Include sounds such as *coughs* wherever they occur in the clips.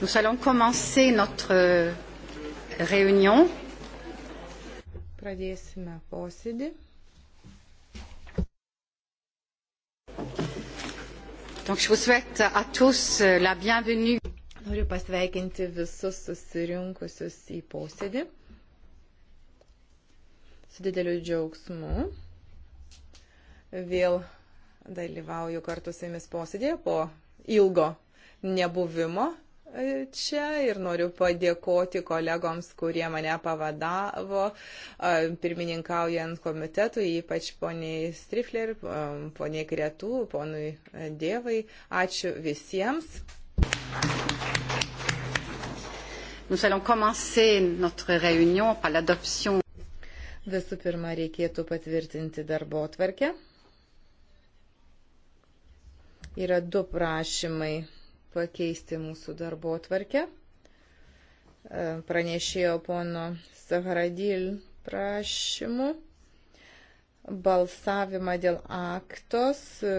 Nous allons commencer notre euh, réunion. Pradėsime posėdį. Donc je vous souhaite à tous euh, la bienvenue. Noriu pasveikinti visus susirinkusius į posėdį. Su dideliu džiaugsmu vėl dalyvauju kartu su jumis posėdėje po ilgo nebuvimo čia ir noriu padėkoti kolegoms, kurie mane pavadavo, pirmininkaujant komitetui, ypač poniai Strifler, poniai Kretų, ponui Dievai. Ačiū visiems. Nous allons commencer notre réunion par l'adoption. Visų pirma, reikėtų patvirtinti darbo atvarkę. Yra du prašymai pakeisti mūsų darbo tvarkę. E, pranešėjo pono Saharadil prašymu balsavimą dėl aktos e,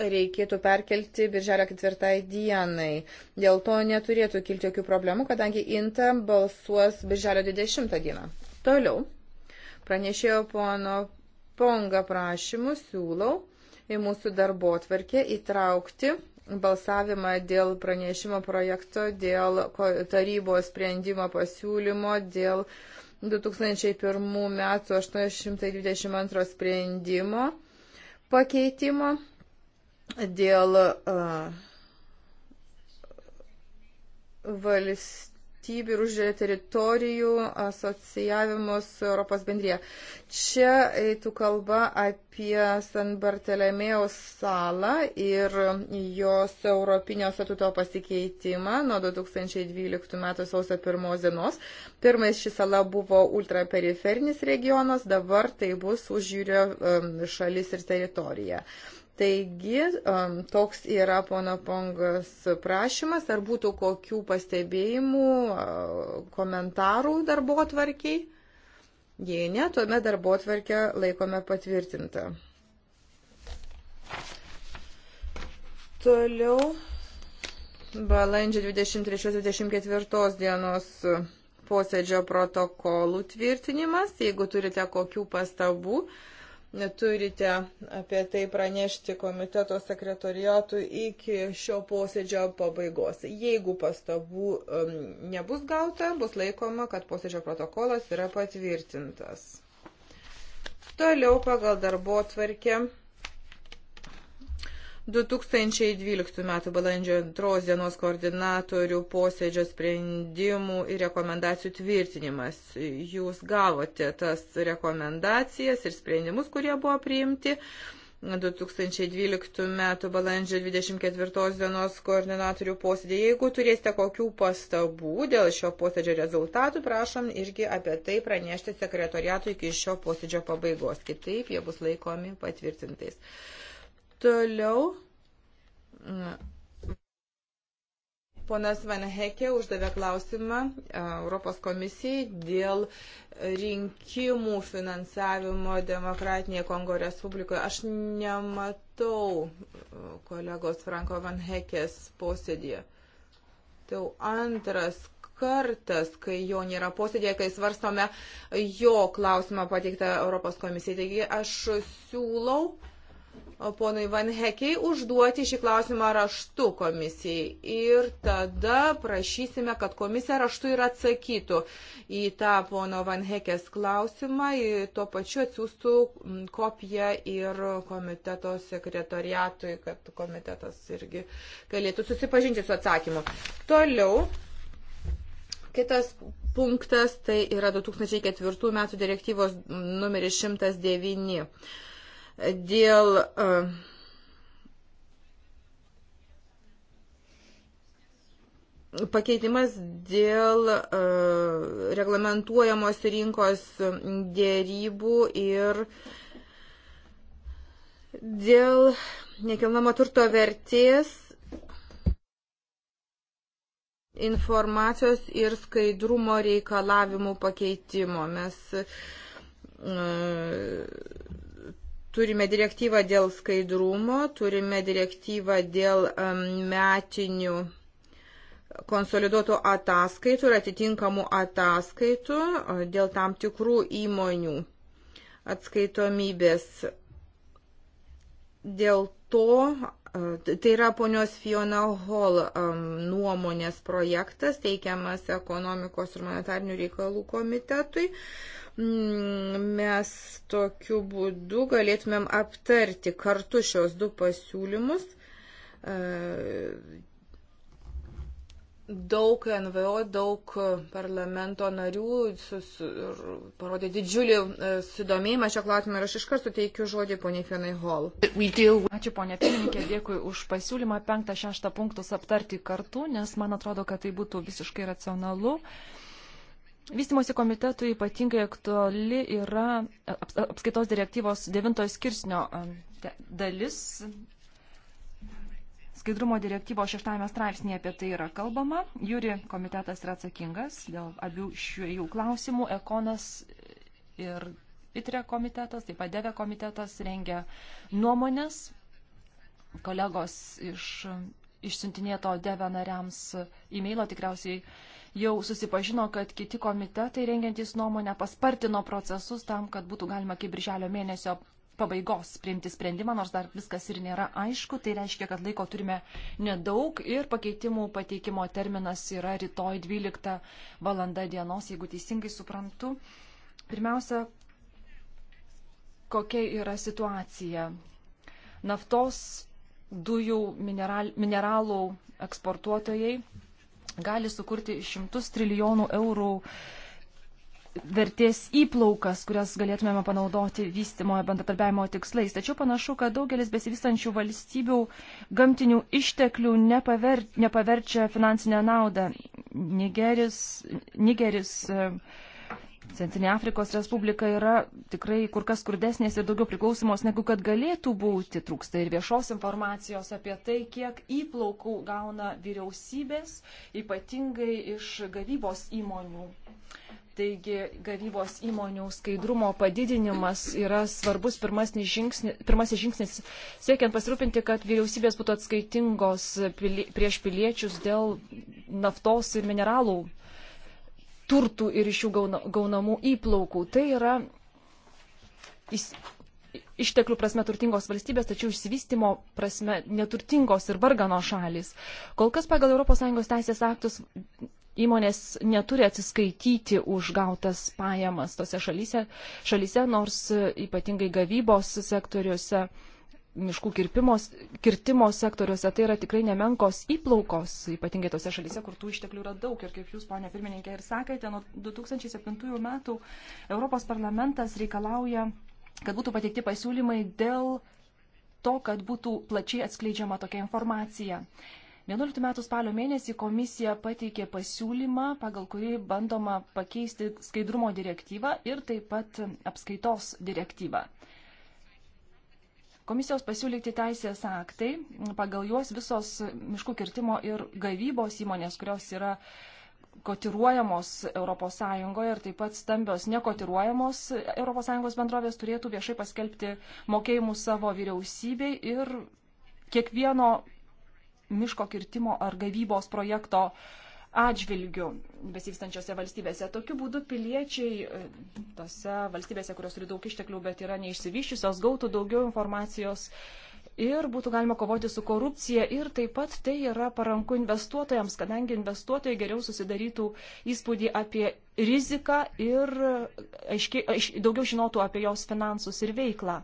reikėtų perkelti birželio ketvirtai dienai. Dėl to neturėtų kilti jokių problemų, kadangi INTA balsuos birželio 20 dieną. Toliau. Pranešėjo pono Ponga prašymus siūlau į mūsų darbo atverkę įtraukti balsavimą dėl pranešimo projekto, dėl tarybos sprendimo pasiūlymo, dėl 2001 metų 822 sprendimo pakeitimo, dėl uh, valstybės valstybių ir užžiūrė teritorijų asociavimus Europos bendrėje. Čia eitų kalba apie San Bartelemėjaus salą ir jos europinio statuto pasikeitimą nuo 2012 m. sausio pirmos dienos. Pirmais ši sala buvo ultraperiferinis regionas, dabar tai bus užžiūrė šalis ir teritorija. Taigi, um, toks yra pono Pongas prašymas, ar būtų kokių pastebėjimų, uh, komentarų darbo atvarkiai. Jei ne, tuomet darbo atvarkę laikome patvirtintą. Toliau, balandžio 23-24 dienos posėdžio protokolų tvirtinimas. Jeigu turite kokių pastabų, turite apie tai pranešti komiteto sekretoriatui iki šio posėdžio pabaigos. Jeigu pastabų um, nebus gauta, bus laikoma, kad posėdžio protokolas yra patvirtintas. Toliau pagal darbo tvarkę. 2012 m. balandžio 2 dienos koordinatorių posėdžio sprendimų ir rekomendacijų tvirtinimas. Jūs gavote tas rekomendacijas ir sprendimus, kurie buvo priimti. 2012 m. balandžio 24 dienos koordinatorių posėdį. Jeigu turėsite kokių pastabų dėl šio posėdžio rezultatų, prašom irgi apie tai pranešti sekretoriatui iki šio posėdžio pabaigos. Kitaip jie bus laikomi patvirtintais. Toliau. Mm, ponas Van Hekė uždavė klausimą e, Europos komisijai dėl rinkimų finansavimo Demokratinėje Kongo Respublikoje. Aš nematau e, kolegos Franko Van Hekės posėdėje. Tai antras kartas, kai jo nėra posėdėje, kai svarstome jo klausimą pateiktą Europos komisijai. Taigi aš siūlau ponui Van Hekiai užduoti šį klausimą raštu komisijai ir tada prašysime, kad komisija raštu ir atsakytų į tą pono Van Hekės klausimą, tuo pačiu atsiųstų kopiją ir komiteto sekretoriatui, kad komitetas irgi galėtų susipažinti su atsakymu. Toliau. Kitas punktas tai yra 2004 metų direktyvos numeris 109 dėl e, pakeitimas dėl e, reglamentuojamos rinkos dėrybų ir dėl nekilnamo turto vertės informacijos ir skaidrumo reikalavimų pakeitimo. Mes e, Turime direktyvą dėl skaidrumo, turime direktyvą dėl metinių konsoliduotų ataskaitų ir atitinkamų ataskaitų e, dėl tam tikrų įmonių atskaitomybės. Dėl to, e, tai yra ponios Fiona Hall nuomonės projektas teikiamas ekonomikos ir monetarnių reikalų komitetui. Mm, mes tokiu būdu galėtumėm aptarti kartu šios du pasiūlymus. E, daug NVO, daug parlamento narių sus, parodė didžiulį e, sudomėjimą šio klausimą ir aš iš karto teikiu žodį poniai Fienai Hall. Ačiū ponė pirmininkė, dėkui už pasiūlymą penktą, šeštą punktus aptarti kartu, nes man atrodo, kad tai būtų visiškai racionalu. Uh, Vystimosi komitetui ypatingai aktuali yra apskaitos direktyvos 9 skirsnio dalis. Skaidrumo direktyvos 6 straipsnėje apie tai yra kalbama. Jūri komitetas yra atsakingas dėl abių šių klausimų. Ekonas ir ITRE komitetas, taip pat DEVE komitetas rengia nuomonės. Kolegos iš išsiuntinėto DEVE nariams e-mailo tikriausiai uh, jau susipažino, kad kiti komitetai rengiantys nuomonę paspartino procesus tam, kad būtų galima iki birželio mėnesio pabaigos priimti sprendimą, nors dar viskas ir nėra aišku. Tai reiškia, kad laiko turime nedaug ir pakeitimų pateikimo terminas yra rytoj 12 valanda dienos, jeigu teisingai suprantu. Pirmiausia, kokia yra situacija. Naftos, dujų, mineral, mineralų eksportuotojai gali sukurti šimtus trilijonų eurų vertės įplaukas, kurias galėtumėme panaudoti vystimojo bendradarbiavimo tikslais. Tačiau panašu, kad daugelis besivystančių valstybių gamtinių išteklių nepaver, nepaverčia finansinę naudą. Nigeris, Nigeris Centrinė Afrikos Respublika yra tikrai kur kas skurdesnės ir daugiau priklausomos negu kad galėtų būti. Trūksta ir viešos informacijos apie tai, kiek įplaukų gauna vyriausybės, ypatingai iš gavybos įmonių. Taigi gavybos įmonių skaidrumo padidinimas yra svarbus pirmasis žingsnis, pirmasis žingsnis siekiant pasirūpinti, kad vyriausybės būtų atskaitingos pili, prieš piliečius dėl naftos ir mineralų turtų ir iš jų gaunamų įplaukų. Tai yra išteklių prasme turtingos valstybės, tačiau išsivystimo prasme neturtingos ir vargano šalis. Kol kas pagal ES teisės aktus įmonės neturi atsiskaityti už gautas pajamas tose šalyse, šalyse nors ypatingai gavybos sektoriuose uh, miškų kirpimos, kirtimo sektoriuose, tai yra tikrai nemenkos įplaukos, ypatingai tose šalyse, kur tų išteklių yra daug. Ir kaip jūs, ponė pirmininkė, ir sakėte, nuo 2007 metų Europos parlamentas reikalauja, kad būtų pateikti pasiūlymai dėl to, kad būtų plačiai atskleidžiama tokia informacija. 11 metų spalio mėnesį komisija pateikė pasiūlymą, pagal kurį bandoma pakeisti skaidrumo direktyvą ir taip pat apskaitos direktyvą. Komisijos pasiūlyti teisės aktai, pagal juos visos miškų kirtimo ir gavybos įmonės, kurios yra kotiruojamos ES ir taip pat stambios nekotiruojamos ES bendrovės turėtų viešai paskelbti mokėjimus savo vyriausybei ir kiekvieno miško kirtimo ar gavybos projekto uh, atžvilgių besivystančiose valstybėse. Tokiu būdu piliečiai e, tose valstybėse, kurios turi daug išteklių, bet yra neišsivyščiusios, gautų daugiau informacijos ir būtų galima kovoti su korupcija ir taip pat tai yra paranku investuotojams, kadangi investuotojai geriau susidarytų įspūdį apie riziką ir e, aiškiai, aiš, daugiau žinotų apie jos finansus ir veiklą.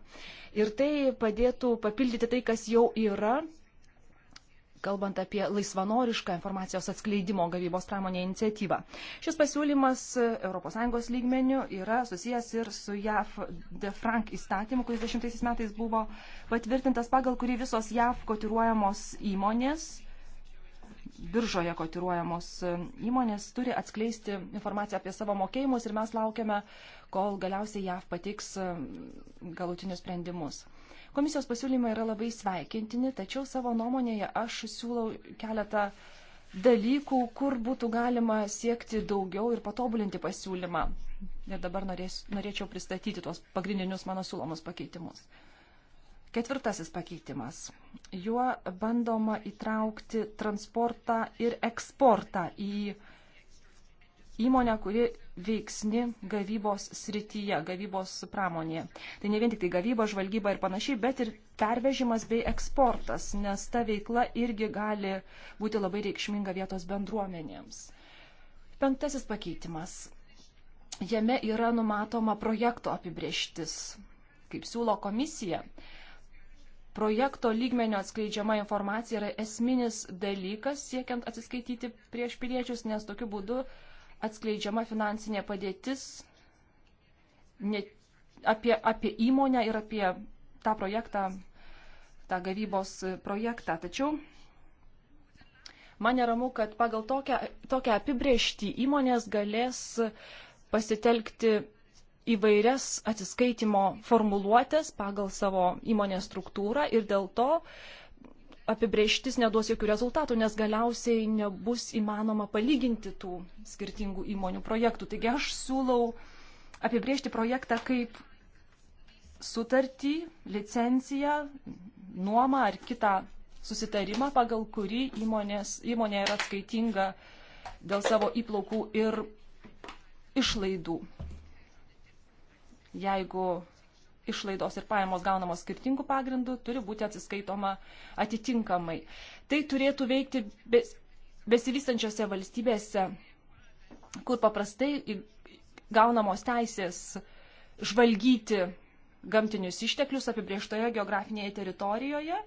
Ir tai padėtų papildyti tai, kas jau yra kalbant apie laisvanorišką informacijos atskleidimo gavybos pramonė iniciatyvą. Šis pasiūlymas ES lygmenių yra susijęs ir su JAF de Frank įstatymu, kuris 10 metais buvo patvirtintas, pagal kurį visos JAF kotiruojamos įmonės biržoje kotiruojamos įmonės turi atskleisti informaciją apie savo mokėjimus ir mes laukiame, kol galiausiai JAV patiks galutinius sprendimus. Komisijos pasiūlymai yra labai sveikintini, tačiau savo nuomonėje aš siūlau keletą dalykų, kur būtų galima siekti daugiau ir patobulinti pasiūlymą. Ir dabar norės, norėčiau pristatyti tuos pagrindinius mano siūlomus pakeitimus. Ketvirtasis pakeitimas. Juo bandoma įtraukti transportą ir eksportą į uh, įmonę, kuri veiksni gavybos srityje, gavybos pramonėje. Tai ne vien tik tai gavyba, žvalgyba ir panašiai, bet ir pervežimas bei eksportas, nes ta veikla irgi gali būti labai reikšminga vietos bendruomenėms. Penktasis pakeitimas. Jame yra numatoma projekto apibrieštis, kaip siūlo komisija projekto lygmenio atskleidžiama informacija yra esminis dalykas siekiant atsiskaityti prieš piliečius, nes tokiu būdu atskleidžiama finansinė padėtis ne, apie, apie įmonę ir apie tą projektą, tą gavybos projektą. Tačiau man neramu, kad pagal tokią, tokią apibrėžtį įmonės galės pasitelkti įvairias atsiskaitimo formuluotės pagal savo įmonės struktūrą ir dėl to uh, apibrieštis neduos jokių rezultatų, nes galiausiai nebus įmanoma palyginti tų skirtingų įmonių projektų. Taigi aš siūlau apibriežti projektą kaip sutartį, licenciją, nuomą ar kitą susitarimą, pagal kurį įmonės, įmonė yra atskaitinga dėl savo įplaukų ir išlaidų. Jeigu išlaidos ir pajamos gaunamos skirtingų pagrindų, turi būti atsiskaitoma atitinkamai. Tai turėtų veikti besivystančiose valstybėse, kur paprastai gaunamos teisės žvalgyti gamtinius išteklius apibrieštoje geografinėje teritorijoje.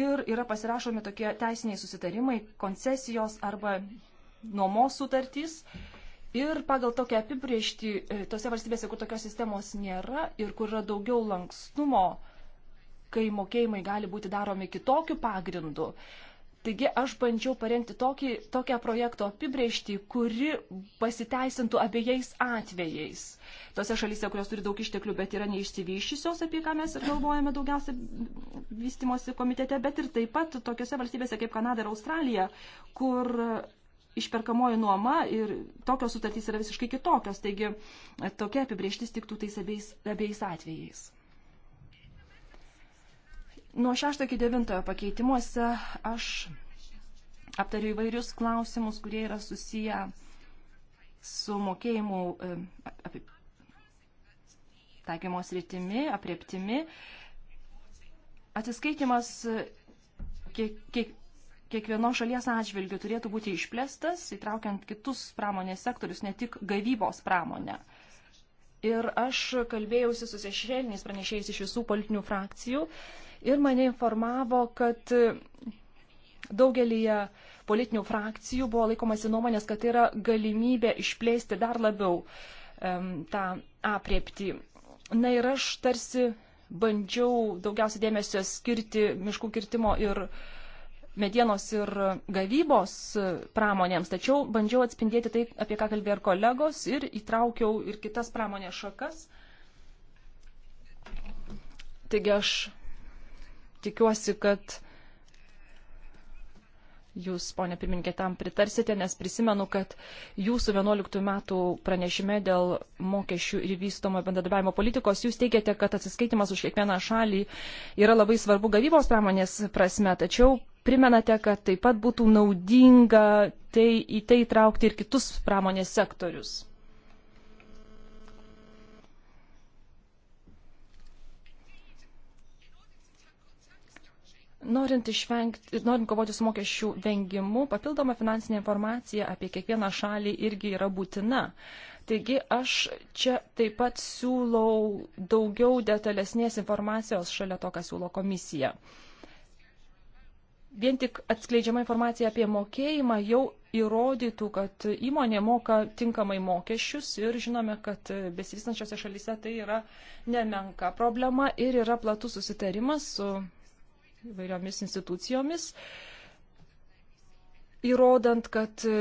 Ir yra pasirašomi tokie teisiniai susitarimai, koncesijos arba nuomos sutartys. Mhm Ir pagal tokią apibriežtį e, tose valstybėse, kur tokios sistemos nėra ir kur yra daugiau lankstumo, kai mokėjimai gali būti daromi kitokiu pagrindu. Taigi aš bandžiau parengti tokį, tokią projekto apibriežtį, kuri pasiteisintų abiejais atvejais. Tose šalyse, kurios turi daug išteklių, bet yra neišsivyšysios, apie ką mes ir galvojame daugiausia vystimosi komitete, bet ir taip pat tokiose valstybėse kaip Kanada ir Australija, kur išperkamoji nuoma ir tokios sutartys yra visiškai kitokios, taigi e, tokia apibrieštis tiktų tais abiejais, abiejais atvejais. Nuo 6 iki 9 pakeitimuose aš aptariu įvairius klausimus, kurie yra susiję su mokėjimu e, taikymos rytimi, aprieptimi. Atsiskaitimas e, kiek, kiek, kiekvienos šalies atžvilgių turėtų būti išplėstas, įtraukiant kitus pramonės sektorius, ne tik gavybos pramonę. Ir aš kalbėjausi su šešėliniais pranešėjais iš visų politinių frakcijų ir mane informavo, kad daugelį politinių frakcijų buvo laikomasi nuomonės, kad tai yra galimybė išplėsti dar labiau um, tą apriepti. Na ir aš tarsi bandžiau daugiausia dėmesio skirti miškų kirtimo ir uh, medienos ir gavybos pramonėms, tačiau bandžiau atspindėti tai, apie ką kalbėjo ir kolegos, ir įtraukiau ir kitas pramonės šakas. Taigi aš tikiuosi, kad jūs, ponė pirmininkė, tam pritarsite, nes prisimenu, kad jūsų 11 metų pranešime dėl mokesčių ir vystomo bendradarbiavimo politikos jūs teigiate, kad atsiskaitimas už kiekvieną šalį yra labai svarbu gavybos pramonės prasme, tačiau primenate, kad taip pat būtų naudinga tai, į tai įtraukti ir kitus pramonės sektorius. Norint, išvengti, norint kovoti su mokesčių vengimu, papildoma finansinė informacija apie kiekvieną šalį irgi yra būtina. Taigi aš čia taip pat siūlau daugiau detalesnės informacijos šalia to, ką siūlo komisija. Vien tik atskleidžiama informacija apie mokėjimą jau įrodytų, kad įmonė moka tinkamai mokesčius ir žinome, kad besivystančiose šalyse tai yra nemenka problema ir yra platus susitarimas su įvairiomis institucijomis, įrodant, kad e,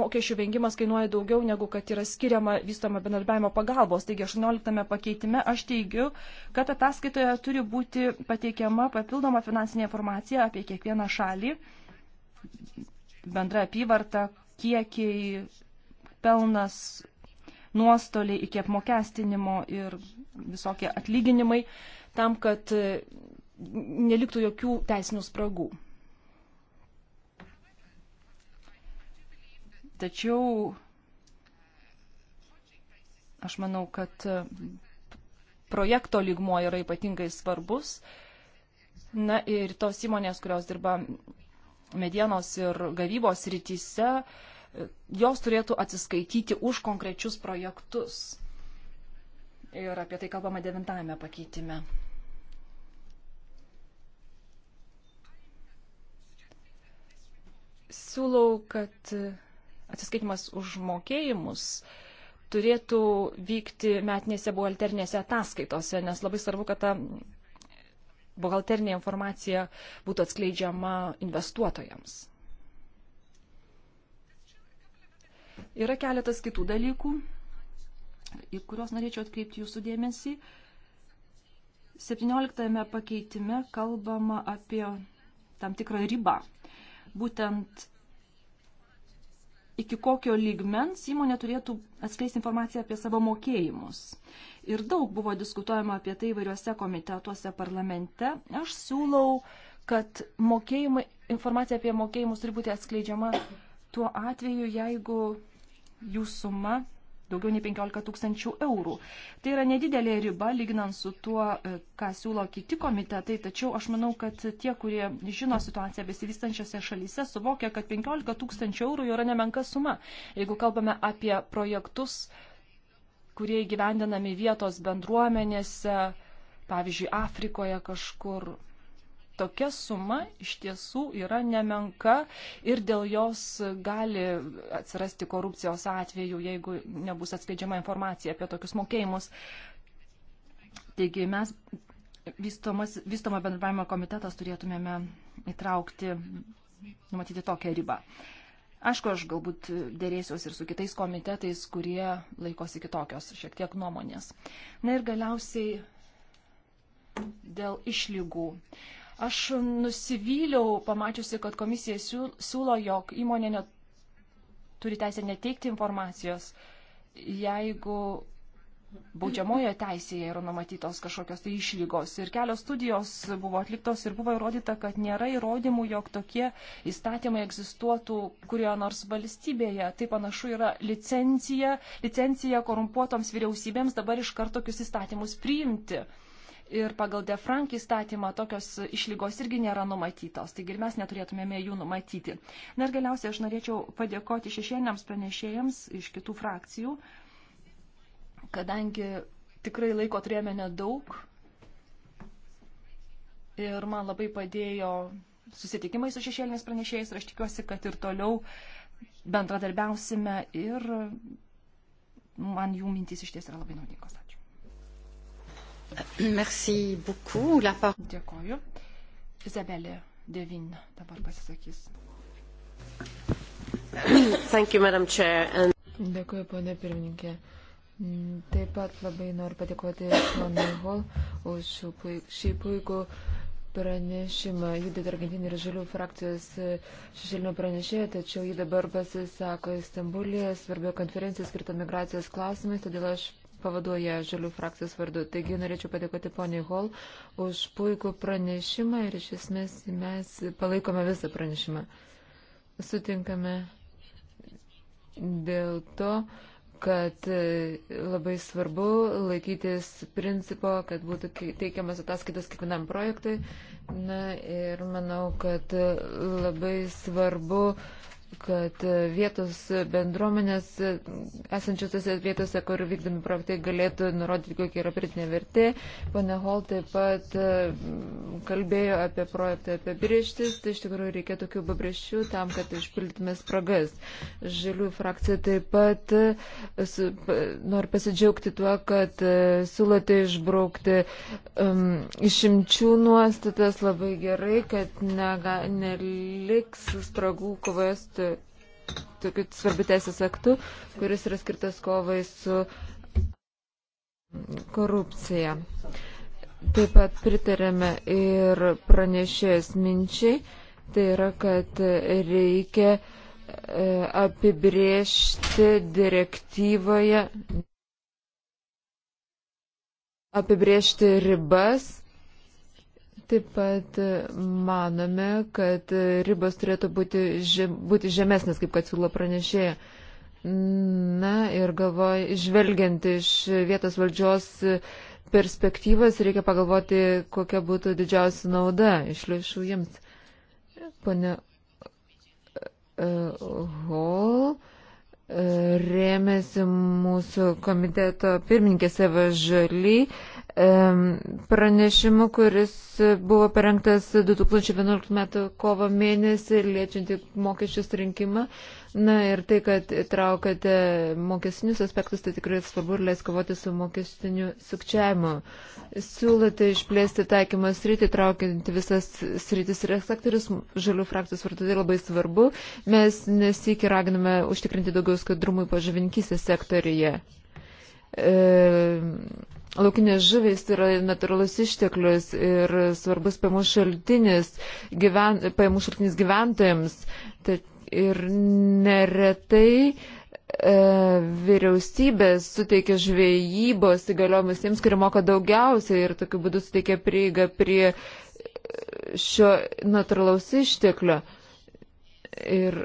mokesčių vengimas kainuoja daugiau negu kad yra skiriama vystoma bendradarbiavimo pagalbos. Taigi 18 pakeitime aš teigiu, kad ataskaitoje turi būti pateikiama papildoma finansinė informacija apie kiekvieną šalį, bendra apyvarta, kiekiai, pelnas, nuostoliai iki apmokestinimo ir visokie atlyginimai, tam, kad e, neliktų jokių teisinių spragų. Tačiau aš manau, kad projekto lygmo yra ypatingai svarbus. Na ir tos įmonės, kurios dirba medienos ir gavybos rytise, jos turėtų atsiskaityti už konkrečius projektus. Ir apie tai kalbama devintajame pakeitime. siūlau, kad atsiskaitimas už mokėjimus turėtų vykti metinėse buhalterinėse ataskaitose, nes labai svarbu, kad ta buhalterinė informacija būtų atskleidžiama investuotojams. Yra keletas kitų dalykų, į kuriuos norėčiau atkreipti jūsų dėmesį. 17 pakeitime kalbama apie tam tikrą ribą būtent iki kokio lygmens įmonė turėtų atskleisti informaciją apie savo mokėjimus. Ir daug buvo diskutuojama apie tai įvairiuose komitetuose parlamente. Aš siūlau, kad mokėjimai, informacija apie mokėjimus turi būti atskleidžiama tuo atveju, jeigu jų suma daugiau nei 15 tūkstančių eurų. Tai yra nedidelė riba, lyginant su tuo, e, ką siūlo kiti komitetai, tačiau aš manau, kad tie, kurie žino situaciją besivystančiose šalyse, suvokia, kad 15 tūkstančių eurų yra nemenka suma. Jeigu kalbame apie projektus, kurie įgyvendinami vietos bendruomenėse, pavyzdžiui, Afrikoje kažkur tokia suma iš tiesų yra nemenka ir dėl jos gali atsirasti korupcijos atveju, jeigu nebus atskleidžiama informacija apie tokius mokėjimus. Taigi mes vystomas, vystomo bendravimo komitetas turėtumėme įtraukti, numatyti tokią ribą. Aišku, aš galbūt dėrėsiuosi ir su kitais komitetais, kurie laikosi kitokios šiek tiek nuomonės. Na ir galiausiai dėl išlygų. Aš nusivyliau, pamačiusi, kad komisija siūlo, jog įmonė net, turi teisę neteikti informacijos, jeigu baudžiamojo teisėje yra numatytos kažkokios tai išlygos. Ir kelios studijos buvo atliktos ir buvo įrodyta, kad nėra įrodymų, jog tokie įstatymai egzistuotų kurioje nors valstybėje. Tai panašu yra licencija, licencija korumpuotoms vyriausybėms dabar iš karto tokius įstatymus priimti. Uh, ir pagal defrank įstatymą tokios išlygos irgi nėra numatytos, taigi ir mes neturėtumėme jų numatyti. Na ir galiausiai aš norėčiau padėkoti šešieniams pranešėjams iš kitų frakcijų, kadangi tikrai laiko turėjome nedaug ir man labai padėjo susitikimai su šešėliniais pranešėjais ir aš tikiuosi, kad ir toliau bendradarbiausime ir man jų mintys iš ties yra labai naudingos. Merci beaucoup. La par... Dėkoju. Izabelė Devin dabar pasisakys. Thank you, Madam Chair. And... Dėkuoju, ponė pirmininkė. Taip pat labai noriu padėkoti ponui Hol už šį puikų pranešimą. Ji did Argentinų ir Žalių frakcijos e, šešėlinio pranešėjo, tačiau ji dabar pasisako Istambulėje svarbio konferenciją skirtą migracijos klausimais, todėl aš pavaduoja Žalių frakcijos vardu. Taigi norėčiau padėkoti poniai Hall už puikų pranešimą ir iš esmės mes palaikome visą pranešimą. Sutinkame dėl to, kad labai svarbu laikytis principo, kad būtų teikiamas ataskaitas kiekvienam projektui. Na ir manau, kad labai svarbu kad e, vietos bendruomenės e, esančios tose vietose, kur vykdomi projektai, galėtų nurodyti, kokia yra pritinė vertė. Pane Hol taip pat e, kalbėjo apie projektą apie brieštis, tai iš tikrųjų reikia tokių pabrėžčių tam, kad išpildytume spragas. Žalių frakcija taip pat su, nori pasidžiaugti tuo, kad siūlote išbraukti um, išimčių nuostatas labai gerai, kad nega, neliks spragų kovoje su tokiu svarbiu teisės aktu, kuris yra skirtas kovai su korupcija. Taip pat pritarėme ir pranešėjas minčiai, tai yra, kad reikia e, apibriežti direktyvoje, apibriežti ribas Taip pat manome, kad ribos turėtų būti, žem, būti žemesnės, kaip kad siūlo pranešėja. Na ir galvoj, žvelgiant iš vietos valdžios perspektyvas, reikia pagalvoti, kokia būtų didžiausia nauda iš lėšų jiems. Pane e, Hall e, rėmėsi mūsų komiteto pirmininkė Seva Žaly pranešimu, kuris buvo parengtas 2011 m. kovo mėnesį, liečianti mokesčių surinkimą. Na ir tai, kad traukate mokestinius aspektus, tai tikrai svarbu ir leis kovoti su mokestiniu sukčiavimu. Siūlote išplėsti taikymą sritį, traukiant visas sritis ir sektorius, žalių frakcijos vardu tai labai svarbu. Mes nesikį raginame užtikrinti daugiau skaidrumų pažavinkysės sektorijoje. E, Laukinės žuvys yra natūralus išteklius ir svarbus pajamų šaltinis, gyven, pajamų šaltinis gyventojams. Tad ir neretai e, vyriausybės suteikia žvejybos įgaliojimus tiems, kurie moka daugiausiai ir tokiu būdu suteikia prieigą prie e, šio natūralaus išteklio. Ir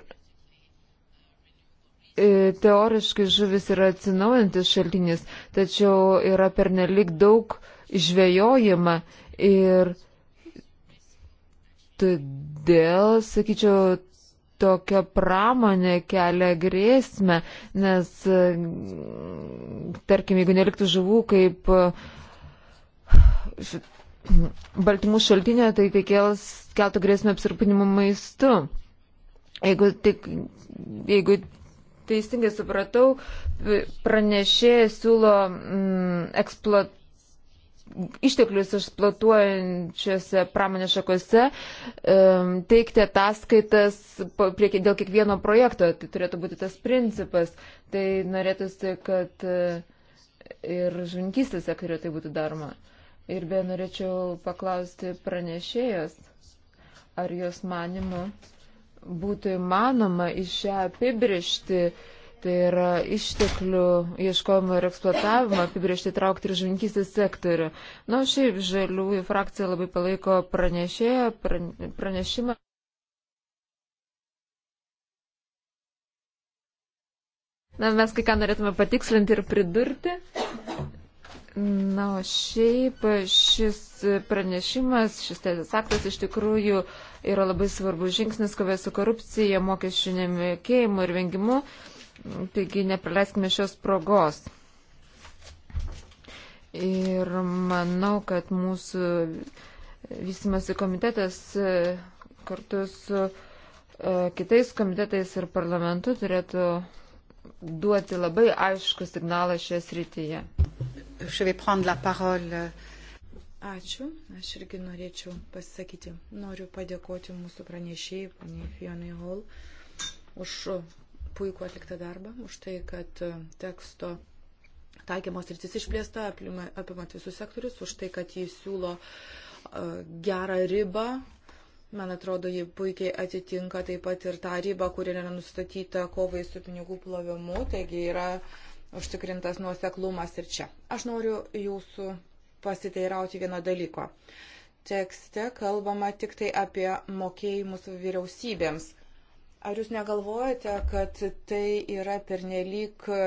E, teoriškai žuvis yra atsinaujantis šaltinis, tačiau yra pernelik daug žvejojama ir todėl, sakyčiau, tokia pramonė kelia grėsmę, nes, e, tarkim, jeigu neliktų žuvų kaip e, baltymų šaltinio, tai tai kels, keltų grėsmę apsirūpinimu maistu. Jeigu, tik, jeigu teisingai supratau, pranešėjai siūlo mm, eksploatuoti išteklius išsplotuojančiose pramonės šakose teikti ataskaitas dėl kiekvieno projekto. Tai turėtų būti tas principas. Tai norėtųsi, kad e, ir žvinkystės sektoriuje tai būtų daroma. Ir be norėčiau paklausti pranešėjos, ar jos manimu būtų įmanoma iš ją apibriežti, tai yra išteklių ieškojimo ir eksploatavimo apibriežti traukti ir žvinkystės sektorių. Na, nu, šiaip žaliųjų frakcija labai palaiko pranešėją, pranešimą. Na, mes kai ką norėtume patikslinti ir pridurti. Na, o šiaip šis pranešimas, šis teisės aktas iš tikrųjų uh, yra labai svarbus žingsnis kovė su korupcija, mokesčių nemokėjimu ir vengimu. Taigi nepraleiskime šios progos. Ir manau, kad mūsų vystimasi komitetas e, kartu su e, kitais komitetais ir parlamentu turėtų duoti labai aišku signalą šioje srityje. Ačiū. Aš irgi norėčiau pasisakyti. Noriu padėkoti mūsų pranešėjai, poniai Fionai Hall, už puikų atliktą darbą, už tai, kad e, teksto taikymos rytis išplėsta, apimant visus sektorius, už tai, kad jis siūlo e, gerą ribą. Man atrodo, ji puikiai atitinka taip pat ir tą ribą, kuri yra nustatyta kovai su pinigų plovimu, taigi yra užtikrintas nuoseklumas ir čia. Aš noriu jūsų pasiteirauti vieno dalyko. Tekste kalbama tik tai apie mokėjimus vyriausybėms. Ar jūs negalvojate, kad tai yra pernelyg e,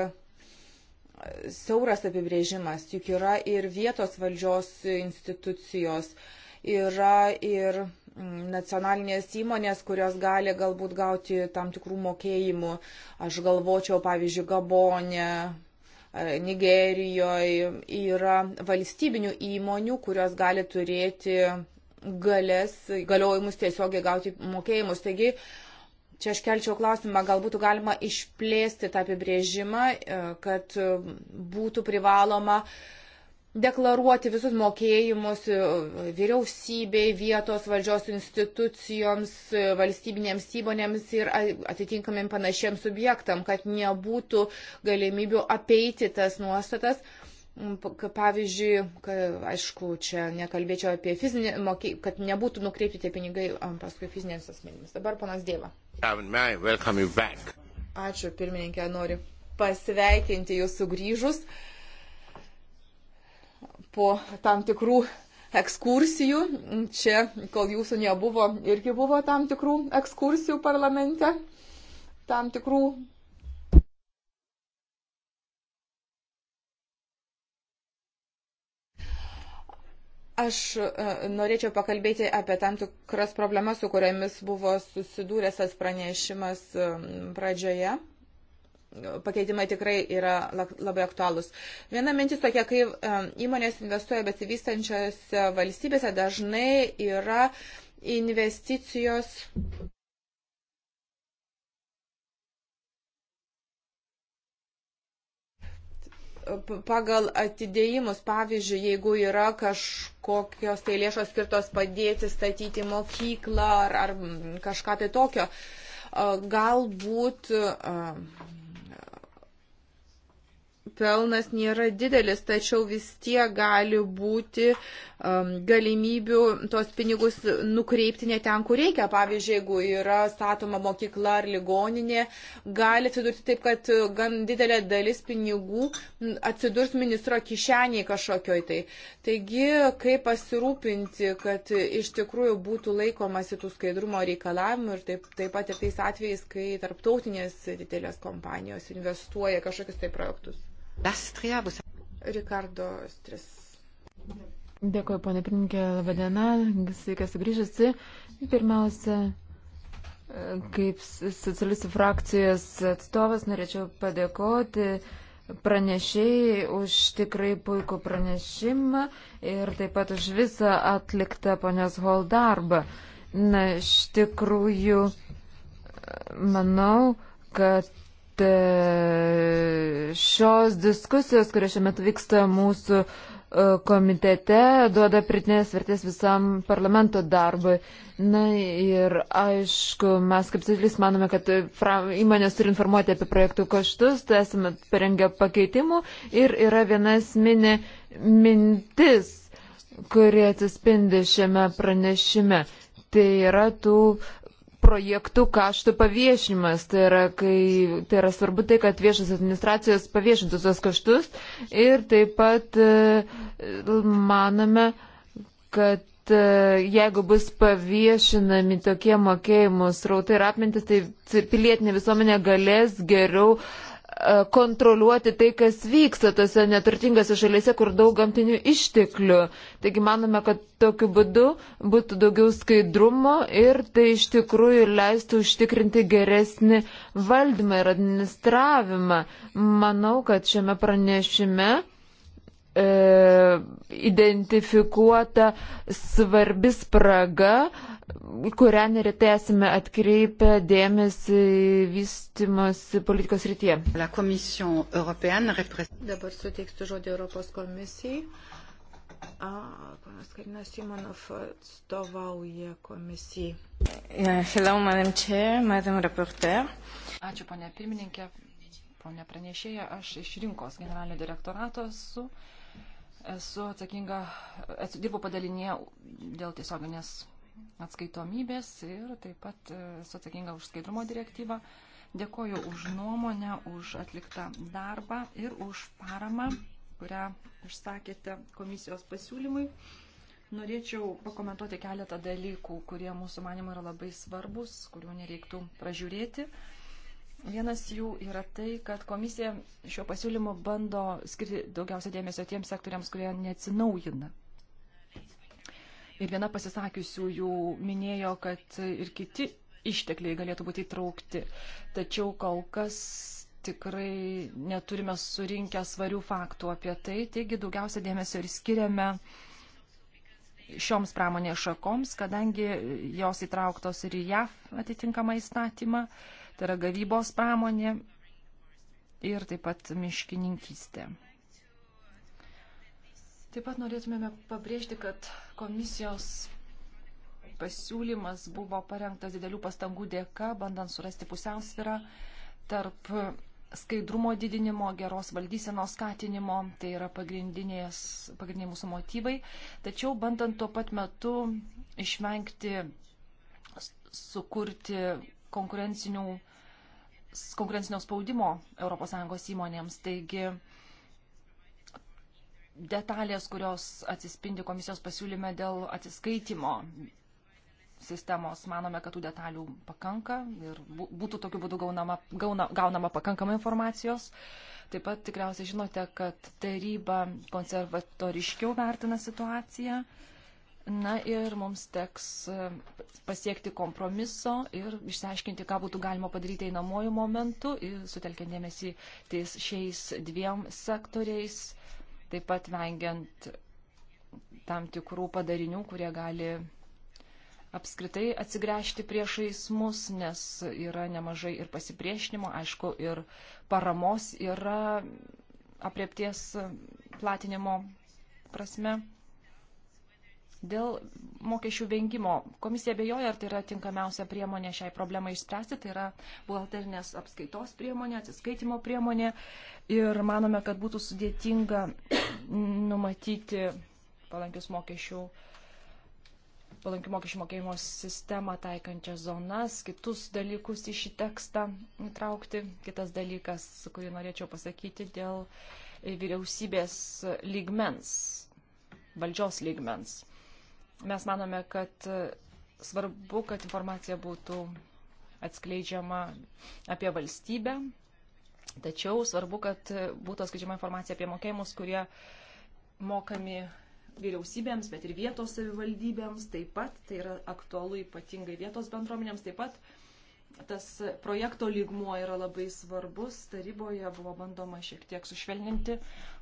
siauras apibrėžimas, juk yra ir vietos valdžios institucijos, yra ir mm, nacionalinės įmonės, kurios gali galbūt gauti tam tikrų mokėjimų. Aš galvočiau, pavyzdžiui, Gabonė, E, Nigerijoje yra valstybinių įmonių, kurios gali turėti galės, galiojimus tiesiogiai gauti mokėjimus. Taigi, čia aš kelčiau klausimą, gal būtų galima išplėsti tą apibrėžimą, e, kad būtų privaloma uh, deklaruoti visus mokėjimus e, vyriausybei, vietos valdžios institucijoms, e, valstybinėms įmonėms ir atitinkamiem panašiems subjektam, kad nebūtų galimybių apeiti tas nuostatas. Mm, pavyzdžiui, kad, aišku, čia nekalbėčiau apie fizinį, kad nebūtų nukreipti tie pinigai paskui fizinėms asmenims. Dabar panas Dėva. Ačiū, pirmininkė, noriu pasveikinti jūs sugrįžus. Uh, po tam tikrų ekskursijų. Čia, kol jūsų nebuvo, irgi buvo tam tikrų ekskursijų parlamente, tam tikrų. Aš e, norėčiau pakalbėti apie tam tikras problemas, su kuriamis buvo susidūręs tas pranešimas e, pradžioje pakeitimai tikrai yra labai aktualūs. Viena mintis tokia, kai įmonės investuoja besivystančiose valstybėse, dažnai yra investicijos. pagal atidėjimus, pavyzdžiui, jeigu yra kažkokios tai lėšos skirtos padėti statyti mokyklą ar, ar kažką tai tokio, galbūt pelnas nėra didelis, tačiau vis tiek gali būti um, galimybių tos pinigus nukreipti ne ten, kur reikia. Pavyzdžiui, jeigu yra statoma mokykla ar ligoninė, gali atsidurti taip, kad gan didelė dalis pinigų atsidurs ministro kišeniai kažkokioj tai. Taigi, kaip pasirūpinti, kad iš tikrųjų būtų laikomasi tų skaidrumo reikalavimų ir taip, taip pat ir tais atvejais, kai tarptautinės didelės kompanijos investuoja kažkokius tai projektus. Lastria bus. Rikardo Stris. Dėkuoju, ponė Prinkė, labadiena, sveikas sugrįžusi. Pirmiausia, kaip socialistų frakcijos atstovas norėčiau padėkoti pranešėjai už tikrai puikų pranešimą ir taip pat už visą atliktą ponios Hol darbą. Na, iš tikrųjų, manau, kad kad e, šios diskusijos, kurios šiuo metu vyksta mūsų e, komitete, duoda pritinės vertės visam parlamento darbui. Na ir aišku, mes kaip sitilis manome, kad e, įmonės turi informuoti apie projektų kaštus, tai esame parengę pakeitimų ir yra viena esminė mintis, kurie atsispindi šiame pranešime. Tai yra tų uh, projektų kaštų paviešinimas. Tai yra, kai, tai yra svarbu tai, kad viešas administracijos paviešintų tos kaštus ir taip pat e, manome, kad e, jeigu bus paviešinami tokie mokėjimų srautai ir apmintis, tai pilietinė visuomenė galės geriau uh, E, kontroliuoti tai, kas vyksta tose neturtingose šalyse, kur daug gamtinių išteklių. Taigi manome, kad tokiu būdu būtų daugiau skaidrumo ir tai iš tikrųjų leistų užtikrinti geresnį valdymą ir administravimą. Manau, kad šiame pranešime E, identifikuota svarbi spraga, kurią neretai esame atkreipę dėmesį vystimosi politikos rytyje. Dabar suteiksiu žodį Europos komisijai. Panas Karinas Simonov atstovauja komisijai. Hello, Madam Chair, Madam Reporter. Ačiū, ponia pirmininkė, ponia pranešėja. Aš iš rinkos generalinio direktorato esu. Su esu atsakinga, esu, dirbu padalinėje dėl tiesioginės atskaitomybės ir taip pat e, esu atsakinga už skaidrumo direktyvą. Dėkoju už nuomonę, už atliktą darbą ir už paramą, kurią išsakėte komisijos pasiūlymui. Norėčiau pakomentuoti keletą dalykų, kurie mūsų manimo yra labai svarbus, kurių nereiktų pražiūrėti. Vienas jų yra tai, kad komisija šiuo pasiūlymu bando skirti daugiausia dėmesio tiems sektoriams, kurie neatsinaujina. Ir viena pasisakiusių jų minėjo, kad ir kiti ištekliai galėtų būti įtraukti. Tačiau kol kas tikrai neturime surinkę svarių faktų apie tai, taigi daugiausia dėmesio ir skiriame šioms pramonės šakoms, kadangi jos įtrauktos ir į JAF atitinkamą įstatymą tai yra gavybos pramonė ir taip pat miškininkystė. Taip pat norėtumėme pabrėžti, kad komisijos pasiūlymas buvo parengtas didelių pastangų dėka, bandant surasti pusiausvyrą tarp skaidrumo didinimo, geros valdysenos skatinimo, tai yra pagrindiniai mūsų motyvai, tačiau bandant tuo pat metu išvengti sukurti konkurencinių konkurencinio spaudimo ES įmonėms. Taigi detalės, kurios atsispindi komisijos pasiūlyme dėl atsiskaitimo sistemos, manome, kad tų detalių pakanka ir būtų tokiu būdu gaunama, gauna, gaunama pakankama informacijos. Taip pat tikriausiai žinote, kad taryba konservatoriškiau vertina situaciją. Uh, Na ir mums teks e, pasiekti kompromiso ir išsiaiškinti, ką būtų galima padaryti einamojų momentų, sutelkiant dėmesį ties šiais dviem sektoriais, taip pat vengiant tam tikrų padarinių, kurie gali apskritai atsigręžti priešais mus, nes yra nemažai ir pasipriešinimo, aišku, ir paramos yra apriepties platinimo prasme. Dėl mokesčių vengimo komisija bejoja, ar tai yra tinkamiausia priemonė šiai problemai išspręsti, tai yra buhalterinės apskaitos priemonė, atsiskaitimo priemonė ir manome, kad būtų sudėtinga numatyti palankius mokesčių palankių mokesčių mokėjimo sistemą taikančias zonas, kitus dalykus į šį tekstą įtraukti. Kitas dalykas, kurį norėčiau pasakyti, dėl vyriausybės lygmens, valdžios lygmens Mes manome, kad e, svarbu, kad informacija būtų atskleidžiama apie valstybę, tačiau svarbu, kad e, būtų atskleidžiama informacija apie mokėjimus, kurie mokami vyriausybėms, bet ir vietos savivaldybėms taip pat, tai yra aktualu ypatingai vietos bendruomenėms taip pat tas projekto lygmuo yra labai svarbus. Taryboje buvo bandoma šiek tiek sušvelninti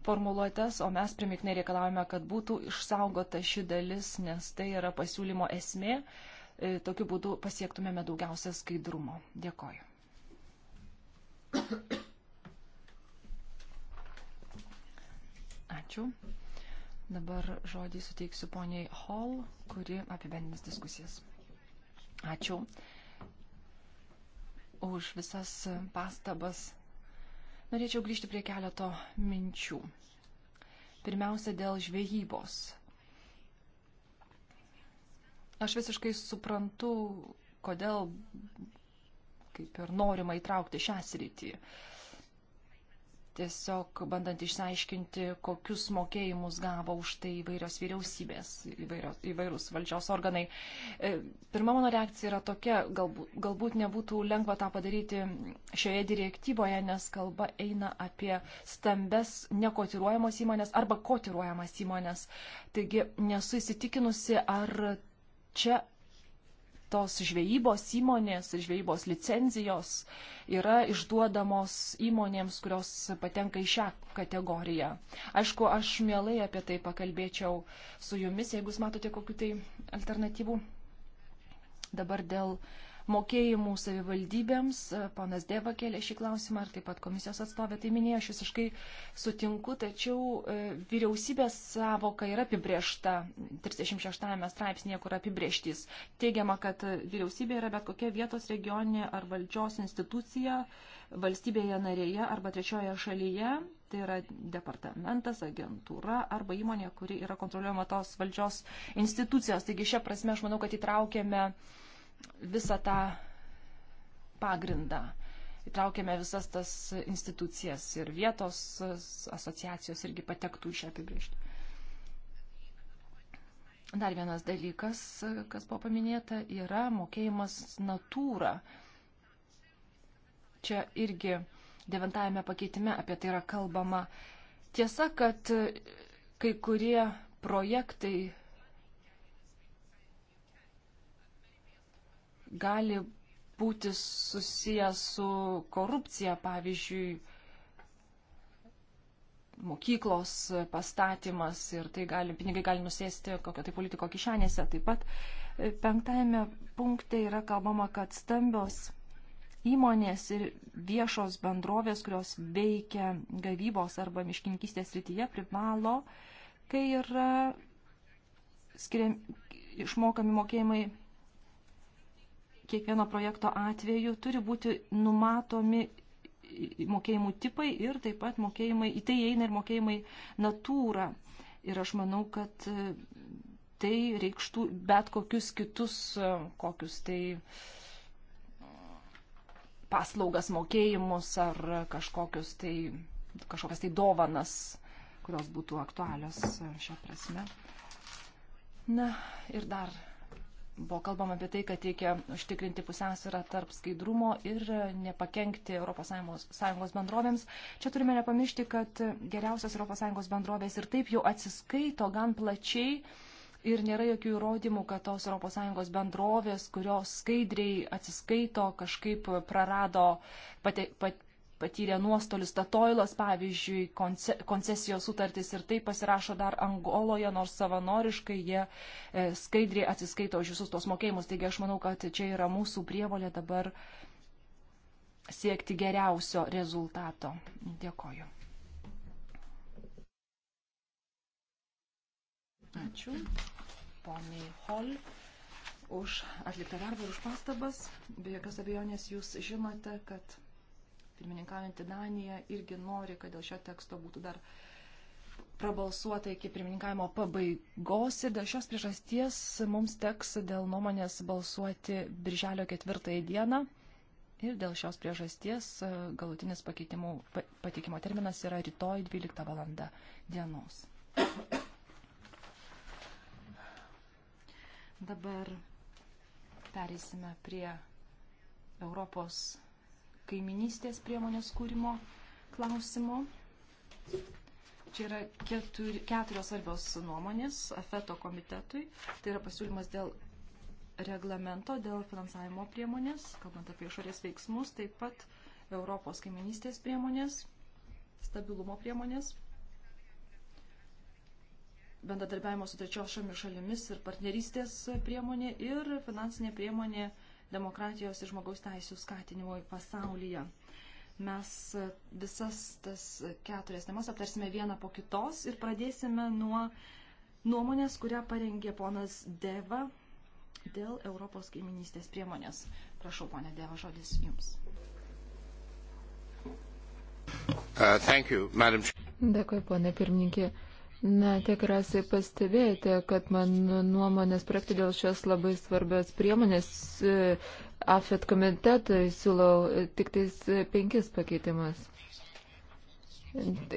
formuluotės, o mes primiknai reikalavome, kad būtų išsaugota ši dalis, nes tai yra pasiūlymo esmė. E, tokiu būdu pasiektumėme daugiausia skaidrumo. Dėkoju. Ačiū. Dabar žodį suteiksiu poniai Hall, kuri apibendrins diskusijas. Ačiū už visas pastabas. Norėčiau grįžti prie keleto minčių. Pirmiausia, dėl žvejybos. Aš visiškai suprantu, kodėl kaip ir norima įtraukti šią sritį. Uh, tiesiog bandant išsiaiškinti, kokius mokėjimus gavo už tai įvairios vyriausybės, įvairios, įvairūs valdžios organai. E, pirma mano reakcija yra tokia, galbūt, galbūt nebūtų lengva tą padaryti šioje direktyvoje, nes kalba eina apie stambes nekotiruojamos įmonės arba kotiruojamas įmonės. Taigi nesu įsitikinusi, ar čia tos žvejybos įmonės ir žvejybos licenzijos yra išduodamos įmonėms, kurios patenka į šią kategoriją. Aišku, aš mielai apie tai pakalbėčiau su jumis, jeigu jūs matote kokiu tai alternatyvų. Dabar dėl uh, mokėjimų savivaldybėms. Ponas Deva kėlė šį klausimą ir taip pat komisijos atstovė tai minėjo, aš visiškai sutinku, tačiau e, vyriausybės savoka yra apibriešta 36 straipsnėje, kur apibrieštys. Teigiama, kad vyriausybė yra bet kokia vietos regioninė ar valdžios institucija valstybėje narėje arba trečioje šalyje, tai yra departamentas, agentūra arba įmonė, kuri yra kontroliuojama tos valdžios institucijos. Taigi šią prasme aš manau, kad įtraukėme uh, visą tą pagrindą. Įtraukėme visas tas institucijas ir vietos asociacijos irgi patektų iš apibriežti. Dar vienas dalykas, kas buvo paminėta, yra mokėjimas natūra. Čia irgi devintajame pakeitime apie tai yra kalbama. Tiesa, kad kai kurie projektai gali būti susijęs su korupcija, pavyzdžiui, mokyklos pastatymas ir tai gali, pinigai gali nusėsti kokio tai politiko kišenėse. Taip pat penktajame punkte yra kalbama, kad stambios įmonės ir viešos bendrovės, kurios veikia gavybos arba miškininkystės rytyje, privalo, kai yra skiriam, išmokami mokėjimai kiekvieno projekto atveju turi būti numatomi mokėjimų tipai ir taip pat mokėjimai, į tai eina ir mokėjimai natūra. Ir aš manau, kad e, tai reikštų bet kokius kitus, e, kokius tai e, paslaugas mokėjimus ar kažkokius tai, kažkokias tai dovanas, kurios būtų aktualios šią prasme. Na ir dar buvo kalbama apie tai, kad reikia užtikrinti pusiausvyrą tarp skaidrumo ir nepakenkti ES bendrovėms. Čia turime nepamiršti, kad geriausias ES bendrovės ir taip jau atsiskaito gan plačiai ir nėra jokių įrodymų, kad tos ES bendrovės, kurios skaidriai atsiskaito, kažkaip prarado, pate, pat, patyrė nuostolius, Tatoilas, pavyzdžiui, koncesijos sutartys ir tai pasirašo dar Angoloje, nors savanoriškai jie e, skaidriai atsiskaito už visus tos mokėjimus. Taigi aš manau, kad čia yra mūsų prievolė dabar siekti geriausio rezultato. Dėkoju. Ačiū poniai Hol už atliktą darbą ir už pastabas. Be jokios abejonės jūs žinote, kad pirmininkaujantį Daniją irgi nori, kad dėl šio teksto būtų dar prabalsuota iki pirmininkavimo pabaigos ir dėl šios priežasties mums teks dėl nuomonės balsuoti birželio ketvirtąją dieną ir dėl šios priežasties e, galutinis pateikimo terminas yra rytoj 12 val. dienos. Dabar perėsime prie Europos kaiminystės priemonės kūrimo klausimo. Čia yra keturi, keturios svarbios nuomonės AFETO komitetui. Tai yra pasiūlymas dėl reglamento, dėl finansavimo priemonės, kalbant apie išorės veiksmus, taip pat Europos kaiminystės priemonės, stabilumo priemonės, bendradarbiavimo su trečios šalimis šalimis ir partnerystės priemonė ir finansinė priemonė demokratijos ir žmogaus teisų skatinimui pasaulyje. Mes e, visas tas keturias temas aptarsime vieną po kitos ir pradėsime nuo nuomonės, kurią parengė ponas Deva dėl Europos kaiminystės priemonės. Prašau, ponė Deva, žodis jums. Uh, you, Dėkui, ponė pirmininkė. Uh, Na, tikriausiai pastebėjote, kad mano nuomonės projektai dėl šios labai svarbios priemonės e, AFET komitetui siūlau e, tik tais e, penkis pakeitimus.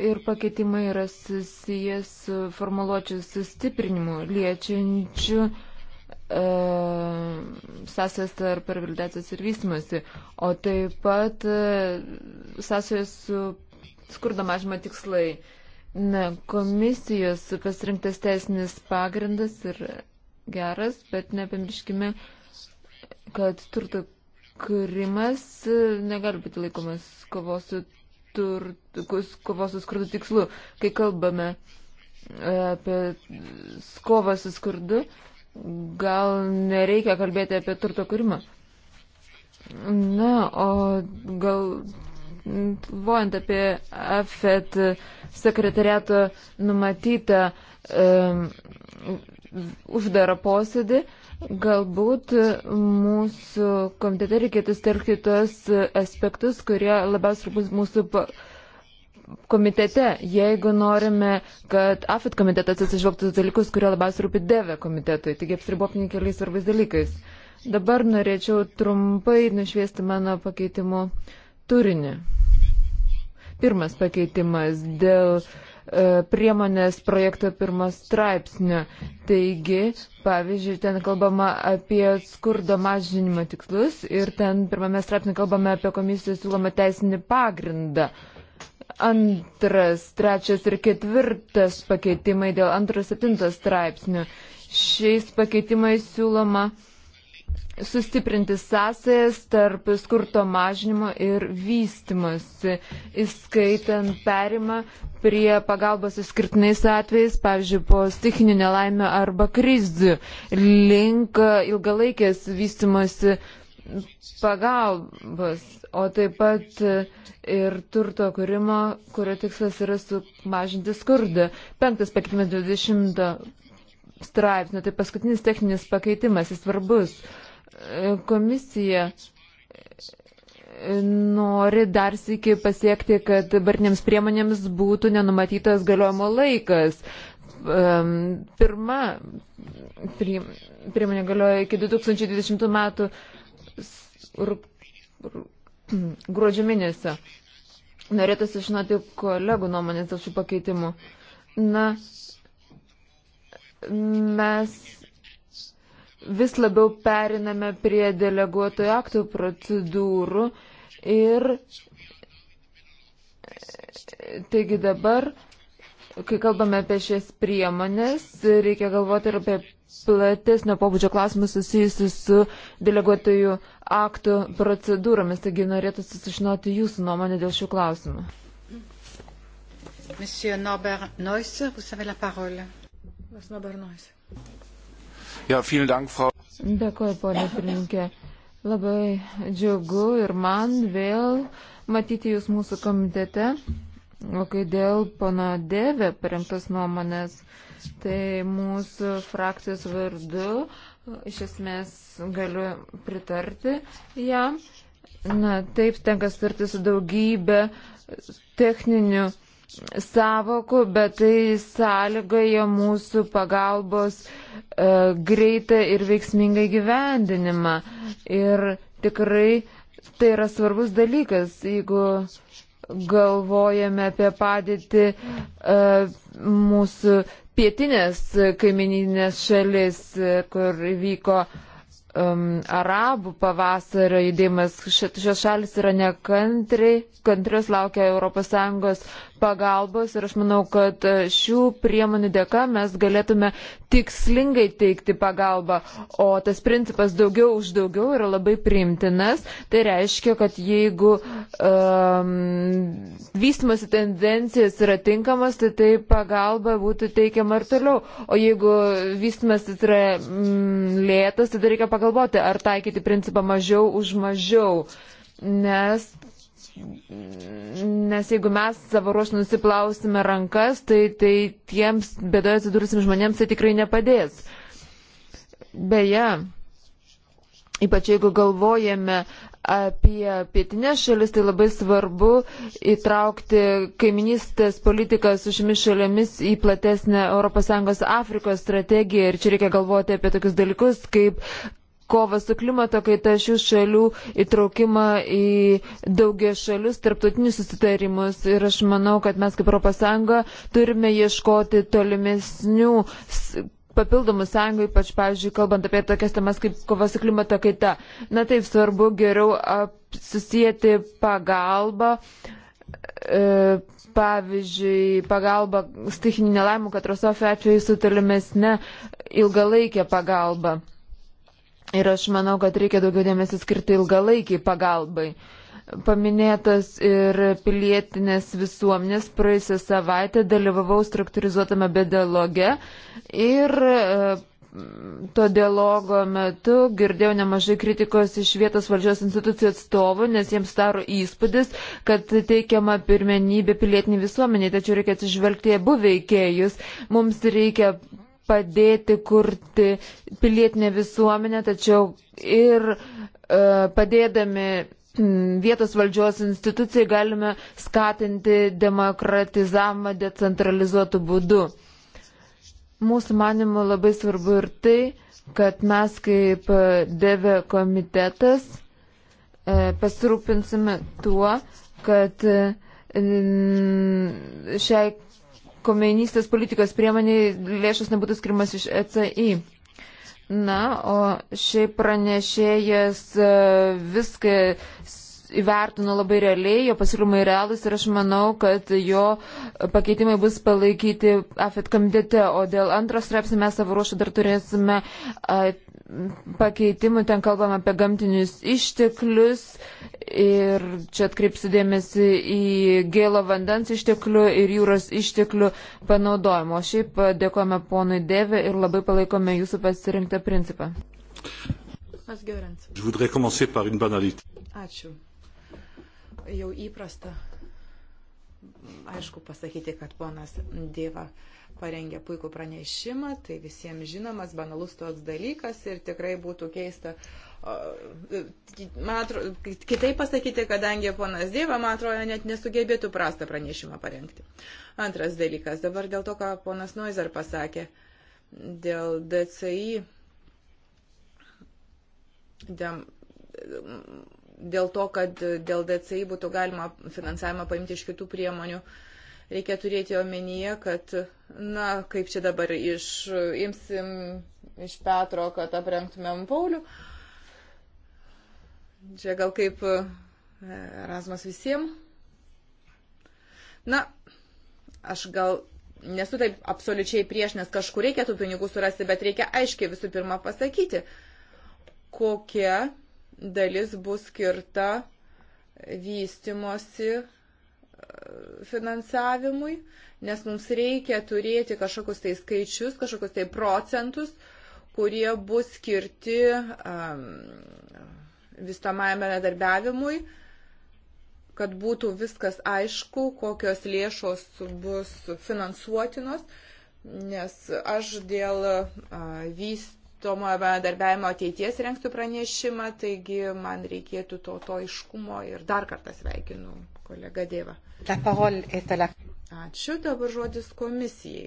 Ir pakeitimai yra susijęs su formuluočių sustiprinimu, liečiančiu e, sąsės tarp rehabilitacijos ir vystimosi, o taip pat e, sąsės su skurdo mažymo tikslai. E, Na, komisijos pasirinktas teisinis pagrindas ir geras, bet nepamirškime, kad turto kūrimas e, negali būti laikomas kovos su, tur, kovos su skurdu tikslu. Kai kalbame e, apie kovą su skurdu, gal nereikia kalbėti apie turto kūrimą. Na, o gal galvojant apie AFET sekretariato numatytą um, uždarą posėdį, galbūt mūsų komitete reikėtų sterkti tuos aspektus, kurie labiausiai rūpus mūsų komitete, jeigu norime, kad AFIT komitetas atsižvelgtų dalykus, kurie labiausiai rūpi DEVE komitetui. Taigi apsiribokime keliais svarbais dalykais. Dabar norėčiau trumpai nušviesti mano pakeitimų turinį. Pirmas pakeitimas dėl e, priemonės projekto pirmas straipsnio. Taigi, pavyzdžiui, ten kalbama apie skurdo mažinimo tikslus ir ten pirmame straipsnė kalbame apie komisijos siūlomą teisinį pagrindą. Antras, trečias ir ketvirtas pakeitimai dėl antro septinto straipsnio. Šiais pakeitimais siūloma uh, sustiprinti sąsajas tarp skurto mažinimo ir vystimosi, įskaitant perimą prie pagalbos įskirtinais atvejais, pavyzdžiui, po stichinių nelaimę arba krizių, link ilgalaikės vystimosi pagalbos, o taip pat ir turto kūrimo, kurio tikslas yra sumažinti skurdą. Penktas pakeitimas 20 straipsnio, tai paskutinis techninis pakeitimas, jis svarbus komisija nori dar sėki pasiekti, kad barniams priemonėms būtų nenumatytas galiojimo laikas. Pirma priemonė galioja iki 2020 metų *clears throat* gruodžio mėnesio. Norėtųsi žinoti kolegų nuomonės dėl šių pakeitimų. Na, mes vis labiau periname prie deleguotojų aktų procedūrų ir taigi dabar, kai kalbame apie šias priemonės, reikia galvoti ir apie platesnio pobūdžio klausimus susijusius su deleguotojų aktų procedūromis. Taigi norėtų susižinoti jūsų nuomonę dėl šių klausimų. Monsieur Norbert Neuss, vous avez la parole. Monsieur Norbert Neuss. Ja, Dank, Frau... Dėkuoju, ponė pirmininkė. Labai džiugu ir man vėl matyti Jūs mūsų komitete. O kai dėl pana Dėvė paremtos nuomonės, tai mūsų frakcijos vardu e, iš esmės galiu pritarti jam. Na, taip tenka starti su daugybė techninių savokų, bet tai sąlygoja mūsų pagalbos e, greitą ir veiksmingą gyvendinimą. Ir tikrai tai yra svarbus dalykas, jeigu galvojame apie padėtį e, mūsų pietinės kaimininės šalis, kur vyko um, arabų pavasario judėjimas. Šios šalis yra nekantriai, kantrios laukia ES pagalbos ir aš manau, kad šių priemonių dėka mes galėtume tikslingai teikti pagalbą, o tas principas daugiau už daugiau yra labai priimtinas. Tai reiškia, kad jeigu um, vystimosi tendencijas yra tinkamas, tai tai pagalba būtų teikiama ir toliau. O jeigu vystimasis yra mm, lėtas, tai reikia pagalvoti, ar taikyti principą mažiau už mažiau. Nes Nes jeigu mes savo ruoštų nusiplausime rankas, tai, tai tiems bėdoje atsidūrusim žmonėms tai tikrai nepadės. Beje, ypač jeigu galvojame apie pietinės šalis, tai labai svarbu įtraukti kaiminystės politiką su šiomis šalėmis į platesnę ES Afrikos strategiją. Ir čia reikia galvoti apie tokius dalykus kaip kovą su klimato kaita šių šalių įtraukimą į daugia šalius tarptautinius susitarimus. Ir aš manau, kad mes kaip ES turime ieškoti tolimesnių papildomų sąjungų, ypač, pavyzdžiui, kalbant apie tokias temas kaip kova su klimato kaita. Na taip, svarbu geriau susijęti pagalbą. E, pavyzdžiui, pagalba stichinį nelaimų katastrofą atveju su tolimesne ilgalaikė pagalba. Ir aš manau, kad reikia daugiau dėmesio skirti ilgalaikiai pagalbai. Paminėtas ir pilietinės visuomenės praėjusią savaitę dalyvavau struktūrizuotame bedaloge ir e, to dialogo metu girdėjau nemažai kritikos iš vietos valdžios institucijų atstovų, nes jiems daro įspūdis, kad teikiama pirmenybė pilietiniai visuomeniai, tačiau reikia atsižvelgti abu veikėjus. Mums reikia padėti kurti pilietinę visuomenę, tačiau ir e, padėdami vietos valdžios institucijai galime skatinti demokratizavimą decentralizuotų būdų. Mūsų manimu labai svarbu ir tai, kad mes kaip DV komitetas e, pasirūpinsime tuo, kad šiai komunistės politikos priemoniai lėšos nebūtų skirimas iš ECI. Na, o šiaip pranešėjas e, viską įvertino labai realiai, jo pasiūlymai realūs ir aš manau, kad jo pakeitimai bus palaikyti AFET komitete, o dėl antros straipsnio mes savo ruošų dar turėsime. Uh, pakeitimų, ten kalbam apie gamtinius išteklius ir čia atkreipsiu dėmesį į gėlo vandens išteklių ir jūros išteklių panaudojimo. Šiaip dėkojame ponui Dėvė ir labai palaikome jūsų pasirinktą principą. Ačiū. Jau įprasta, aišku, pasakyti, kad ponas Dėva. Uh, parengė puikų pranešimą, tai visiems žinomas, banalus toks dalykas ir tikrai būtų keista. Man atrodo, kitaip pasakyti, kadangi ponas Dieva, man atrodo, net nesugebėtų prastą pranešimą parengti. Antras dalykas, dabar dėl to, ką ponas Noizer pasakė, dėl DCI, dėl, dėl to, kad dėl DCI būtų galima finansavimą paimti iš kitų priemonių. Uh, reikia turėti omenyje, kad, na, kaip čia dabar iš, imsim iš Petro, kad aprengtumėm Paulių. Čia gal kaip e, Erasmas visiems. Na, aš gal nesu taip absoliučiai prieš, nes kažkur reikia tų pinigų surasti, bet reikia aiškiai visų pirma pasakyti, kokia dalis bus skirta vystimosi finansavimui, nes mums reikia turėti kažkokius tai skaičius, kažkokius tai procentus, kurie bus skirti um, vystamajame nedarbiavimui, kad būtų viskas aišku, kokios lėšos bus finansuotinos, nes aš dėl uh, vyst vystomojo bendarbiavimo ateities rengsiu pranešimą, taigi man reikėtų to, to iškumo ir dar kartą sveikinu kolega Dėvą. Ačiū, dabar žodis komisijai.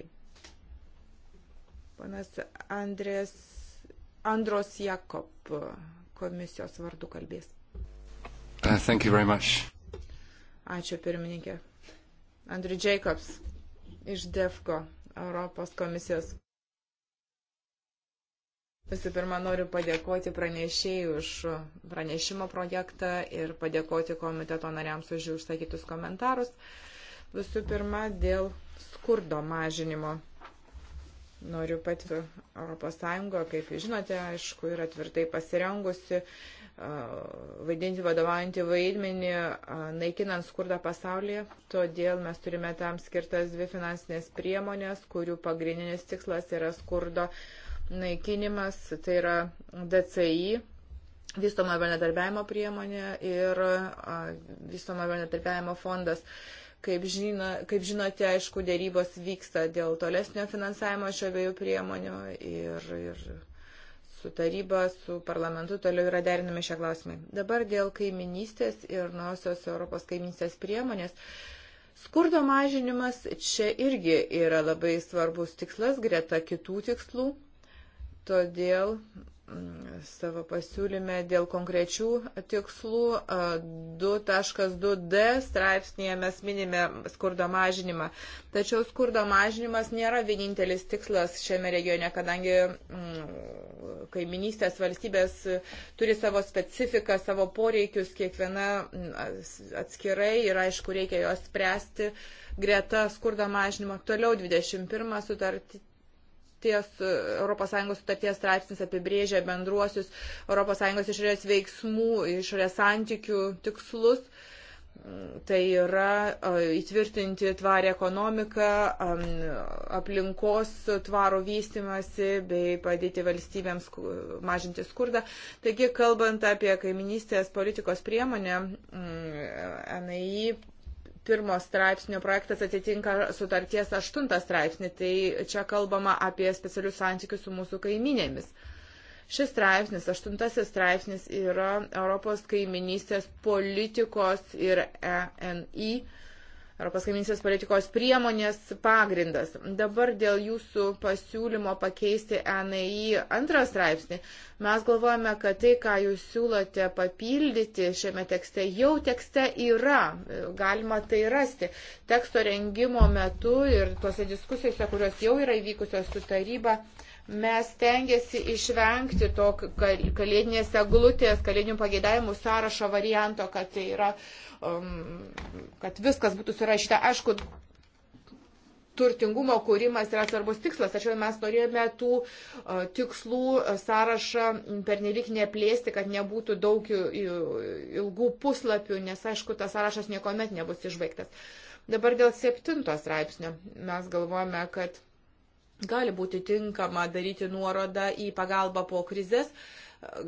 Panas Andrės, Andros Jakob komisijos vardu kalbės. Uh, Ačiū pirmininkė. Andriu Jacobs iš DEFCO Europos komisijos Visų pirma, noriu padėkoti pranešėjai už pranešimo projektą ir padėkoti komiteto nariams už jų užsakytus komentarus. Visų pirma, dėl skurdo mažinimo. Noriu pati ES, kaip jūs žinote, aišku, yra tvirtai pasirengusi vaidinti vadovaujantį vaidmenį, naikinant skurdą pasaulyje. Todėl mes turime tam skirtas dvi finansinės priemonės, kurių pagrindinis tikslas yra skurdo uh, naikinimas, tai yra DCI, vystoma bendradarbiavimo priemonė ir vystoma bendradarbiavimo fondas. Kaip, žino, kaip žinote, aišku, dėrybos vyksta dėl tolesnio finansavimo šio abiejų priemonių ir, ir su taryba, su parlamentu toliau yra derinami šie klausimai. Dabar dėl kaiminystės ir nuosios Europos kaiminystės priemonės. Skurdo mažinimas čia irgi yra labai svarbus tikslas greta kitų tikslų. Todėl mm, savo pasiūlyme dėl konkrečių tikslų 2.2d straipsnėje mes minime skurdo mažinimą. Tačiau skurdo mažinimas nėra vienintelis tikslas šiame regione, kadangi mm, kaiminystės valstybės turi savo specifiką, savo poreikius, kiekviena mm, atskirai ir aišku reikia juos spręsti greta skurdo mažinimo. Toliau 21 sutartis sutarties, ES sutarties straipsnis apibrėžia bendruosius ES išorės veiksmų, išorės santykių tikslus. Tai yra įtvirtinti tvarę ekonomiką, aplinkos tvaro vystimasi bei padėti valstybėms mažinti skurdą. Taigi, kalbant apie kaiminystės politikos priemonę, MAI pirmo straipsnio projektas atitinka sutarties aštuntą straipsnį, tai čia kalbama apie specialius santykius su mūsų kaiminėmis. Šis straipsnis, aštuntasis straipsnis yra Europos kaiminystės politikos ir ENI Europos kaiminysės politikos priemonės pagrindas. Dabar dėl jūsų pasiūlymo pakeisti NAI antrą straipsnį, mes galvojame, kad tai, ką jūs siūlote papildyti šiame tekste, jau tekste yra, galima tai rasti. Teksto rengimo metu ir tuose diskusijose, kurios jau yra įvykusios su taryba, uh, mes tengiasi išvengti to kalėdinės eglutės, kalėdinių pageidavimų sąrašo varianto, kad, tai yra, um, kad viskas būtų surašyta. Aišku, turtingumo kūrimas yra svarbus tikslas, tačiau mes norėjome tų uh, tikslų uh, sąrašą pernelik neplėsti, kad nebūtų daug ilgų puslapių, nes aišku, tas sąrašas niekuomet nebus išbaigtas. Dabar dėl septintos straipsnio mes galvojame, kad gali būti tinkama daryti nuorodą į pagalbą po krizės.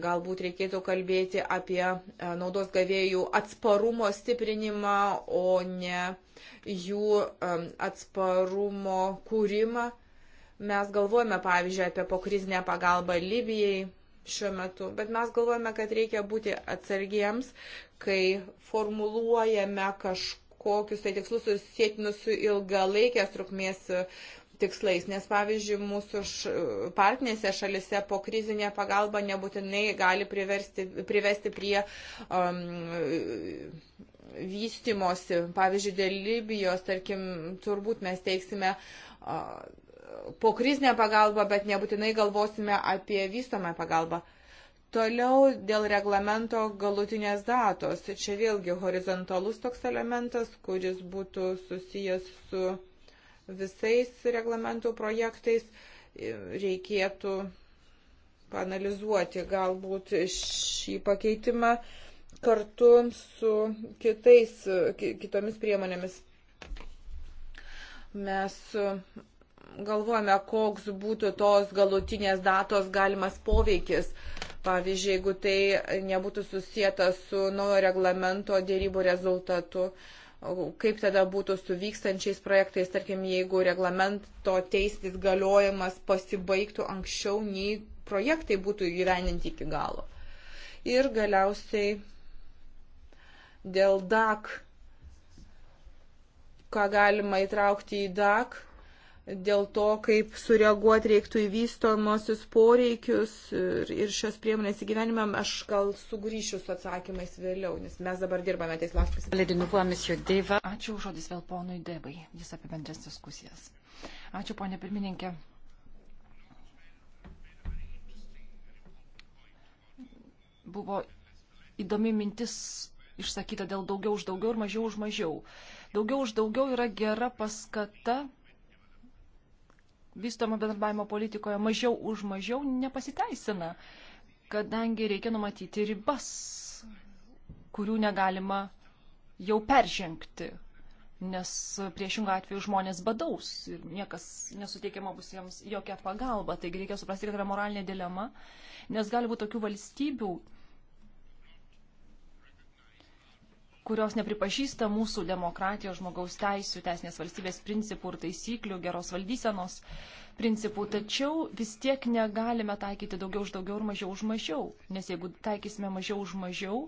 Galbūt reikėtų kalbėti apie e, naudos gavėjų atsparumo stiprinimą, o ne jų e, atsparumo kūrimą. Mes galvojame, pavyzdžiui, apie pokrizinę pagalbą Libijai šiuo metu, bet mes galvojame, kad reikia būti atsargiems, kai formuluojame kažkokius tai tikslus susietinus su ilgalaikės trukmės uh, tikslais, nes pavyzdžiui, mūsų š, partnėse šalise po krizinė pagalba nebūtinai gali priversti, privesti prie um, vystimosi. Pavyzdžiui, dėl Libijos, tarkim, turbūt mes teiksime. Uh, Po krizinę pagalbą, bet nebūtinai galvosime apie vystomą pagalbą. Toliau dėl reglamento galutinės datos. Čia vėlgi horizontalus toks elementas, kuris būtų susijęs su visais reglamentų projektais reikėtų panalizuoti galbūt šį pakeitimą kartu su kitais, kitomis priemonėmis. Mes galvojame, koks būtų tos galutinės datos galimas poveikis. Pavyzdžiui, jeigu tai nebūtų susijęta su naujo reglamento dėrybų rezultatu, uh, kaip tada būtų su vykstančiais projektais, tarkim, jeigu reglamento teistis galiojimas pasibaigtų anksčiau, nei projektai būtų įgyveninti iki galo. Ir galiausiai dėl DAC, ką galima įtraukti į DAC, dėl to, kaip sureaguoti reiktų į vystomosius poreikius ir, ir šios priemonės įgyvenimą, aš gal sugrįšiu su atsakymais vėliau, nes mes dabar dirbame tais klausimais. Ačiū žodis vėl ponui Debai, jis apibendrės diskusijas. Ačiū ponė pirmininkė. Buvo įdomi mintis išsakyta dėl daugiau už daugiau ir mažiau už mažiau. Daugiau už daugiau yra gera paskata vystomo bendradarbiavimo politikoje mažiau už mažiau nepasiteisina, kadangi reikia numatyti ribas, kurių negalima jau peržengti, nes priešingų atveju žmonės badaus ir niekas nesuteikiama bus jiems jokia pagalba. Taigi reikia suprasti, kad yra moralinė dilema, nes gali būti tokių valstybių, kurios nepripažįsta mūsų demokratijos, žmogaus teisų, teisinės valstybės principų ir taisyklių, geros valdysenos principų, tačiau vis tiek negalime taikyti daugiau už daugiau ir mažiau už mažiau, nes jeigu taikysime mažiau už mažiau,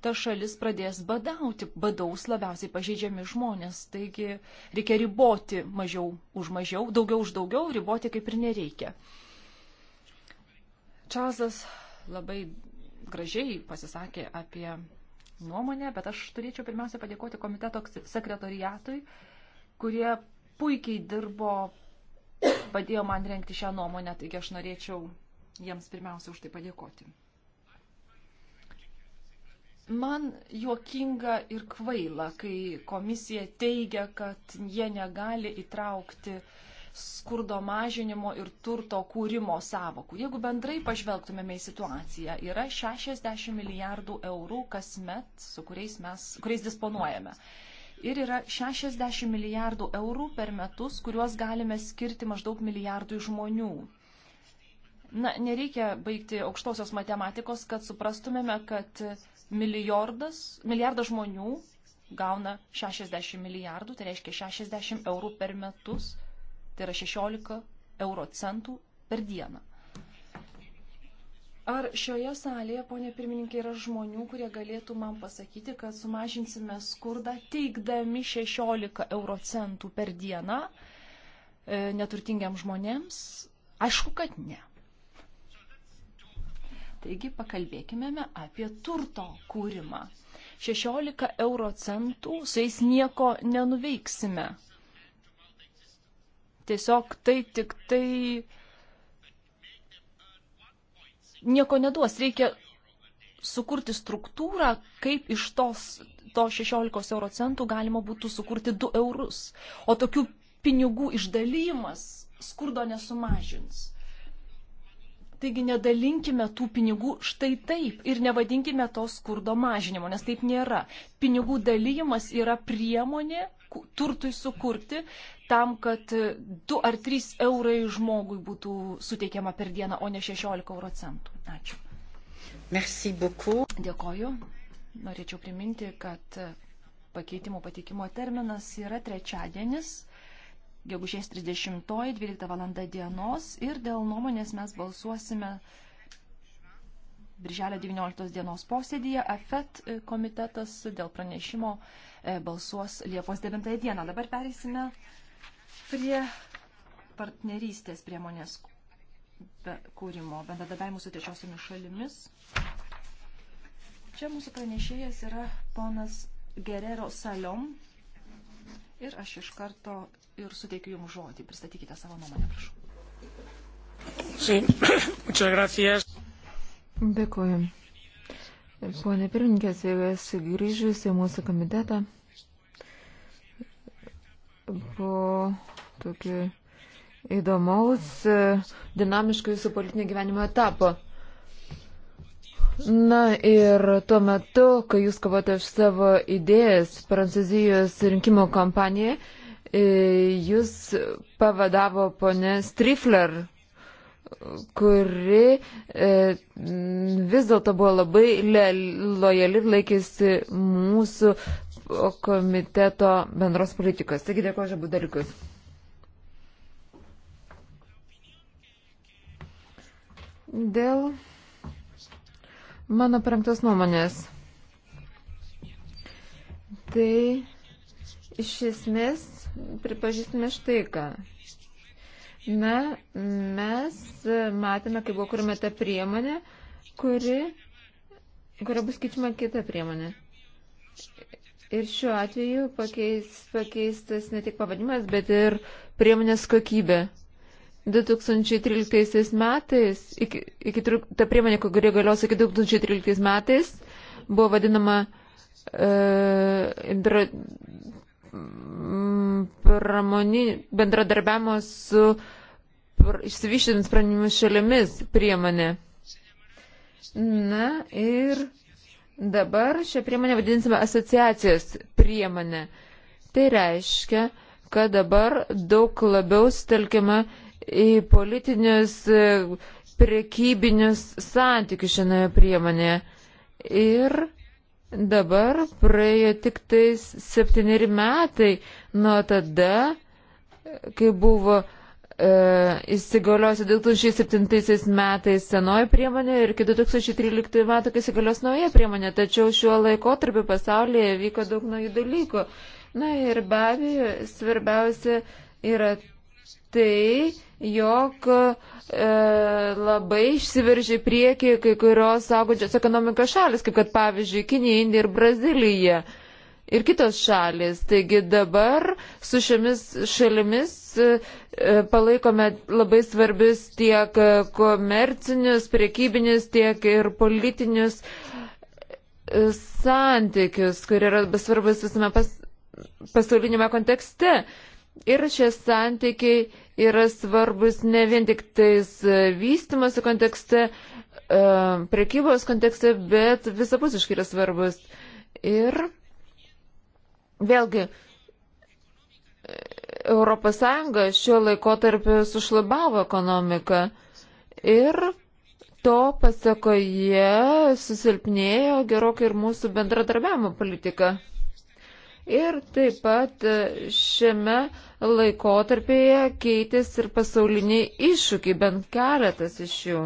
ta šalis pradės badauti, badaus labiausiai pažeidžiami žmonės, taigi reikia riboti mažiau už mažiau, daugiau už daugiau, riboti kaip ir nereikia. Čazas labai gražiai pasisakė apie nuomonę, bet aš turėčiau pirmiausia padėkoti komiteto sekretoriatui, kurie puikiai dirbo, padėjo man renkti šią nuomonę, taigi aš norėčiau jiems pirmiausia už tai padėkoti. Man juokinga ir kvaila, kai komisija teigia, kad jie negali įtraukti uh, skurdo mažinimo ir turto kūrimo savokų. Jeigu bendrai pažvelgtumėme į situaciją, yra 60 milijardų eurų kasmet, su kuriais mes kuriais disponuojame. Ir yra 60 milijardų eurų per metus, kuriuos galime skirti maždaug milijardui žmonių. Na, nereikia baigti aukštosios matematikos, kad suprastumėme, kad milijardas žmonių gauna 60 milijardų, tai reiškia 60 eurų per metus Tai yra 16 euro centų per dieną. Ar šioje salėje, ponė pirmininkė, yra žmonių, kurie galėtų man pasakyti, kad sumažinsime skurdą teikdami 16 euro centų per dieną e, neturtingiam žmonėms? Aišku, kad ne. Taigi pakalbėkime apie turto kūrimą. 16 euro centų, su jais nieko nenuveiksime tiesiog tai tik tai nieko neduos. Reikia sukurti struktūrą, kaip iš tos, to 16 euro centų galima būtų sukurti 2 eurus. O tokių pinigų išdalymas skurdo nesumažins. Taigi nedalinkime tų pinigų štai taip ir nevadinkime to skurdo mažinimo, nes taip nėra. Pinigų dalymas yra priemonė turtui sukurti, tam, kad 2 ar 3 eurai žmogui būtų suteikiama per dieną, o ne 16 euro centų. Ačiū. Merci beaucoup. Dėkoju. Norėčiau priminti, kad pakeitimo patikimo terminas yra trečiadienis, gegužės 30-12 val. dienos ir dėl nuomonės mes balsuosime Birželio 19 dienos posėdėje AFET komitetas dėl pranešimo e, balsuos Liepos 9 dieną. Dabar perėsime Prie partnerystės priemonės kūrimo, bendradarbiavimų su trečiosiomis šalimis. Čia mūsų pranešėjas yra ponas Gerero Salom. Ir aš iš karto ir suteikiu Jums žodį. Pristatykite savo nuomonę, prašau. Sí, *coughs* muchas gracias. Dėkuoju. Pone pirmininkė, sveikas grįžus į mūsų komitetą. Po tokio įdomaus, e, dinamiško jūsų politinio gyvenimo etapo. Na ir tuo metu, kai jūs kovote už savo idėjas Prancūzijos rinkimų kampanijoje, jūs pavadavo ponę Strifler, kuri e, vis dėlto buvo labai lojali ir laikėsi mūsų komiteto bendros politikos. Taigi dėkuoju už abu dalykus. Dėl mano parengtos nuomonės. Tai iš esmės pripažįstame štai ką. Na, mes matėme, kaip buvo kuriama ta priemonė, kuri, kuria bus keičiama kita priemonė. Ir šiuo atveju pakeis, pakeistas ne tik pavadimas, bet ir priemonės kokybė. 2013 metais, iki, iki, ta priemonė, kuri galios iki 2013 metais, buvo vadinama e, dra, pramoni, bendradarbiavimo su pr, išsivyštinant sprendimų šalimis priemonė. Na ir dabar šią priemonę vadinsime asociacijos priemonė. Tai reiškia, kad dabar daug labiau stelkiama į politinius e, prekybinius santykius šiame priemonėje. Ir dabar praėjo tik tais septyneri metai nuo tada, kai buvo e, įsigaliosiu 2007 metais senoji priemonė ir iki 2013 metų, kai įsigalios nauja priemonė. Tačiau šiuo laikotarpiu pasaulyje vyko daug naujų dalykų. Na ir be abejo, svarbiausia yra tai, jog e, labai išsiveržė prieki kai kurios augančios ekonomikos šalis, kaip kad pavyzdžiui Kinija, Indija ir Brazilija ir kitos šalis. Taigi dabar su šiomis šalimis e, e, palaikome labai svarbius tiek komercinius, priekybinius, tiek ir politinius e, santykius, kurie yra svarbus visame pas, pasaulinėme kontekste. Ir šie santykiai yra svarbus ne vien tik tais e, vystimosi kontekste, e, prekybos kontekste, bet visapusiškai yra svarbus. Ir vėlgi, ES šiuo laikotarpiu sušlabavo ekonomiką ir to pasakoje susilpnėjo gerokai ir mūsų bendradarbiavimo politika. Ir taip pat e, šiame laikotarpėje keitės ir pasauliniai iššūkiai, bent keletas iš jų.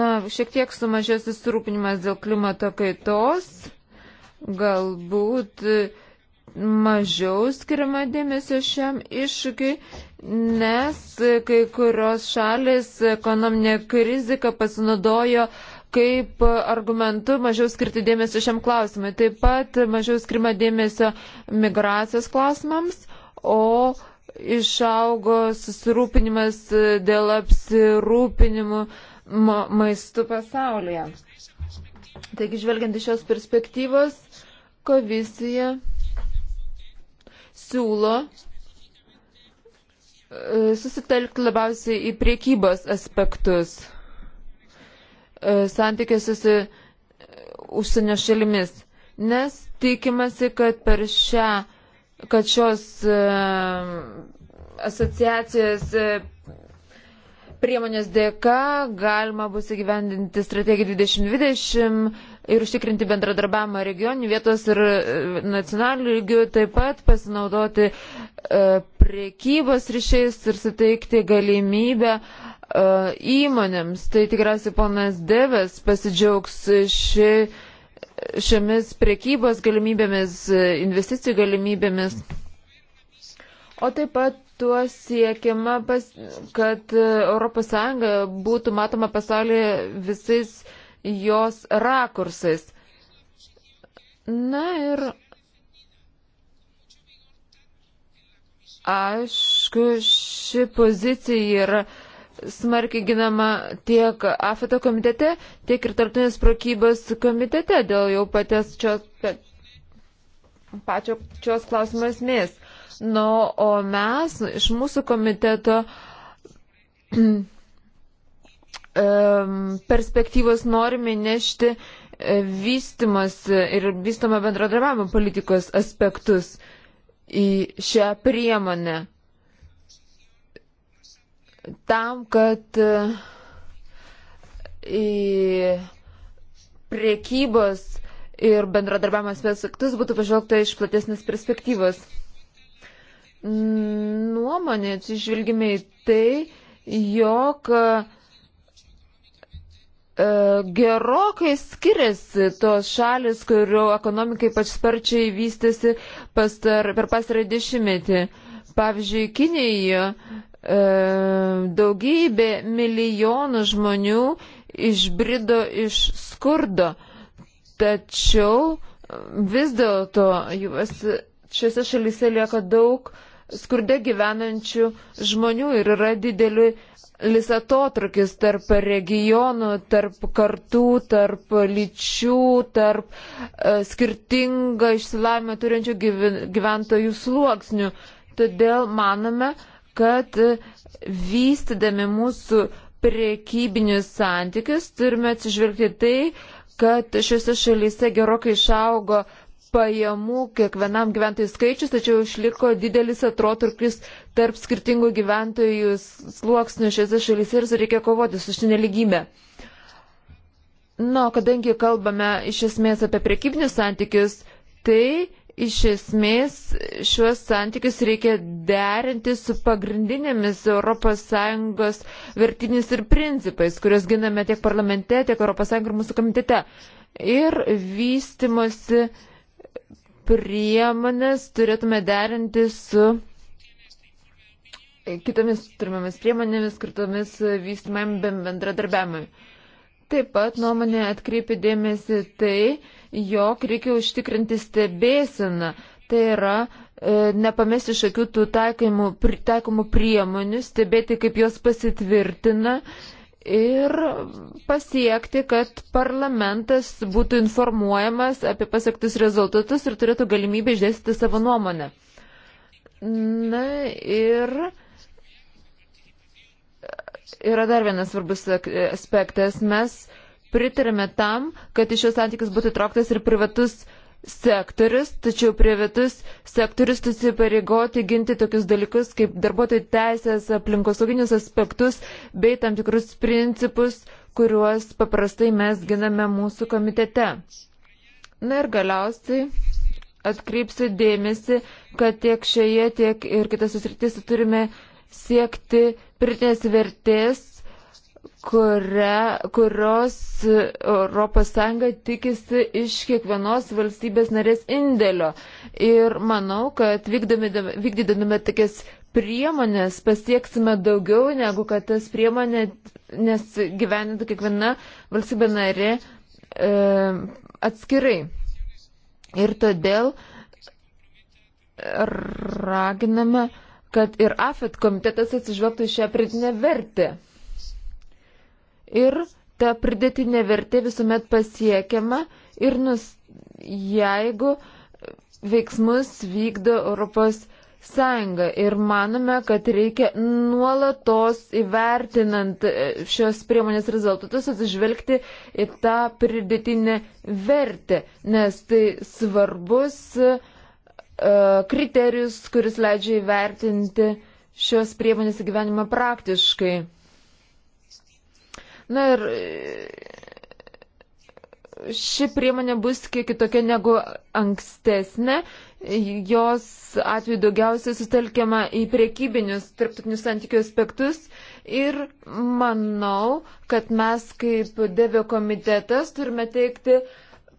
Na, šiek tiek sumažės susirūpinimas dėl klimato kaitos, galbūt e, mažiau skiriama dėmesio šiam iššūkiui, nes e, kai kurios šalis ekonominė krizika pasinaudojo kaip argumentu mažiau skirti dėmesio šiam klausimui. Taip pat mažiau skirima dėmesio migracijos klausimams, o išaugo susirūpinimas dėl apsirūpinimų maistu pasaulyje. Taigi, žvelgiant iš šios perspektyvos, komisija siūlo e, susitelkti labiausiai į priekybos aspektus. E, santykiuose su e, užsienio šalimis, nes tikimasi, kad per šią, kad šios e, asociacijos priemonės dėka galima bus įgyvendinti strategiją 2020 ir užtikrinti bendradarbiavimą regionių vietos ir nacionalinių lygių, taip pat pasinaudoti priekybos ryšiais ir suteikti galimybę uh, E, įmonėms. Tai tikriausiai ponas Deves pasidžiaugs ši, šiomis prekybos galimybėmis, investicijų galimybėmis. O taip pat tuo siekiama, pas, kad ES būtų matoma pasaulyje visais jos rakursais. Na ir aišku, ši pozicija yra smarkiai ginama tiek AFETO komitete, tiek ir tarptautinės prekybos komitete dėl jau paties šios, pačio šios klausimo esmės. Nu, no, o mes iš mūsų komiteto *clears throat* perspektyvos norime nešti e, vystimas ir vystoma bendradarbiavimo politikos aspektus į šią priemonę tam, kad e, į priekybos ir bendradarbiavimo aspektus būtų pažvelgta iš platesnės perspektyvos. Nuomonė atsižvelgime į tai, jog e, gerokai skiriasi tos šalis, kurių ekonomikai pač sparčiai vystėsi pastar, per pastarą dešimtmetį. Pavyzdžiui, Kinijoje E, daugybė milijonų žmonių išbrido iš skurdo, tačiau vis dėlto šiuose šalyse lieka daug skurde gyvenančių žmonių ir yra didelių lisatotrukis tarp regionų, tarp kartų, tarp lyčių, tarp e, skirtingą išsilavimą turinčių gyventojų sluoksnių. Todėl manome, kad vystydami mūsų priekybinius santykius turime atsižvelgti tai, kad šiuose šalyse gerokai išaugo pajamų kiekvienam gyventojui skaičius, tačiau išliko didelis atroturkis tarp skirtingų gyventojų sluoksnių šiose šalyse ir reikia kovoti su ši neligybė. Na, kadangi kalbame iš esmės apie prekybinius santykius, tai iš esmės šiuos santykius reikia derinti su pagrindinėmis ES vertinis ir principais, kuriuos giname tiek parlamente, tiek ES ir mūsų komitete. Ir vystimosi priemonės turėtume derinti su kitomis turimomis priemonėmis, skirtomis vystimam bendradarbiavimui. Taip pat nuomonė atkreipi dėmesį tai, jog reikia užtikrinti stebėsiną. Tai yra e, nepamesti iš akių tų taikomų, taikomų priemonių, stebėti, kaip jos pasitvirtina ir pasiekti, kad parlamentas būtų informuojamas apie pasiektus rezultatus ir turėtų galimybę išdėstyti savo nuomonę. Na ir yra dar vienas svarbus aspektas. Mes pritarėme tam, kad iš šios santykius būtų trauktas ir privatus sektorius, tačiau privatus sektorius susipareigoti ginti tokius dalykus kaip darbuotojų teisės, aplinkosauginius aspektus bei tam tikrus principus, kuriuos paprastai mes giname mūsų komitete. Na ir galiausiai atkreipsiu dėmesį, kad tiek šioje, tiek ir kitose srityse turime siekti pritinės vertės kuria, kurios ES tikisi iš kiekvienos valstybės narės indėlio. Ir manau, kad vykdydami tokias priemonės pasieksime daugiau, negu kad tas priemonė, nes gyvenintų kiekviena valstybė narė e, atskirai. Ir todėl raginame, kad ir AFET komitetas atsižvelgtų į šią pridinę vertę ir ta pridėtinė vertė visuomet pasiekiama ir nus, jeigu veiksmus vykdo Europos sąjunga ir manome, kad reikia nuolatos įvertinant e, šios priemonės rezultatus atsižvelgti į tą pridėtinę vertę, nes tai svarbus uh, kriterijus, kuris leidžia įvertinti šios priemonės įgyvenimą praktiškai. Na ir e, ši priemonė bus kiek kitokia negu ankstesnė. Jos atveju daugiausiai sutelkiama į priekybinius tarptautinius santykių aspektus. Ir manau, kad mes kaip devio komitetas turime teikti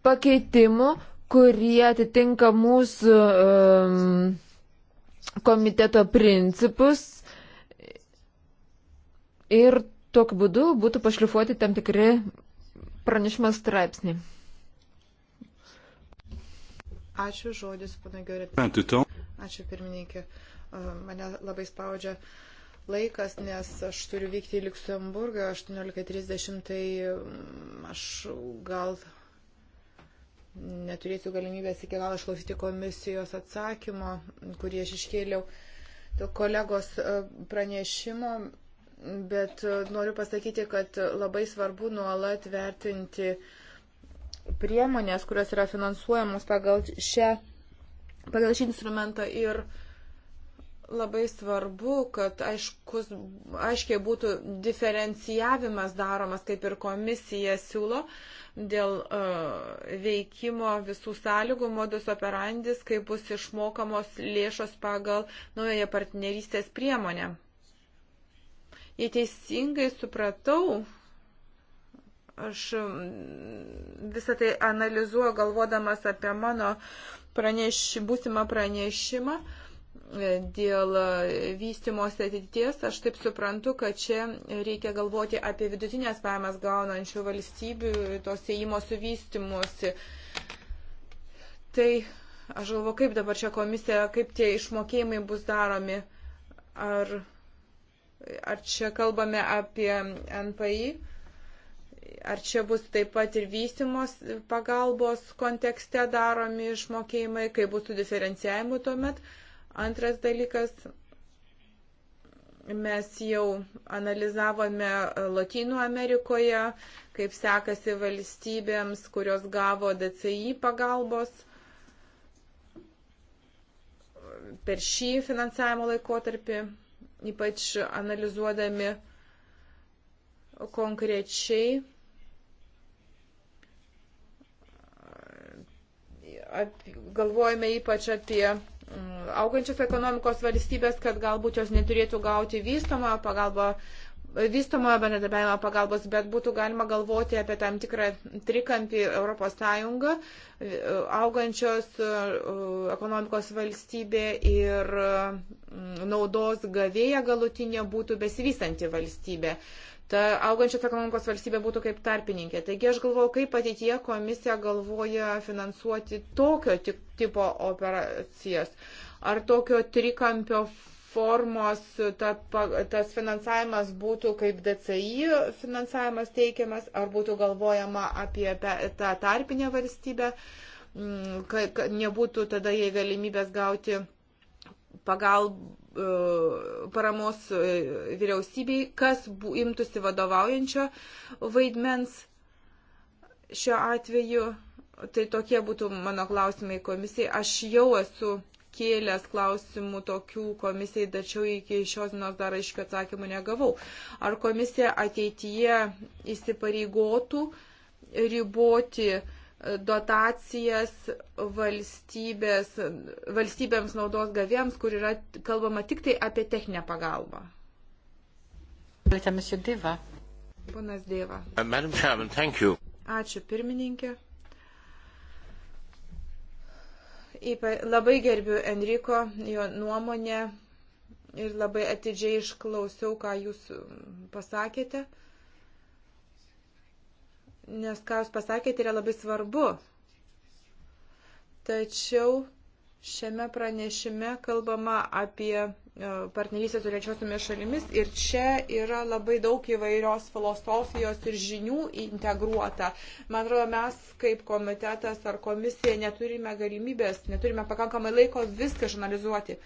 pakeitimų, kurie atitinka mūsų um, komiteto principus. Ir tokiu būdu būtų pašlifuoti tam tikri pranešimo straipsniai. Ačiū žodis, pana Gerėtė. Ačiū pirmininkė. Mane labai spaudžia laikas, nes aš turiu vykti į Luxemburgą 18.30, tai mm, aš gal neturėsiu galimybės iki galo išklausyti komisijos atsakymo, kurį aš iškėliau. Dėl kolegos pranešimo bet e, noriu pasakyti, kad labai svarbu nuolat vertinti priemonės, kurios yra finansuojamos pagal, šią, pagal šį instrumentą ir labai svarbu, kad aiškus, aiškiai būtų diferencijavimas daromas, kaip ir komisija siūlo, dėl uh, veikimo visų sąlygų modus operandis, kaip bus išmokamos lėšos pagal naująją partnerystės priemonę. Jei teisingai supratau, aš mm, visą tai analizuoju galvodamas apie mano praneš, būsimą pranešimą e, dėl e, vystimos ateities. Aš taip suprantu, kad čia reikia galvoti apie vidutinės pajamas gaunančių valstybių, tos įimo su vystimusi. Tai aš galvoju, kaip dabar čia komisija, kaip tie išmokėjimai bus daromi. Ar Ar čia kalbame apie NPI? Ar čia bus taip pat ir vystimos pagalbos kontekste daromi išmokėjimai, kai bus su diferencijavimu tuomet? Antras dalykas, mes jau analizavome Latinų Amerikoje, kaip sekasi valstybėms, kurios gavo DCI pagalbos per šį finansavimo laikotarpį ypač analizuodami konkrečiai galvojame ypač apie mm, augančios ekonomikos valstybės, kad galbūt jos neturėtų gauti vystomą pagalbą vystamojo bendradarbiavimo pagalbos, bet būtų galima galvoti apie tam tikrą trikampį ES, augančios e, ekonomikos valstybė ir mm, naudos gavėja galutinė būtų besivystanti valstybė. Ta augančios ekonomikos valstybė būtų kaip tarpininkė. Taigi aš galvoju, kaip ateityje komisija galvoja finansuoti tokio tipo operacijas. Ar tokio trikampio formos ta, tas finansavimas būtų kaip DCI finansavimas teikiamas, ar būtų galvojama apie tą tarpinę valstybę, mm, kad nebūtų tada jai galimybės gauti pagal e, paramos e, vyriausybei, kas imtųsi vadovaujančio vaidmens šiuo atveju. Tai tokie būtų mano klausimai komisijai. Aš jau esu kėlęs klausimų tokių komisijai, tačiau iki šios dienos dar aiškių atsakymų negavau. Ar komisija ateityje įsipareigotų riboti e, dotacijas valstybės, valstybėms naudos gavėjams, kur yra kalbama tik tai apie techninę pagalbą? Ponas Dėva. Uh, Ačiū pirmininkė. Labai gerbiu Enriko, jo nuomonę ir labai atidžiai išklausiau, ką jūs pasakėte. Nes ką jūs pasakėte yra labai svarbu. Tačiau šiame pranešime kalbama apie E, partnerystė su trečiosiomis šalimis ir čia yra labai daug įvairios filosofijos ir žinių integruota. Man atrodo, mes kaip komitetas ar komisija neturime galimybės, neturime pakankamai laiko viską žurnalizuoti.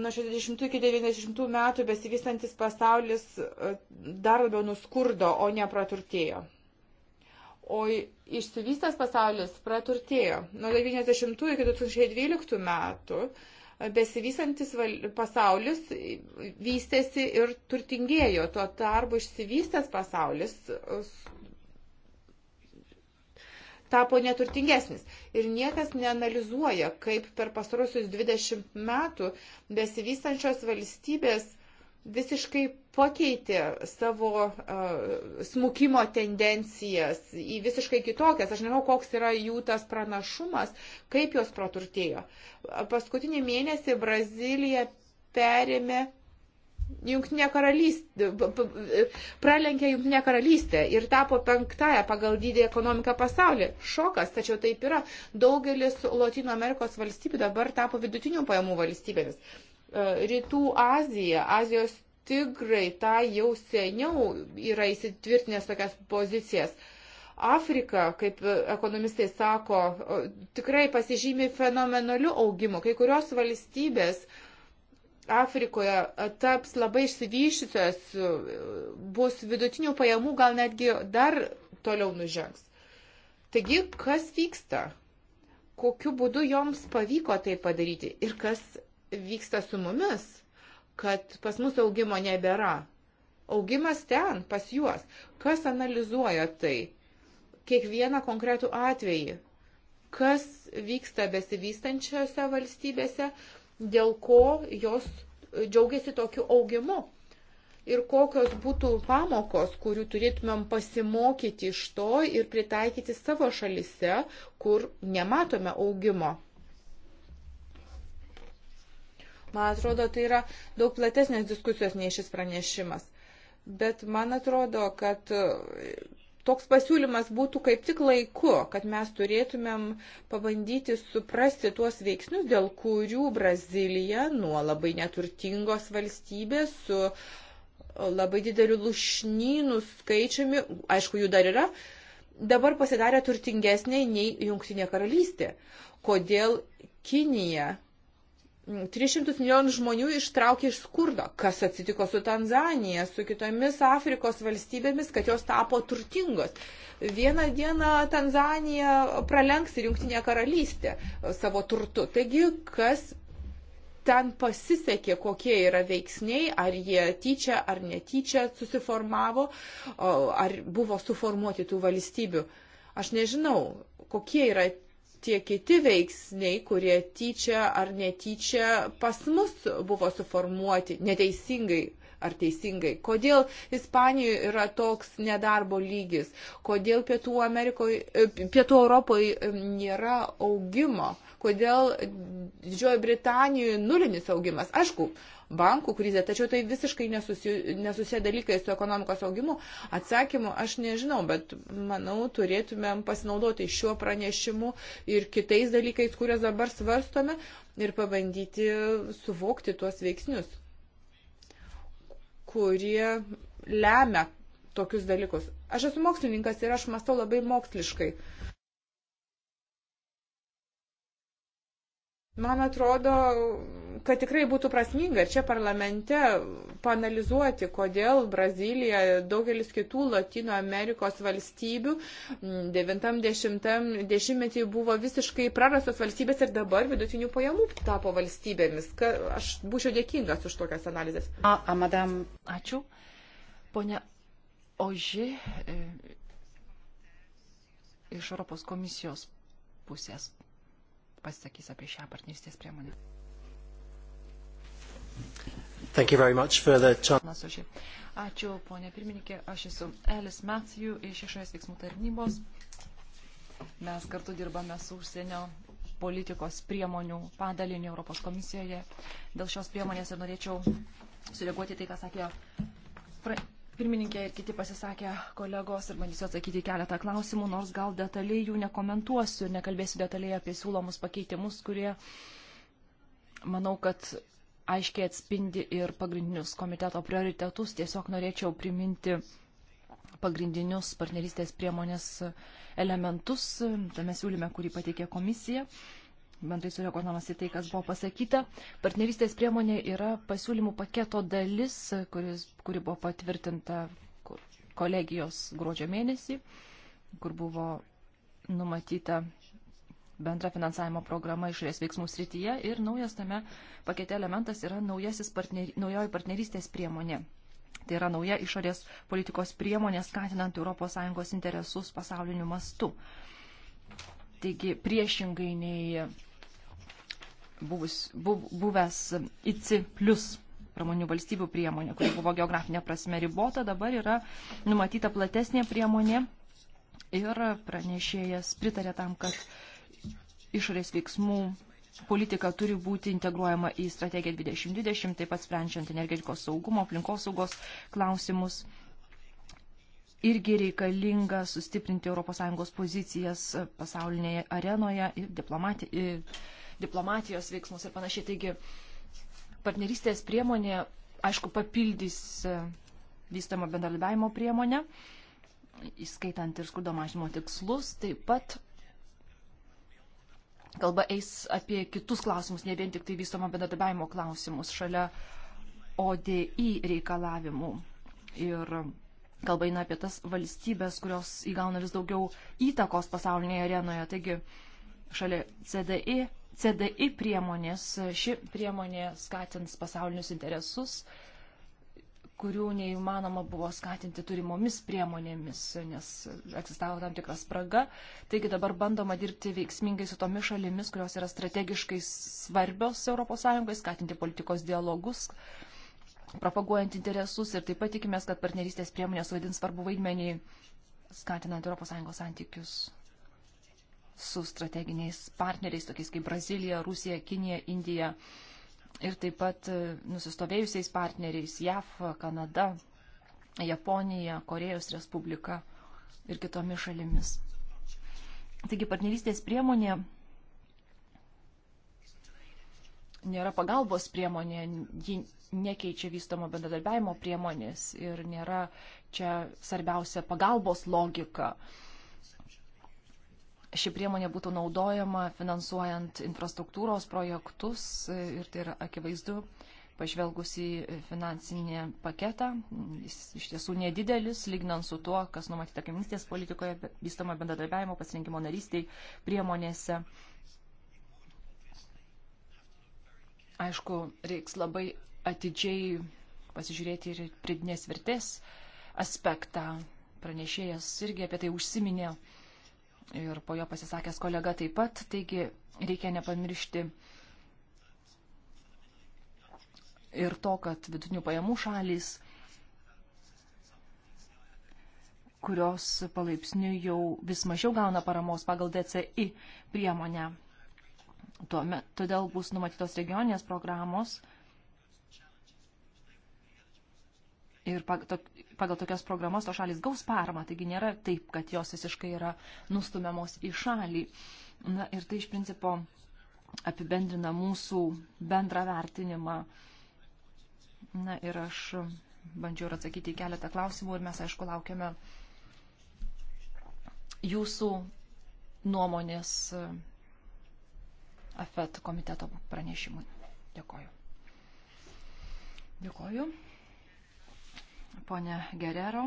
Nuo 60 iki 90 metų besivystantis pasaulis e, dar labiau nuskurdo, o ne praturtėjo. O išsivystęs pasaulis praturtėjo. Nuo 90 iki 2012 metų besivysantis pasaulis vystėsi ir turtingėjo. Tuo tarpu išsivystęs pasaulis tapo neturtingesnis. Ir niekas neanalizuoja, kaip per pastarosius 20 metų besivystančios valstybės visiškai pakeitė savo uh, smukimo tendencijas į visiškai kitokias. Aš nežinau, koks yra jų tas pranašumas, kaip jos praturtėjo. Paskutinį mėnesį Brazilija perėmė Junktinė karalystė, pralenkė Junktinė karalystė ir tapo penktąją pagal dydį ekonomiką pasaulyje. Šokas, tačiau taip yra. Daugelis Latino Amerikos valstybių dabar tapo vidutinių pajamų valstybėmis. E, Rytų Azija, Azijos tigrai tą jau seniau yra įsitvirtinęs tokias pozicijas. Afrika, kaip ekonomistai sako, e, tikrai pasižymi fenomenaliu augimu. Kai kurios valstybės Afrikoje taps labai išsivyšusios, e, bus vidutinių pajamų, gal netgi dar toliau nužengs. Taigi, kas vyksta? Kokiu būdu joms pavyko tai padaryti ir kas vyksta su mumis, kad pas mus augimo nebėra. Augimas ten, pas juos. Kas analizuoja tai? Kiekvieną konkretų atvejį. Kas vyksta besivystančiose valstybėse, dėl ko jos džiaugiasi tokiu augimu. Ir kokios būtų pamokos, kurių turėtumėm pasimokyti iš to ir pritaikyti savo šalise, kur nematome augimo. Man atrodo, tai yra daug platesnės diskusijos nei šis pranešimas. Bet man atrodo, kad e, toks pasiūlymas būtų kaip tik laiku, kad mes turėtumėm pabandyti suprasti tuos veiksnius, dėl kurių Brazilija nuo labai neturtingos valstybės su e, labai dideliu lušnynų skaičiumi, aišku, jų dar yra, dabar pasidarė turtingesnė nei Junktinė karalystė. Kodėl Kinija 300 milijonų žmonių ištraukė iš skurdo. Kas atsitiko su Tanzanija, su kitomis Afrikos valstybėmis, kad jos tapo turtingos. Vieną dieną Tanzanija pralenks ir Junktinė karalystė savo turtu. Taigi, kas ten pasisekė, kokie yra veiksniai, ar jie tyčia ar netyčia susiformavo, ar buvo suformuoti tų valstybių. Aš nežinau, kokie yra tie kiti veiksniai, kurie tyčia ar netyčia pas mus buvo suformuoti neteisingai ar teisingai. Kodėl Ispanijoje yra toks nedarbo lygis, kodėl Pietų, Amerikoje, Pietų Europoje e, nėra augimo. Uh, kodėl Didžiojo Britanijoje nulinis augimas. Aišku, bankų krizė, tačiau tai visiškai nesusi, nesusiję dalykai su ekonomikos augimu. Atsakymų aš nežinau, bet manau, turėtumėm pasinaudoti šiuo pranešimu ir kitais dalykais, kuriuos dabar svarstome ir pabandyti suvokti tuos veiksnius, kurie lemia tokius dalykus. Aš esu mokslininkas ir aš mastau labai moksliškai. Uh, Man atrodo, kad tikrai būtų prasminga čia parlamente panalizuoti, kodėl Brazilija, daugelis kitų Latino Amerikos valstybių 90-metį buvo visiškai prarastos valstybės ir dabar vidutinių pajamų tapo valstybėmis. Ka, aš būčiau dėkingas už tokias analizės. A, a madam, ačiū. Pone Oži, e, iš Europos komisijos pusės pasisakys apie šią partnerystės priemonę. The... Ačiū, ponė pirmininkė. Aš esu Elis Matthew iš išorės veiksmų tarnybos. Mes kartu dirbame su užsienio politikos priemonių padaliniu Europos komisijoje. Dėl šios priemonės ir norėčiau sureaguoti tai, ką sakė pra pirmininkė ir kiti pasisakė kolegos ir bandysiu atsakyti keletą klausimų, nors gal detaliai jų nekomentuosiu ir nekalbėsiu detaliai apie siūlomus pakeitimus, kurie, manau, kad aiškiai atspindi ir pagrindinius komiteto prioritetus. Tiesiog norėčiau priminti pagrindinius partnerystės priemonės elementus tame siūlyme, kurį pateikė komisija bendrai sureaguodamas į tai, kas buvo pasakyta. Partnerystės priemonė yra pasiūlymų paketo dalis, kuris, kuri buvo patvirtinta kolegijos gruodžio mėnesį, kur buvo numatyta bendra finansavimo programa išorės veiksmų srityje ir naujas tame pakete elementas yra partner, naujoji partnerystės priemonė. Tai yra nauja išorės politikos priemonė skatinant ES interesus pasauliniu mastu. Taigi priešingai nei buvus, buv, buvęs ICI plus pramonių valstybių priemonė, kuri buvo geografinė prasme ribota, dabar yra numatyta platesnė priemonė ir pranešėjas pritarė tam, kad išorės veiksmų politika turi būti integruojama į strategiją 2020, taip pat sprendžiant energetikos saugumo, aplinkosaugos klausimus. Irgi reikalinga sustiprinti ES pozicijas pasaulinėje arenoje ir diplomatijoje diplomatijos veiksmus ir panašiai. Taigi partnerystės priemonė, aišku, papildys e, vystamo bendradarbiavimo priemonę, įskaitant ir skurdo mažimo tikslus, taip pat kalba eis apie kitus klausimus, ne vien tik tai vystomo bendradarbiavimo klausimus šalia ODI reikalavimų. Ir kalba eina apie tas valstybės, kurios įgauna vis daugiau įtakos pasaulinėje arenoje. Taigi šalia CDI e CDI priemonės, ši priemonė skatins pasaulinius interesus, kurių neįmanoma buvo skatinti turimomis priemonėmis, nes egzistavo tam tikra spraga. Taigi dabar bandoma dirbti veiksmingai su tomis šalimis, kurios yra strategiškai svarbios ES, skatinti politikos dialogus, propaguojant interesus ir taip pat tikimės, kad partnerystės priemonės vaidins svarbu vaidmenį skatinant ES santykius su strateginiais partneriais, tokiais kaip Brazilija, Rusija, Kinija, Indija ir taip pat e, nusistovėjusiais partneriais JAF, Kanada, Japonija, Korejos Respublika ir kitomis šalimis. Taigi partnerystės priemonė nėra pagalbos priemonė, ji nekeičia vystomo bendradarbiavimo priemonės ir nėra čia svarbiausia pagalbos logika. Uh, ši priemonė būtų naudojama finansuojant infrastruktūros projektus ir tai yra akivaizdu, pažvelgus į finansinį paketą. Jis iš tiesų nedidelis, lygnant su tuo, kas numatyta kaimynystės politikoje, vystoma bendradarbiavimo pasirinkimo narystiai priemonėse. Aišku, reiks labai atidžiai pasižiūrėti ir pridinės vertės aspektą. Pranešėjas irgi apie tai užsiminė ir po jo pasisakęs kolega taip pat, taigi reikia nepamiršti ir to, kad vidutinių pajamų šalys, kurios palaipsniui jau vis mažiau gauna paramos pagal DCI priemonę. Tuomet, todėl bus numatytos regioninės programos, Ir pagal tokias programas to šalis gaus paramą, taigi nėra taip, kad jos visiškai yra nustumiamos į šalį. Na ir tai iš principo apibendrina mūsų bendrą vertinimą. Na ir aš bandžiau ir atsakyti į keletą klausimų ir mes aišku laukiame jūsų nuomonės e, AFET komiteto pranešimui. Dėkoju. Dėkoju. Pone Gerero,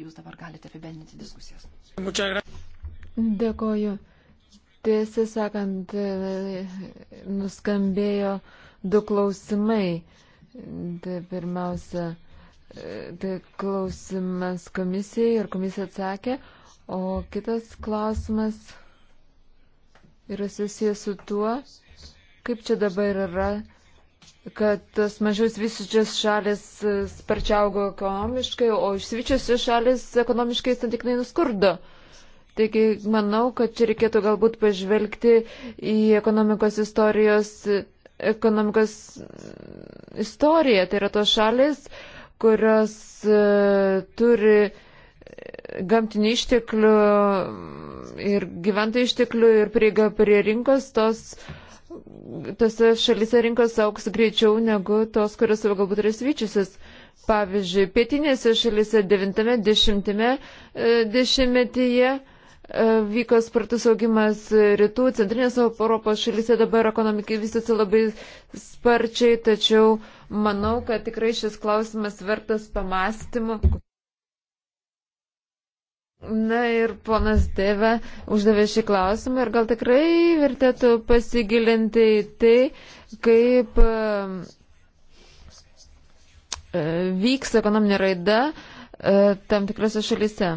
jūs dabar galite apibendinti diskusijas. Dėkoju. Tiesą sakant, nuskambėjo du klausimai. Tai pirmiausia, tai klausimas komisijai ir komisija atsakė, o kitas klausimas yra susijęs su tuo, kaip čia dabar yra kad tas mažiaus visičios šalis e, sparčiau augo ekonomiškai, o išsivyčiosios šalis ekonomiškai santykinai nuskurdo. Taigi manau, kad čia reikėtų galbūt pažvelgti į ekonomikos istorijos, ekonomikos istoriją. Tai yra tos šalis, kurios uh, turi gamtinių išteklių ir gyventojų išteklių ir prieiga prie rinkos, tos uh, tose šalise rinkos auks greičiau negu tos, kurios galbūt yra svyčiusios. Pavyzdžiui, pietinėse šalise 90-metyje e, e, vyko spartus augimas rytų, centrinės Europos šalise dabar ekonomikai vystosi labai sparčiai, tačiau manau, kad tikrai šis klausimas vertas pamastymų. Na ir ponas Deve uždavė šį klausimą ir gal tikrai vertėtų pasigilinti į tai, kaip e, vyks ekonominė raida e, tam tikrose šalyse.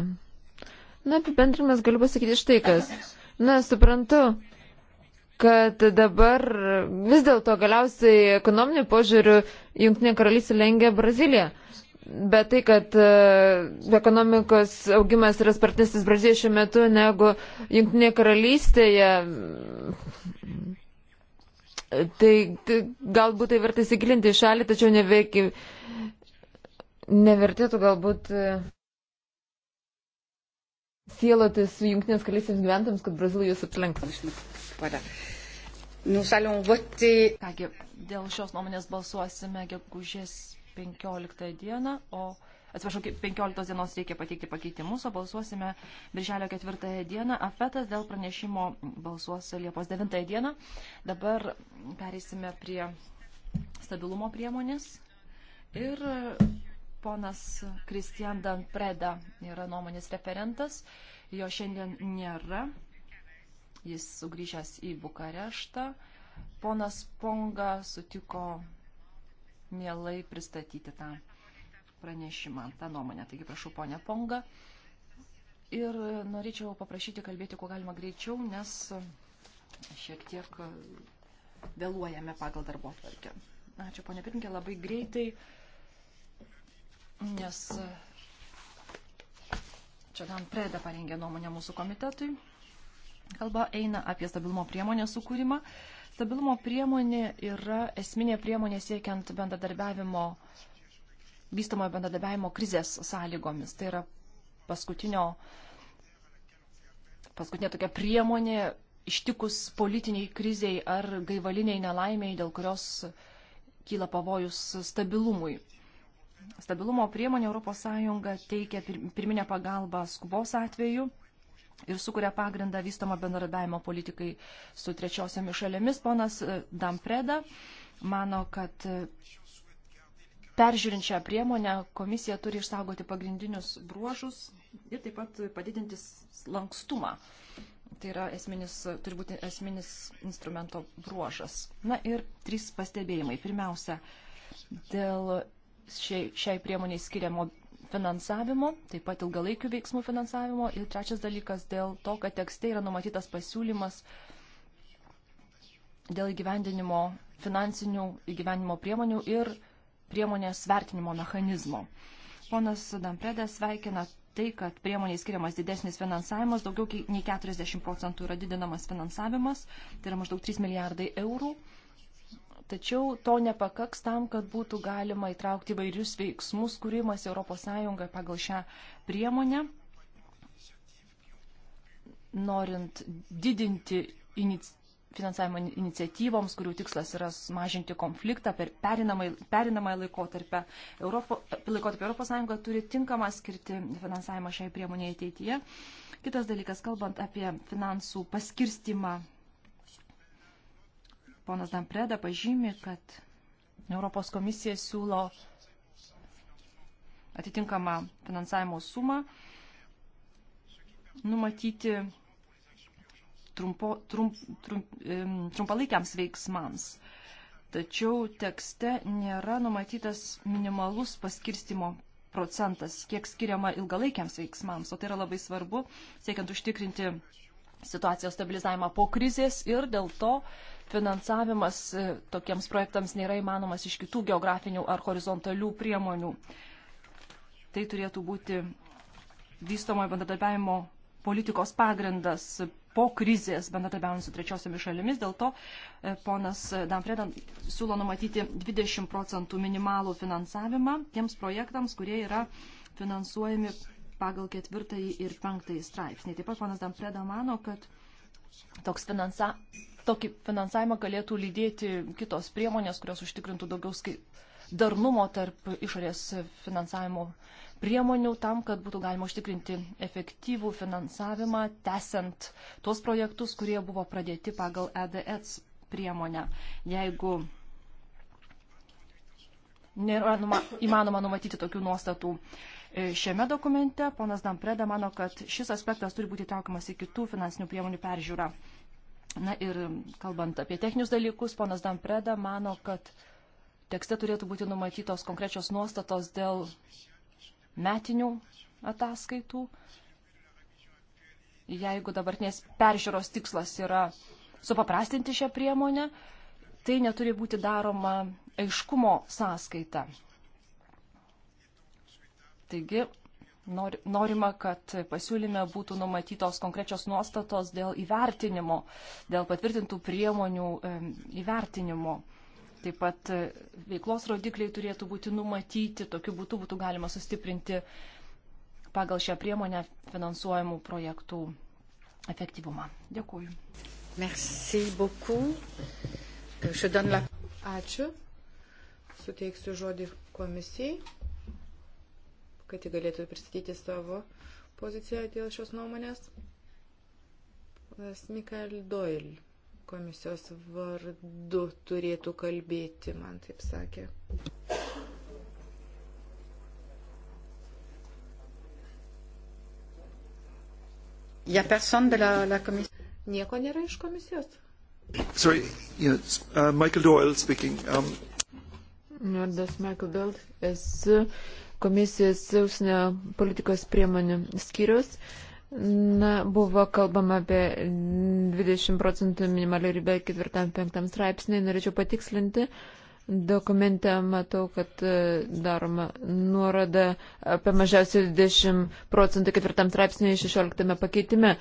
Na, apibendrimas galiu pasakyti štai kas. Na, suprantu, kad dabar vis dėlto galiausiai ekonominių požiūrių Junktinė karalystė lengia Braziliją bet tai, kad e, ekonomikos augimas yra spartesnis Brazilyje šiuo metu negu Junktinėje karalystėje, tai, tai galbūt tai verta įsigilinti į šalį, tačiau neveikia, nevertėtų galbūt e, sielotis su Junktinės karalystės gyventams, kad Brazilijos apsilenktų. Nous allons voter. Kągi, dėl šios nuomonės balsuosime gegužės 15 dieną, o atsiprašau, 15 dienos reikia pateikti pakeitimus, o balsuosime birželio 4 dieną. Afetas dėl pranešimo balsuos Liepos 9 dieną. Dabar pereisime prie stabilumo priemonės. Ir ponas Kristian Danpreda yra nuomonės referentas. Jo šiandien nėra. Jis sugrįžęs į Bukareštą. Ponas Ponga sutiko mielai pristatyti tą pranešimą, tą nuomonę. Taigi prašau, ponia Ponga. Ir norėčiau paprašyti kalbėti, kuo galima greičiau, nes šiek tiek vėluojame pagal darbo atvarkę. Ačiū, ponia Pirinkė, labai greitai, nes čia Dan Preda parengė nuomonę mūsų komitetui. Kalba eina apie stabilumo priemonės sukūrimą. Stabilumo priemonė yra esminė priemonė siekiant bendradarbiavimo, vystomojo bendradarbiavimo krizės sąlygomis. Tai yra paskutinio, paskutinė tokia priemonė ištikus politiniai kriziai ar gaivaliniai nelaimiai, dėl kurios kyla pavojus stabilumui. Stabilumo priemonė ES teikia pirminę pagalbą skubos atveju ir sukuria pagrindą vystomą bendradarbiavimo politikai su trečiosiomis šalėmis. Ponas e, Dampreda mano, kad e, peržiūrint šią priemonę komisija turi išsaugoti pagrindinius bruožus ir taip pat padidinti lankstumą. Tai yra esminis, turi būti esminis instrumento bruožas. Na ir trys pastebėjimai. Pirmiausia, dėl šiai, šiai priemoniai skiriamo finansavimo, taip pat ilgalaikių veiksmų finansavimo. Ir trečias dalykas dėl to, kad tekste yra numatytas pasiūlymas dėl įgyvendinimo finansinių įgyvendinimo priemonių ir priemonės vertinimo mechanizmo. Ponas Dampredas sveikina tai, kad priemoniai skiriamas didesnis finansavimas, daugiau nei 40 procentų yra didinamas finansavimas, tai yra maždaug 3 milijardai eurų. Tačiau to nepakaks tam, kad būtų galima įtraukti vairius veiksmus, kūrimas ES pagal šią priemonę, norint didinti inic... finansavimo iniciatyvoms, kurių tikslas yra mažinti konfliktą per perinamąjį laikotarpį. Europo... Laikotarpį ES turi tinkamą skirti finansavimą šiai priemonėje ateityje. Kitas dalykas, kalbant apie finansų paskirstimą Ponas Dampreda pažymi, kad Europos komisija siūlo atitinkamą finansavimo sumą numatyti trumpo, trump, trump, trumpalaikiams veiksmams. Tačiau tekste nėra numatytas minimalus paskirstimo procentas, kiek skiriama ilgalaikiams veiksmams, o tai yra labai svarbu, siekiant užtikrinti situacijos stabilizavimą po krizės ir dėl to finansavimas e, tokiems projektams nėra įmanomas iš kitų geografinių ar horizontalių priemonių. Tai turėtų būti vystomojo bendradarbiavimo politikos pagrindas po krizės bendradarbiaujant su trečiosiomis šalimis. Dėl to e, ponas Damfredan siūlo numatyti 20 procentų minimalų finansavimą tiems projektams, kurie yra finansuojami pagal ketvirtąjį ir penktąjį straipsnį. Taip pat ponas Dampreda mano, kad toks finansa, tokį finansavimą galėtų lydėti kitos priemonės, kurios užtikrintų daugiau skai, darnumo tarp išorės finansavimo priemonių tam, kad būtų galima užtikrinti efektyvų finansavimą, tęsiant tuos projektus, kurie buvo pradėti pagal EDS priemonę. Jeigu nėra numa, įmanoma numatyti tokių nuostatų E, šiame dokumente ponas Dampreda mano, kad šis aspektas turi būti traukiamas į kitų finansinių priemonių peržiūrą. Na ir kalbant apie techninius dalykus, ponas Dampreda mano, kad tekste turėtų būti numatytos konkrečios nuostatos dėl metinių ataskaitų. Jeigu dabartinės peržiūros tikslas yra supaprastinti šią priemonę, tai neturi būti daroma aiškumo sąskaita. Taigi, nor, norima, kad pasiūlyme būtų numatytos konkrečios nuostatos dėl įvertinimo, dėl patvirtintų priemonių įvertinimo. Taip pat e, veiklos rodikliai turėtų būti numatyti, tokiu būtų būtų galima sustiprinti pagal šią priemonę finansuojamų projektų efektyvumą. Dėkuoju. Merci beaucoup. Je donne la... Ačiū. Suteiksiu žodį komisijai kad ji galėtų pristatyti savo poziciją dėl šios nuomonės. Panas Mikael Doyle komisijos vardu turėtų kalbėti, man taip sakė. Ja, de la, la komis... Nieko nėra iš komisijos. Sorry, yes, uh, Michael Doyle speaking. Um... Nerdas Michael Doyle, esu. Uh, komisijos užsienio politikos priemonių skyrius. Na, buvo kalbama apie 20 procentų minimalią ribę 4-5 straipsnį. Norėčiau patikslinti. Dokumente matau, kad e, daroma nuorada apie mažiausiai 20 procentų 4 straipsnį 16 pakeitime.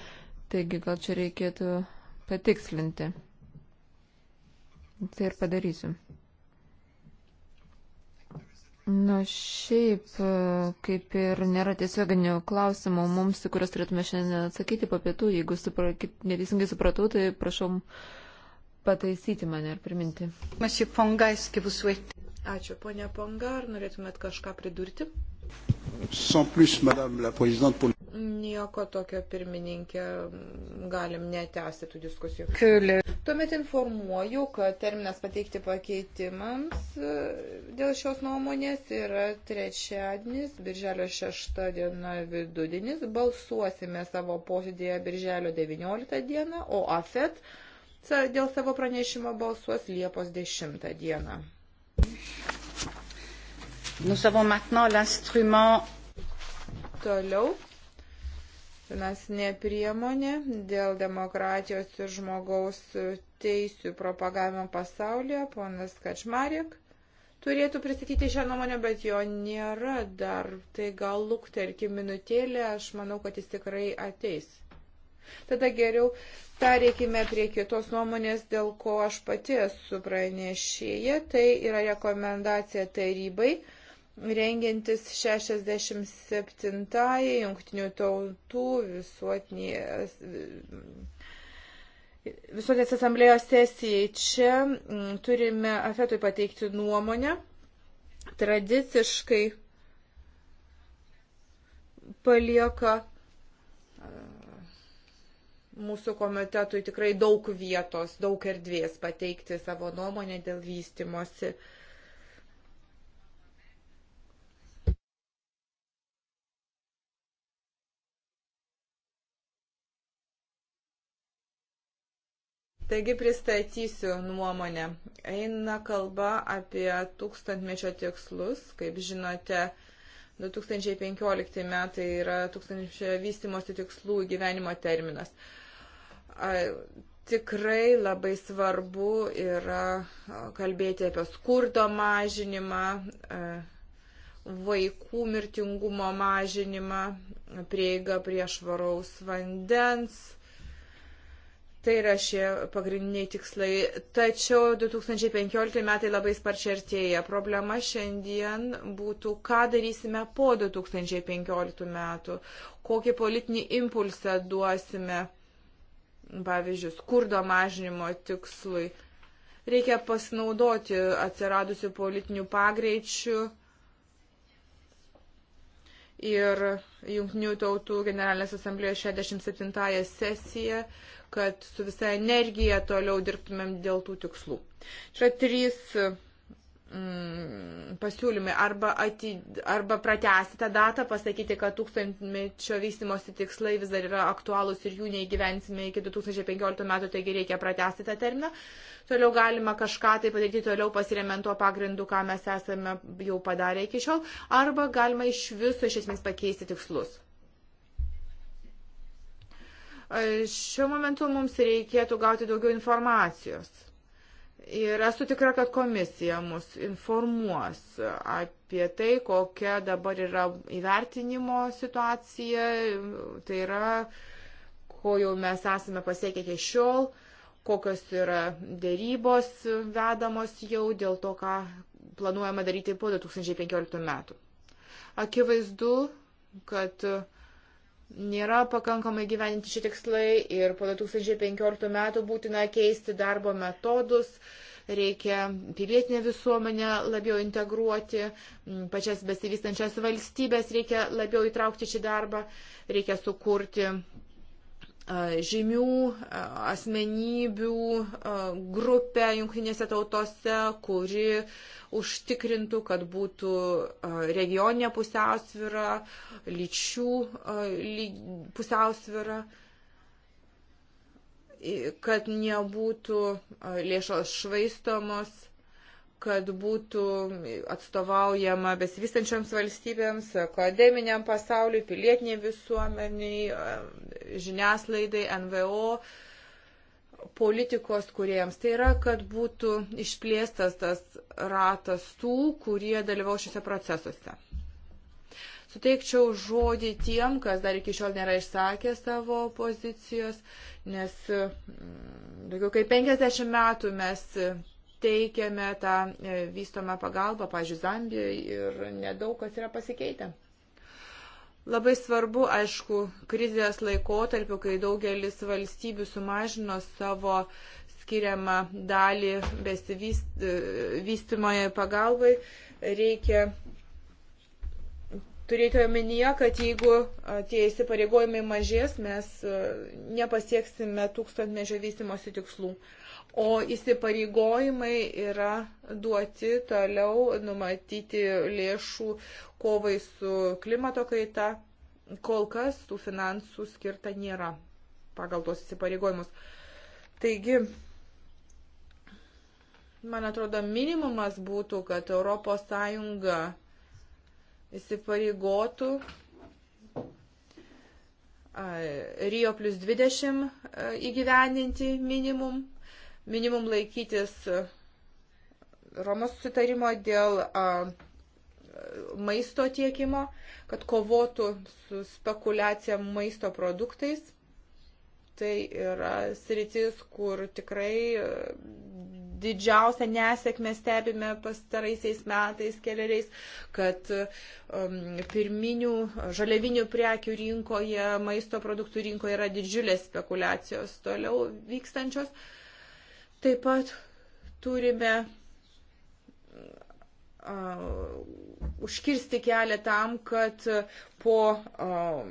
Taigi gal čia reikėtų patikslinti. Tai ir padarysiu. Na šiaip, e, kaip ir nėra tiesioginių klausimų mums, į kurias turėtume šiandien atsakyti po pietų, jeigu supra, neteisingai supratau, tai prašom pataisyti mane ir priminti. Ačiū, ponia Ponga, ar norėtumėt kažką pridurti? Plus, pour... Nieko tokio pirmininkė, galim netęsti tų diskusijų. Kali. Tuomet informuoju, kad terminas pateikti pakeitimams e, dėl šios nuomonės yra trečiadienis, birželio 6 diena vidudinis. Balsuosime savo posėdėje birželio 19 dieną, o AFET dėl savo pranešimo balsuos Liepos 10 dieną. Nous avons maintenant l'instrument. Toliau. Finansinė priemonė dėl demokratijos ir žmogaus teisų propagavimo pasaulyje, ponas Kačmarek, turėtų pristatyti šią nuomonę, bet jo nėra dar. Tai gal lukterkim minutėlę, aš manau, kad jis tikrai ateis. Tada geriau Pereikime prie kitos nuomonės, dėl ko aš pati esu pranešėję. Tai yra rekomendacija tarybai rengiantis 67-ąją jungtinių tautų visuotinės visuotės asamblėjos sesijai. Čia mm, turime afetui pateikti nuomonę. Tradiciškai palieka e, mūsų komitetui tikrai daug vietos, daug erdvės pateikti savo nuomonę dėl vystimosi. Uh, Taigi pristatysiu nuomonę. Eina kalba apie tūkstantmečio tikslus. Kaip žinote, 2015 metai yra tūkstantmečio vystimosi tikslų gyvenimo terminas tikrai labai svarbu yra kalbėti apie skurdo mažinimą, vaikų mirtingumo mažinimą, prieigą prie švaraus vandens, Tai yra šie pagrindiniai tikslai. Tačiau 2015 metai labai sparčiai artėja. Problema šiandien būtų, ką darysime po 2015 metų, kokį politinį impulsą duosime, pavyzdžiui, skurdo mažinimo tikslui. Reikia pasinaudoti atsiradusių politinių pagreičių ir Junktinių tautų generalinės asamblėjos 67 sesiją, kad su visa energija toliau dirbtumėm dėl tų tikslų. Čia trys mm, pasiūlymai arba, ati, arba pratesti tą datą, pasakyti, kad tūkstantmečio vystimosi tikslai vis dar yra aktualūs ir jų neįgyvensime iki 2015 metų, taigi reikia pratesti tą terminą. Toliau galima kažką tai padaryti toliau pasiremiant tuo pagrindu, ką mes esame jau padarę iki šiol, arba galima iš viso iš esmės pakeisti tikslus. Šiuo momentu mums reikėtų gauti daugiau informacijos. Ir esu tikra, kad komisija mus informuos apie tai, kokia dabar yra įvertinimo situacija, tai yra, ko jau mes esame pasiekę iki šiol, kokios yra dėrybos vedamos jau dėl to, ką planuojama daryti po 2015 metų. Akivaizdu, kad uh, nėra pakankamai gyventi šie tikslai ir po 2015 metų būtina keisti darbo metodus, reikia pilietinę visuomenę labiau integruoti, pačias besivystančias valstybės reikia labiau įtraukti šį darbą, reikia sukurti žymių asmenybių grupę jungtinėse tautose, kuri užtikrintų, kad būtų regioninė pusiausvyra, lyčių pusiausvyra, kad nebūtų lėšos švaistomos kad būtų atstovaujama besivystančioms valstybėms, akademiniam pasauliu, pilietiniai visuomeniai, žiniaslaidai, NVO, politikos kuriems. Tai yra, kad būtų išplėstas tas ratas tų, kurie dalyvau šiuose procesuose. Suteikčiau žodį tiem, kas dar iki šiol nėra išsakę savo pozicijos, nes mm, daugiau kaip 50 metų mes teikiame tą e, vystomą pagalbą, pažiūrėjau, Zambijoje ir nedaug kas yra pasikeitę. Labai svarbu, aišku, krizės laikotarpiu, kai daugelis valstybių sumažino savo skiriamą dalį besivystimoje e, pagalbai, reikia turėti omenyje, kad jeigu e, tie įsipareigojimai mažės, mes nepasieksime tūkstantmečio vystimosi tikslų. Uh, O įsipareigojimai yra duoti toliau numatyti lėšų kovai su klimato kaita. Kol kas tų finansų skirta nėra pagal tos įsipareigojimus. Taigi, man atrodo, minimumas būtų, kad ES įsipareigotų Rio plus 20 įgyvendinti minimum minimum laikytis e, Romos sutarimo dėl a, maisto tiekimo, kad kovotų su spekulacija maisto produktais. Tai yra sritis, kur tikrai e, didžiausią nesėkmę stebime pastaraisiais metais keliariais, kad um, pirminių žaliavinių prekių rinkoje, maisto produktų rinkoje yra didžiulės spekulacijos toliau vykstančios. Uh, Taip pat turime uh, užkirsti kelią tam, kad po uh,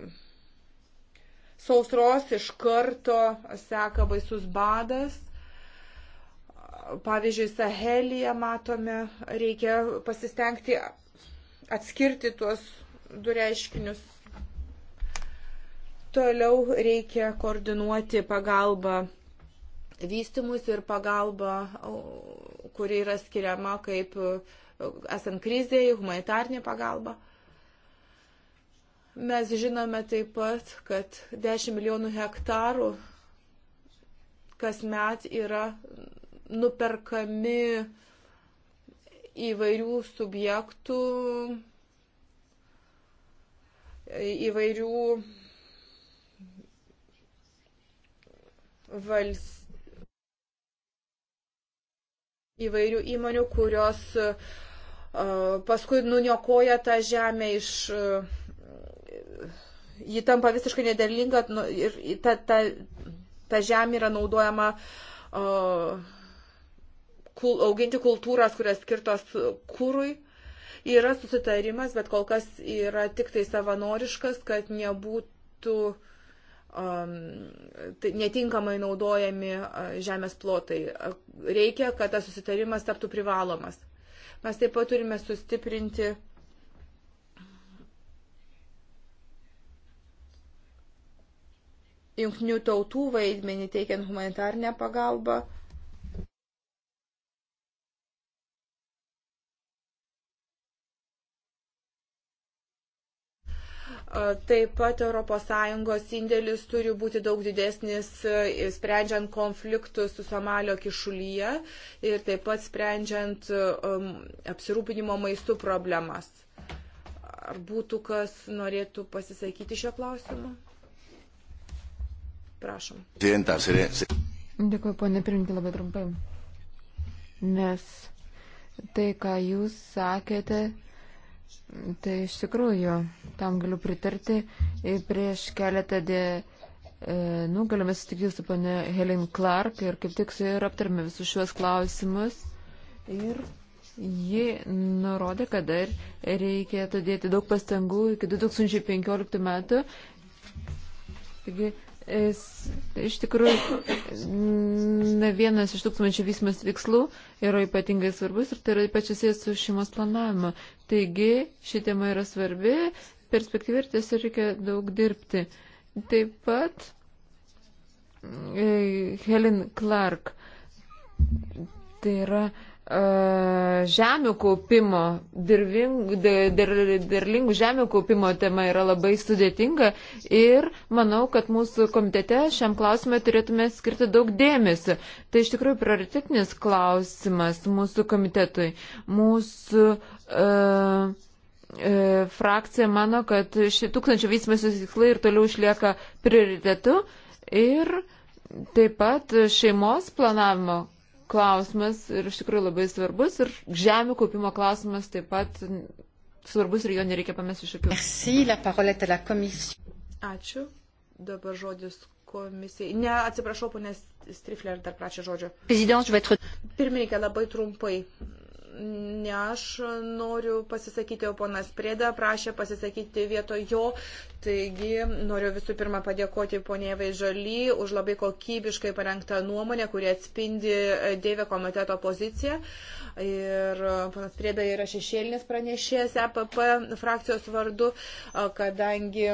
sausros iš karto seka baisus badas. Pavyzdžiui, Sahelija matome, reikia pasistengti atskirti tuos du reiškinius. Toliau reikia koordinuoti pagalbą vystimus ir pagalba, kuri yra skiriama kaip esant kriziai, humanitarnė pagalba. Mes žinome taip pat, kad 10 milijonų hektarų kasmet yra nuperkami įvairių subjektų, įvairių valstybių įvairių įmonių, kurios e, paskui nuniokoja tą žemę iš. E, ji tampa visiškai nederlinga nu, ir ta, ta, ta žemė yra naudojama e, auginti kultūras, kurios skirtos kūrui. Yra susitarimas, bet kol kas yra tik tai savanoriškas, kad nebūtų uh, Um, tai netinkamai naudojami uh, žemės plotai. Reikia, kad tas susitarimas taptų privalomas. Mes taip pat turime sustiprinti jungtinių tautų vaidmenį teikiant humanitarnę pagalbą. Taip pat ES indėlis turi būti daug didesnis, sprendžiant konfliktus su Somalio kišulyje ir taip pat sprendžiant um, apsirūpinimo maistų problemas. Ar būtų kas norėtų pasisakyti šio klausimu? Prašom. Dėkuoju, ponė pirmininkė, labai trumpai. Nes tai, ką jūs sakėte, Tai iš tikrųjų, tam galiu pritarti. Prieš keletą dienų nu, galime sutikti su pane Helen Clark ir kaip tik su ja ir aptarėme visus šiuos klausimus. Ir ji nurodė, kad dar reikėtų dėti daug pastangų iki 2015 metų. Taigi Iš tikrųjų, vienas iš tūkstančių vystimas tikslų yra ypatingai svarbus ir tai yra ypač susijęs su šeimos planavimu. Taigi, ši tema yra svarbi, perspektyvi ir tiesiog reikia daug dirbti. Taip pat e, Helen Clark. Tai yra uh, E, žemių kaupimo, dervingų, der, derlingų žemių kaupimo tema yra labai sudėtinga ir manau, kad mūsų komitete šiam klausimui turėtume skirti daug dėmesio. Tai iš tikrųjų prioritetinis klausimas mūsų komitetui. Mūsų uh, e, frakcija mano, kad ši tūkstančio vystymėsių tikslai ir toliau išlieka prioritetu ir taip pat šeimos planavimo klausimas ir iš tikrųjų labai svarbus ir žemė kaupimo klausimas taip pat svarbus ir jo nereikia pamesti iš akių. Ačiū. Dabar žodis komisijai. Ne, atsiprašau, ponės Strifler dar prašė žodžio. Pirmininkė, labai trumpai ne aš noriu pasisakyti, o ponas Prėda prašė pasisakyti vietoj jo. Taigi noriu visų pirma padėkoti ponė Vaižaly už labai kokybiškai parengtą nuomonę, kurie atspindi e, Dėvė komiteto poziciją. Ir e, panas Prieda yra šešėlinis pranešėjas EPP frakcijos vardu, e, kadangi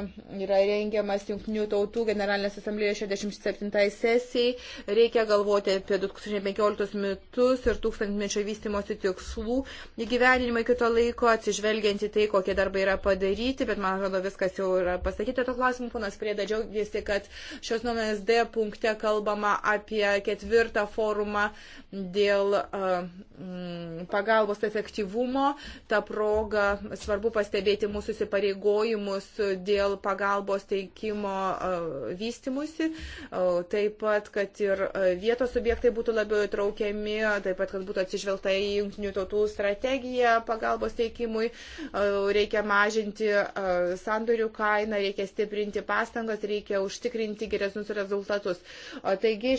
yra rengiamas Junktinių tautų generalinės asamblėjos 67 sesijai, reikia galvoti apie 2015 metus ir tūkstantmečio vystimosi tikslų įgyvenimą iki to laiko, atsižvelgiant į tai, kokie darbai yra padaryti, bet man atrodo viskas jau yra pasakyti to klausimu. Ponas Prieda džiaugiasi, kad šios nuomonės D punkte kalbama apie ketvirtą forumą dėl pagalbos efektyvumo. Ta proga svarbu pastebėti mūsų įsipareigojimus dėl pagalbos teikimo vystimusi. Taip pat, kad ir vietos subjektai būtų labiau įtraukiami, taip pat, kad būtų atsižvelgta į jungtinių tautų strategiją pagalbos teikimui. Reikia mažinti sandorių kainą kainą, reikia stiprinti pastangas, reikia užtikrinti geresnius rezultatus. O taigi,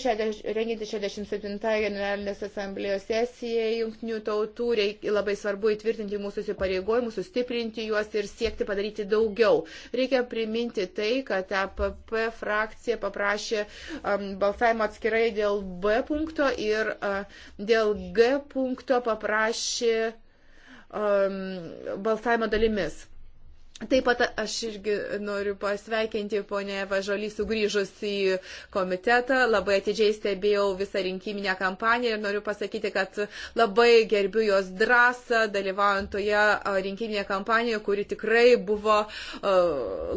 renginti 67 generalinės asamblėjos sesiją jungtinių tautų, reikia, labai svarbu įtvirtinti mūsų įsipareigojimus, sustiprinti juos ir siekti padaryti daugiau. Reikia priminti tai, kad APP frakcija paprašė um, balsavimo atskirai dėl B punkto ir uh, dėl G punkto paprašė um, balsavimo dalimis. Taip pat aš irgi noriu pasveikinti ponę Važolį sugrįžus į komitetą. Labai atidžiai stebėjau visą rinkiminę kampaniją ir noriu pasakyti, kad labai gerbiu jos drąsą dalyvaujant toje rinkiminėje kampanijoje, kuri tikrai buvo uh,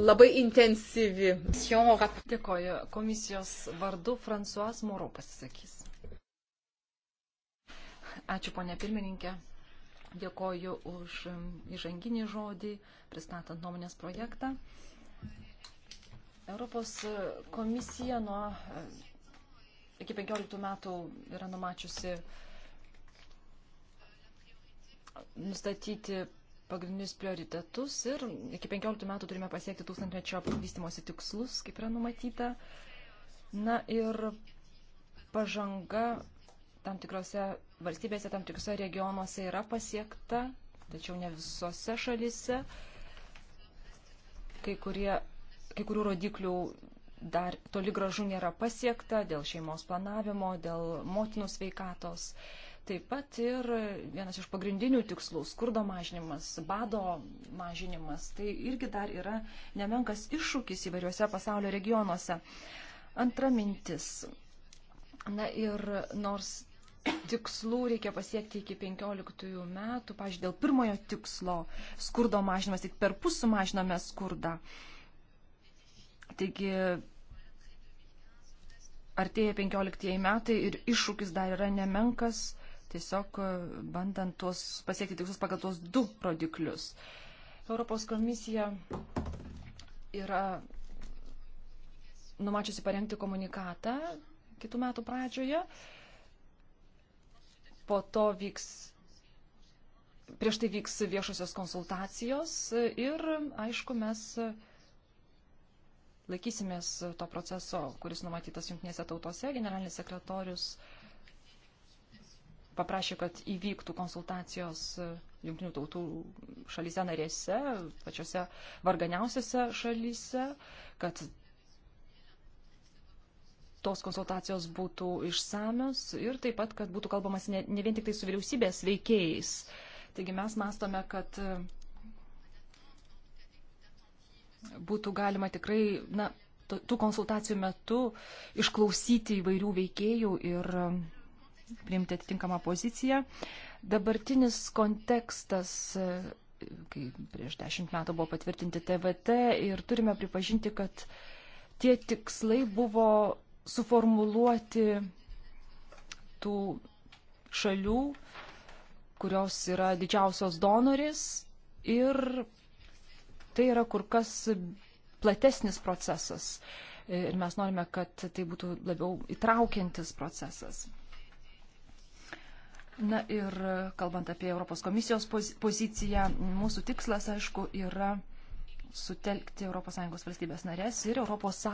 labai intensyvi. Dėkoju. Komisijos vardu Fransuas Moro pasisakys. Ačiū, ponė pirmininkė. Dėkoju už įžanginį žodį, pristatant nuomonės projektą. Europos komisija nuo e, iki 15 metų yra numačiusi nustatyti pagrindinius prioritetus ir iki 15 metų turime pasiekti tūkstantmečio vystimosi tikslus, kaip yra numatyta. Na ir pažanga tam tikrose valstybėse tam tikrose regionuose yra pasiekta, tačiau ne visose šalise. Kai, kurie, kai kurių rodiklių dar toli gražu nėra pasiekta dėl šeimos planavimo, dėl motinų sveikatos. Taip pat ir vienas iš pagrindinių tikslų - skurdo mažinimas, bado mažinimas. Tai irgi dar yra nemenkas iššūkis įvairiuose pasaulio regionuose. Antra mintis. Na ir nors tikslų reikia pasiekti iki 15 metų. Pavyzdžiui, dėl pirmojo tikslo skurdo mažinimas, tik per pus sumažiname skurdą. Taigi, artėja 15 metai ir iššūkis dar yra nemenkas, tiesiog e, bandant tuos pasiekti tikslus pagal tuos du rodiklius. Europos komisija yra numačiusi parengti komunikatą kitų metų pradžioje. Uh, po to vyks, prieš tai vyks viešosios konsultacijos ir, aišku, mes laikysimės to proceso, kuris numatytas jungtinėse tautose. Generalinis sekretorius paprašė, kad įvyktų konsultacijos jungtinių tautų šalyse narėse, pačiose varganiausiose šalyse, kad tos konsultacijos būtų išsamios ir taip pat, kad būtų kalbamas ne, ne vien tik tai su vyriausybės veikėjais. Taigi mes mastome, kad e, būtų galima tikrai na, tų konsultacijų metu išklausyti įvairių veikėjų ir e, priimti atitinkamą poziciją. Dabartinis kontekstas e, kai prieš dešimt metų buvo patvirtinti TVT ir turime pripažinti, kad tie tikslai buvo suformuluoti tų šalių, kurios yra didžiausios donorės ir tai yra kur kas platesnis procesas. Ir mes norime, kad tai būtų labiau įtraukiantis procesas. Na ir kalbant apie Europos komisijos poziciją, mūsų tikslas, aišku, yra sutelkti ES valstybės narės ir ES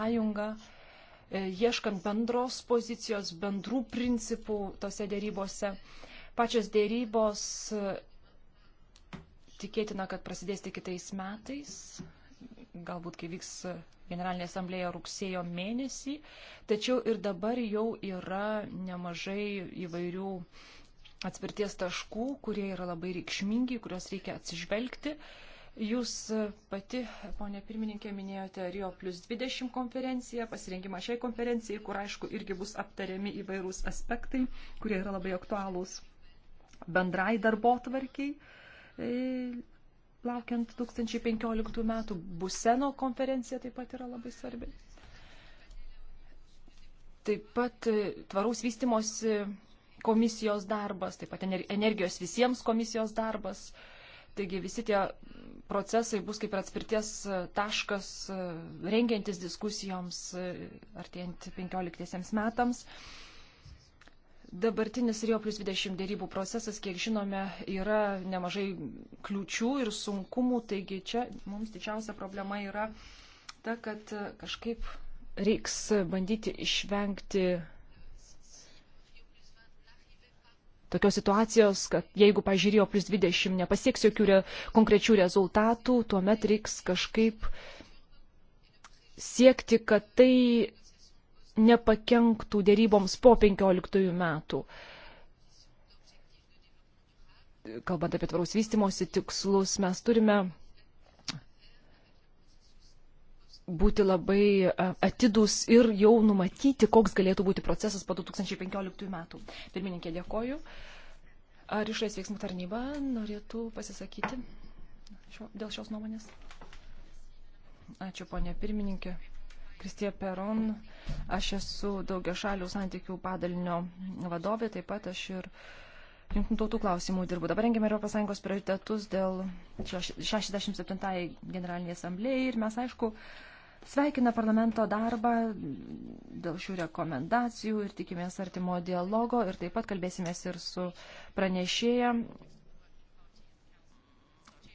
E, ieškant bendros pozicijos, bendrų principų tose dėrybose. Pačios dėrybos e, tikėtina, kad prasidės tik kitais metais, galbūt kai vyks Generalinė asamblėja rugsėjo mėnesį, tačiau ir dabar jau yra nemažai įvairių atspirties taškų, kurie yra labai reikšmingi, kuriuos reikia atsižvelgti. Uh, Jūs e, pati, ponė pirmininkė, minėjote Rio plus 20 konferenciją, pasirengimą šiai konferencijai, kur aišku irgi bus aptariami įvairūs aspektai, kurie yra labai aktualūs bendrai darbo tvarkiai. E, laukiant 2015 metų Buseno konferencija taip pat yra labai svarbi. Taip pat e, tvaraus vystimosi komisijos darbas, taip pat energijos visiems komisijos darbas. Taigi visi tie procesai bus kaip ir atspirties e, taškas e, rengiantis diskusijoms e, artėjant 15 metams. Dabartinis Rio plus 20 dėrybų procesas, kiek žinome, yra nemažai kliučių ir sunkumų, taigi čia mums didžiausia problema yra ta, kad kažkaip reiks bandyti išvengti tokios situacijos, kad jeigu, pažiūrėjau, plus 20 nepasieks jokių re, konkrečių rezultatų, tuomet reiks kažkaip siekti, kad tai nepakenktų dėryboms po 15 metų. Kalbant apie tvaraus vystimosi tikslus, mes turime būti labai e, atidus ir jau numatyti, koks galėtų būti procesas po 2015 metų. Pirmininkė, dėkoju. Ar išorės veiksmų tarnyba norėtų pasisakyti šio, dėl šios nuomonės? Ačiū, ponė pirmininkė. Kristija Peron, aš esu daugia šalių santykių padalinio vadovė, taip pat aš ir jungtinių tautų klausimų dirbu. Dabar rengiame Europos Sąjungos prioritetus dėl 67 generaliniai asamblėjai ir mes, aišku, sveikina parlamento darbą dėl šių rekomendacijų ir tikimės artimo dialogo ir taip pat kalbėsimės ir su pranešėja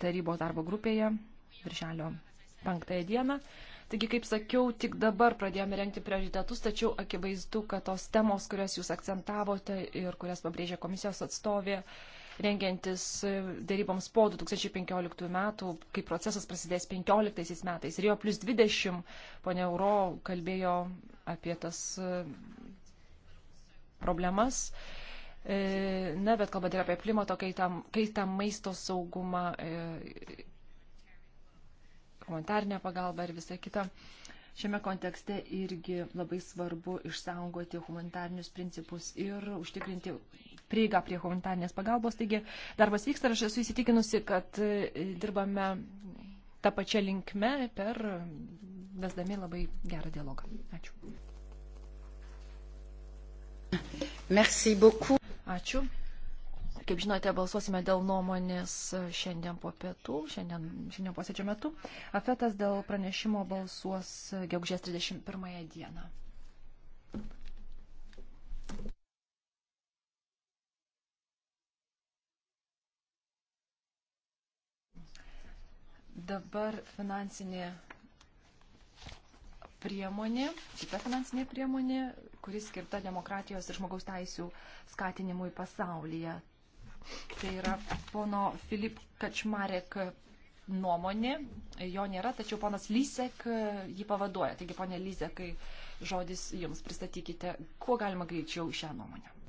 tarybos darbo grupėje viršelio penktąją dieną. Taigi, kaip sakiau, tik dabar pradėjome renkti prioritetus, tačiau akivaizdu, kad tos temos, kurias jūs akcentavote ir kurias pabrėžė komisijos atstovė, uh, rengiantis dėryboms po 2015 metų, kai procesas prasidės 2015 metais. Ir jo plus 20 ponia Euro kalbėjo apie tas e, problemas. E, na, bet kalbant ir apie klimato kaitą, kaitą maisto saugumą, e, humanitarnę pagalbą ir visą kitą. Šiame kontekste irgi labai svarbu išsaugoti humanitarnius principus ir užtikrinti prieigą prie humanitarnės pagalbos. Taigi darbas vyksta ir aš esu įsitikinusi, kad e, dirbame tą pačią linkmę per vesdami labai gerą dialogą. Ačiū. Merci beaucoup. Ačiū. Kaip žinote, balsuosime dėl nuomonės šiandien po pietų, šiandien, šiandien posėdžio metu. Afetas dėl pranešimo balsuos gegužės 31 dieną. Dabar finansinė priemonė, kita finansinė priemonė, kuris skirta demokratijos ir žmogaus teisų skatinimui pasaulyje. Tai yra pono Filip Kačmarek nuomonė, jo nėra, tačiau ponas Lysek jį pavaduoja. Taigi, ponė Lysekai, žodis jums pristatykite, kuo galima greičiau šią nuomonę.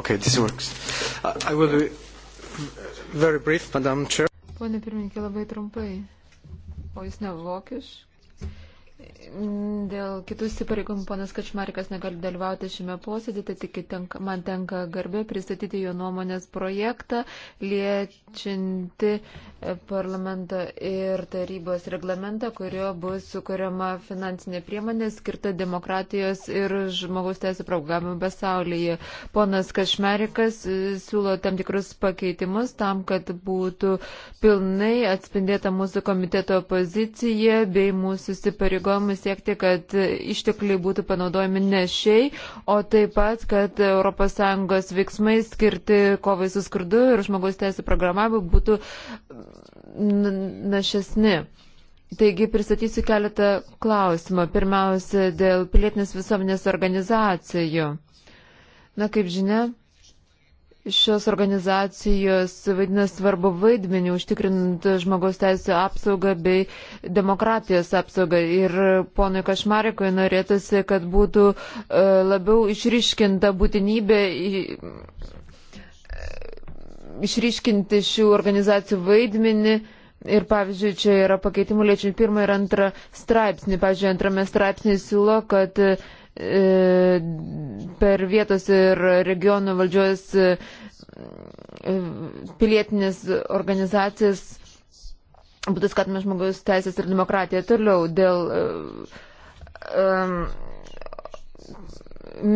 Okay, this works. I will be very brief, Madam Chair. Pone pirmininkė, labai trumpai. O jis ne vokiš? Dėl kitų įsipareigomų ponas Kačmarikas negali dalyvauti šiame posėdė, tai tik tenka, man tenka garbė pristatyti jo nuomonės projektą, liečianti e, parlamento ir tarybos reglamentą, kurio bus sukuriama finansinė priemonė skirta demokratijos ir žmogaus teisų programų pasaulyje. Ponas Kačmarikas e, siūlo tam tikrus pakeitimus tam, kad būtų pilnai atspindėta mūsų komiteto pozicija bei mūsų įsipareigomų įsipareigojimų siekti, kad ištekliai būtų panaudojami nešiai, o taip pat, kad ES veiksmai skirti kovai su skurdu ir žmogaus teisų programavimui būtų našesni. Taigi pristatysiu keletą klausimų. Pirmiausia, dėl pilietinės visuomenės organizacijų. Na, kaip žinia, Šios organizacijos vaidina svarbu vaidmenį užtikrinant žmogaus teisų apsaugą bei demokratijos apsaugą. Ir ponui Kašmarikui norėtųsi, kad būtų e, labiau išryškinta būtinybė e, išryškinti šių organizacijų vaidmenį. Ir pavyzdžiui, čia yra pakeitimų lėčiant pirmą ir antrą straipsnį. Pavyzdžiui, antrame straipsnėje siūlo, kad uh, per vietos ir regionų valdžios e, pilietinės organizacijas būtų skatinama žmogaus teisės ir demokratija. Toliau dėl um,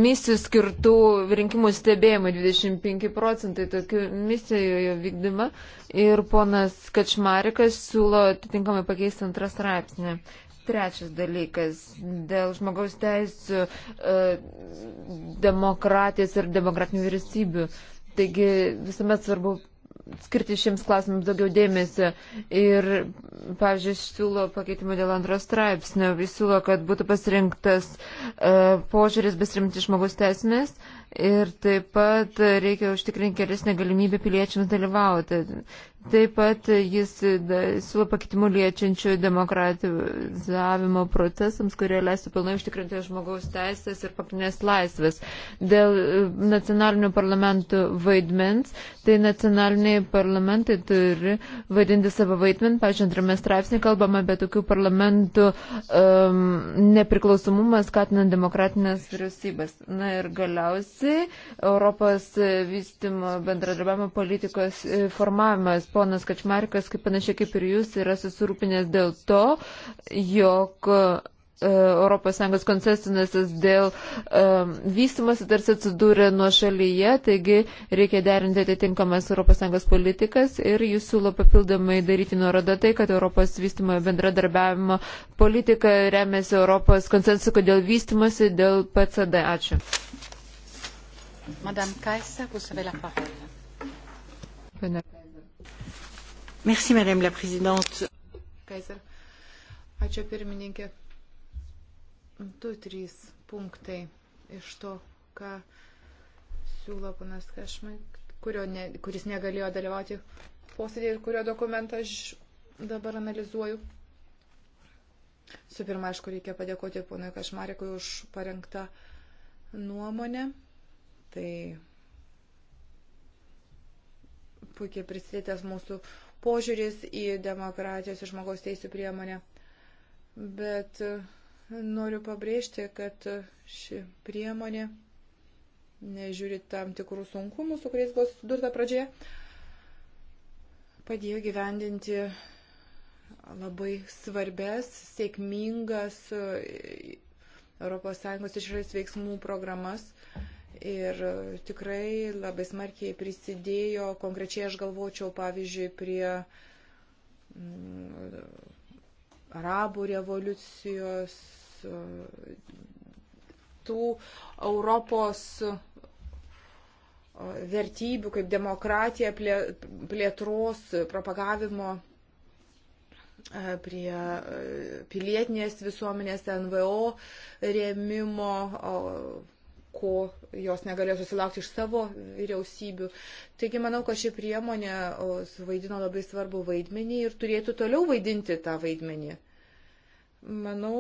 misijų skirtų rinkimų stebėjimui 25 procentai tokių misijų jo vykdyma ir ponas Kačmarikas siūlo atitinkamai pakeisti antrą straipsnį. Uh, Trečias dalykas - dėl žmogaus teisų, e, demokratijos ir demokratinių vyriausybių. Taigi visuomet svarbu skirti šiems klausimams daugiau dėmesio. Ir, pavyzdžiui, siūlo pakeitimą dėl antros straipsnio. Jis siūlo, kad būtų pasirinktas uh, požiūris besrimti žmogus teismės. Uh, Ir taip pat reikia užtikrinti geresnę galimybę piliečiams dalyvauti. Taip pat jis siūlo pakitimų liečiančių demokratizavimo procesams, kurie leistų pilnai užtikrinti žmogaus teisės ir pagrindinės laisvės. Dėl e, nacionalinių parlamentų vaidmens, tai nacionaliniai parlamentai turi vaidinti savo vaidmenį. Pavyzdžiui, antrame straipsnė kalbama apie tokių parlamentų um, nepriklausomumą skatinant demokratinės vyriausybės. Na ir galiausiai visi Europos vystimo bendradarbiavimo politikos e, formavimas. Ponas Kačmarikas, kaip panašiai kaip ir jūs, yra susirūpinęs dėl to, jog ES koncesinas dėl um, e, vystimasi tarsi atsidūrė nuo šalyje, taigi reikia derinti atitinkamas ES politikas ir jūs siūlo papildomai daryti nuorodą tai, kad Europos vystimo bendradarbiavimo politika remiasi Europos konsensuku dėl vystimasi, dėl PCD. Ačiū. Madame Kaiser, vous avez la parole. Merci, Madame la Présidente. Kaiser. Ačiū pirmininkė. Du, trys punktai iš to, ką siūlo panas Kašmai, ne, kuris negalėjo dalyvauti posėdėje ir kurio dokumentą aš dabar analizuoju. Su pirma, aišku, reikia padėkoti ponui Kašmarikui už parengtą nuomonę. Tai puikiai prisidėtas mūsų požiūris į demokratijos ir žmogaus teisų priemonę. Bet e, noriu pabrėžti, kad ši priemonė, nežiūri tam tikrų sunkumų, su kuriais buvo susidurta pradžioje, padėjo gyvendinti labai svarbės, sėkmingas ES išorės veiksmų programas. Uh, ir e, tikrai labai smarkiai prisidėjo, konkrečiai aš galvočiau, pavyzdžiui, prie mm, arabų revoliucijos, e, tų Europos e, vertybių kaip demokratija plėtros propagavimo prie pilietinės visuomenės NVO rėmimo ko jos negalėjo susilaukti iš savo vyriausybių. Taigi manau, kad ši priemonė suvaidino labai svarbu vaidmenį ir turėtų toliau vaidinti tą vaidmenį. Manau,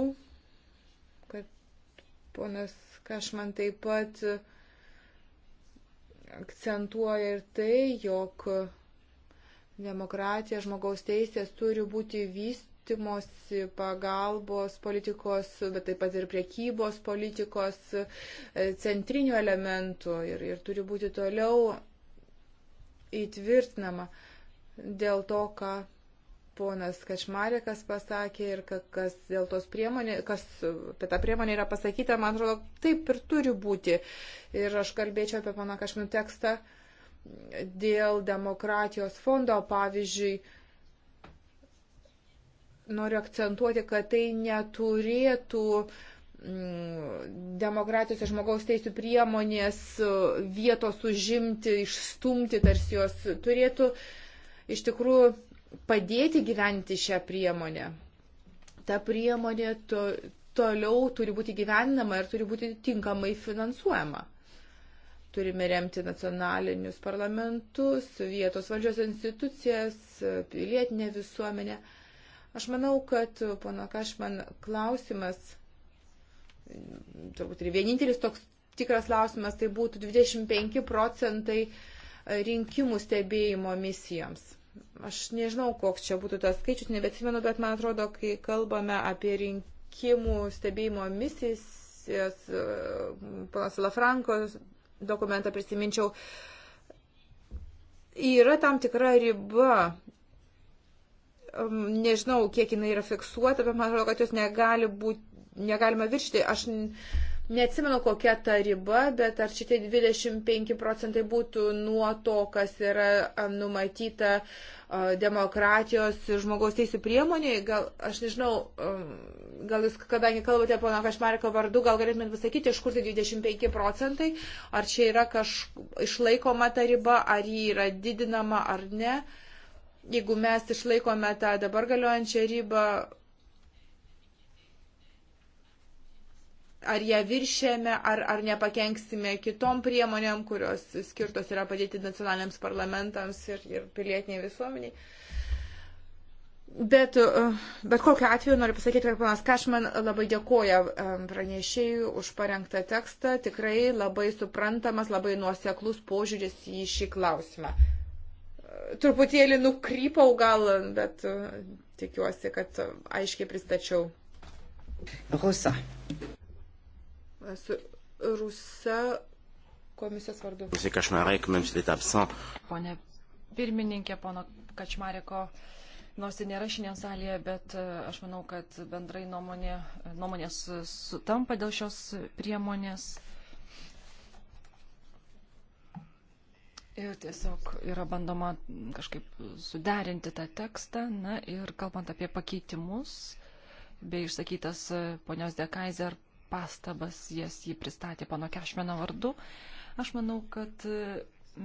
kad ponas Kašman taip pat akcentuoja ir tai, jog demokratija, žmogaus teisės turi būti vyst vystimosi pagalbos politikos, bet taip pat ir priekybos politikos e, centrinių elementų ir, ir turi būti toliau įtvirtinama dėl to, ką ponas Kašmarekas pasakė ir kas dėl tos priemonės, kas apie tą priemonę yra pasakyta, man atrodo, taip ir turi būti. Ir aš kalbėčiau apie poną Kašminų tekstą dėl demokratijos fondo, pavyzdžiui, noriu akcentuoti, kad tai neturėtų mm, demokratijos ir žmogaus teisų priemonės e, vietos užimti, išstumti, tarsi jos turėtų iš tikrųjų padėti gyventi šią priemonę. Ta priemonė to, toliau turi būti gyveninama ir turi būti tinkamai finansuojama. Turime remti nacionalinius parlamentus, vietos valdžios institucijas, pilietinę visuomenę. Uh, Aš manau, kad uh, pono Kašman klausimas, mm, turbūt ir vienintelis toks tikras klausimas, tai būtų 25 procentai uh, rinkimų stebėjimo misijoms. Aš nežinau, koks čia būtų tas skaičius, nebetsimenu, bet man atrodo, kai kalbame apie rinkimų stebėjimo misijas, uh, panas Lafranko dokumentą prisiminčiau, yra tam tikra riba nežinau, kiek jinai yra fiksuota, bet man atrodo, kad jos negali būti, negalima viršti. Aš neatsimenu, kokia ta riba, bet ar šitie 25 procentai būtų nuo to, kas yra numatyta demokratijos ir žmogaus teisų priemonėje, gal aš nežinau, gal jūs, kadangi kalbate pono Kašmariko vardu, gal galėtumėt pasakyti, iš kur tai 25 procentai, ar čia yra kažkaip išlaikoma ta riba, ar ji yra didinama ar ne. Uh, jeigu mes išlaikome tą dabar galiojančią ribą, ar ją viršėme, ar, ar nepakenksime kitom priemonėm, kurios skirtos yra padėti nacionaliniams parlamentams ir, ir pilietiniai visuomeniai. Bet, uh, bet kokiu atveju noriu pasakyti, kad panas Kašman labai dėkoja um, pranešėjui už parengtą tekstą. Tikrai labai suprantamas, labai nuoseklus požiūris į šį klausimą truputėlį nukrypau gal, bet e, tikiuosi, kad aiškiai pristačiau. Rusa. Esu Rusa komisijos vardu. Pone pirmininkė, pono Kačmareko, nors ir nėra šiandien salėje, bet e, aš manau, kad bendrai nuomonė, nuomonės sutampa dėl šios priemonės Ir tiesiog yra bandoma kažkaip suderinti tą tekstą. Na ir kalbant apie pakeitimus, bei išsakytas ponios Dekaiser pastabas, jas jį pristatė pano Kešmeno vardu, aš manau, kad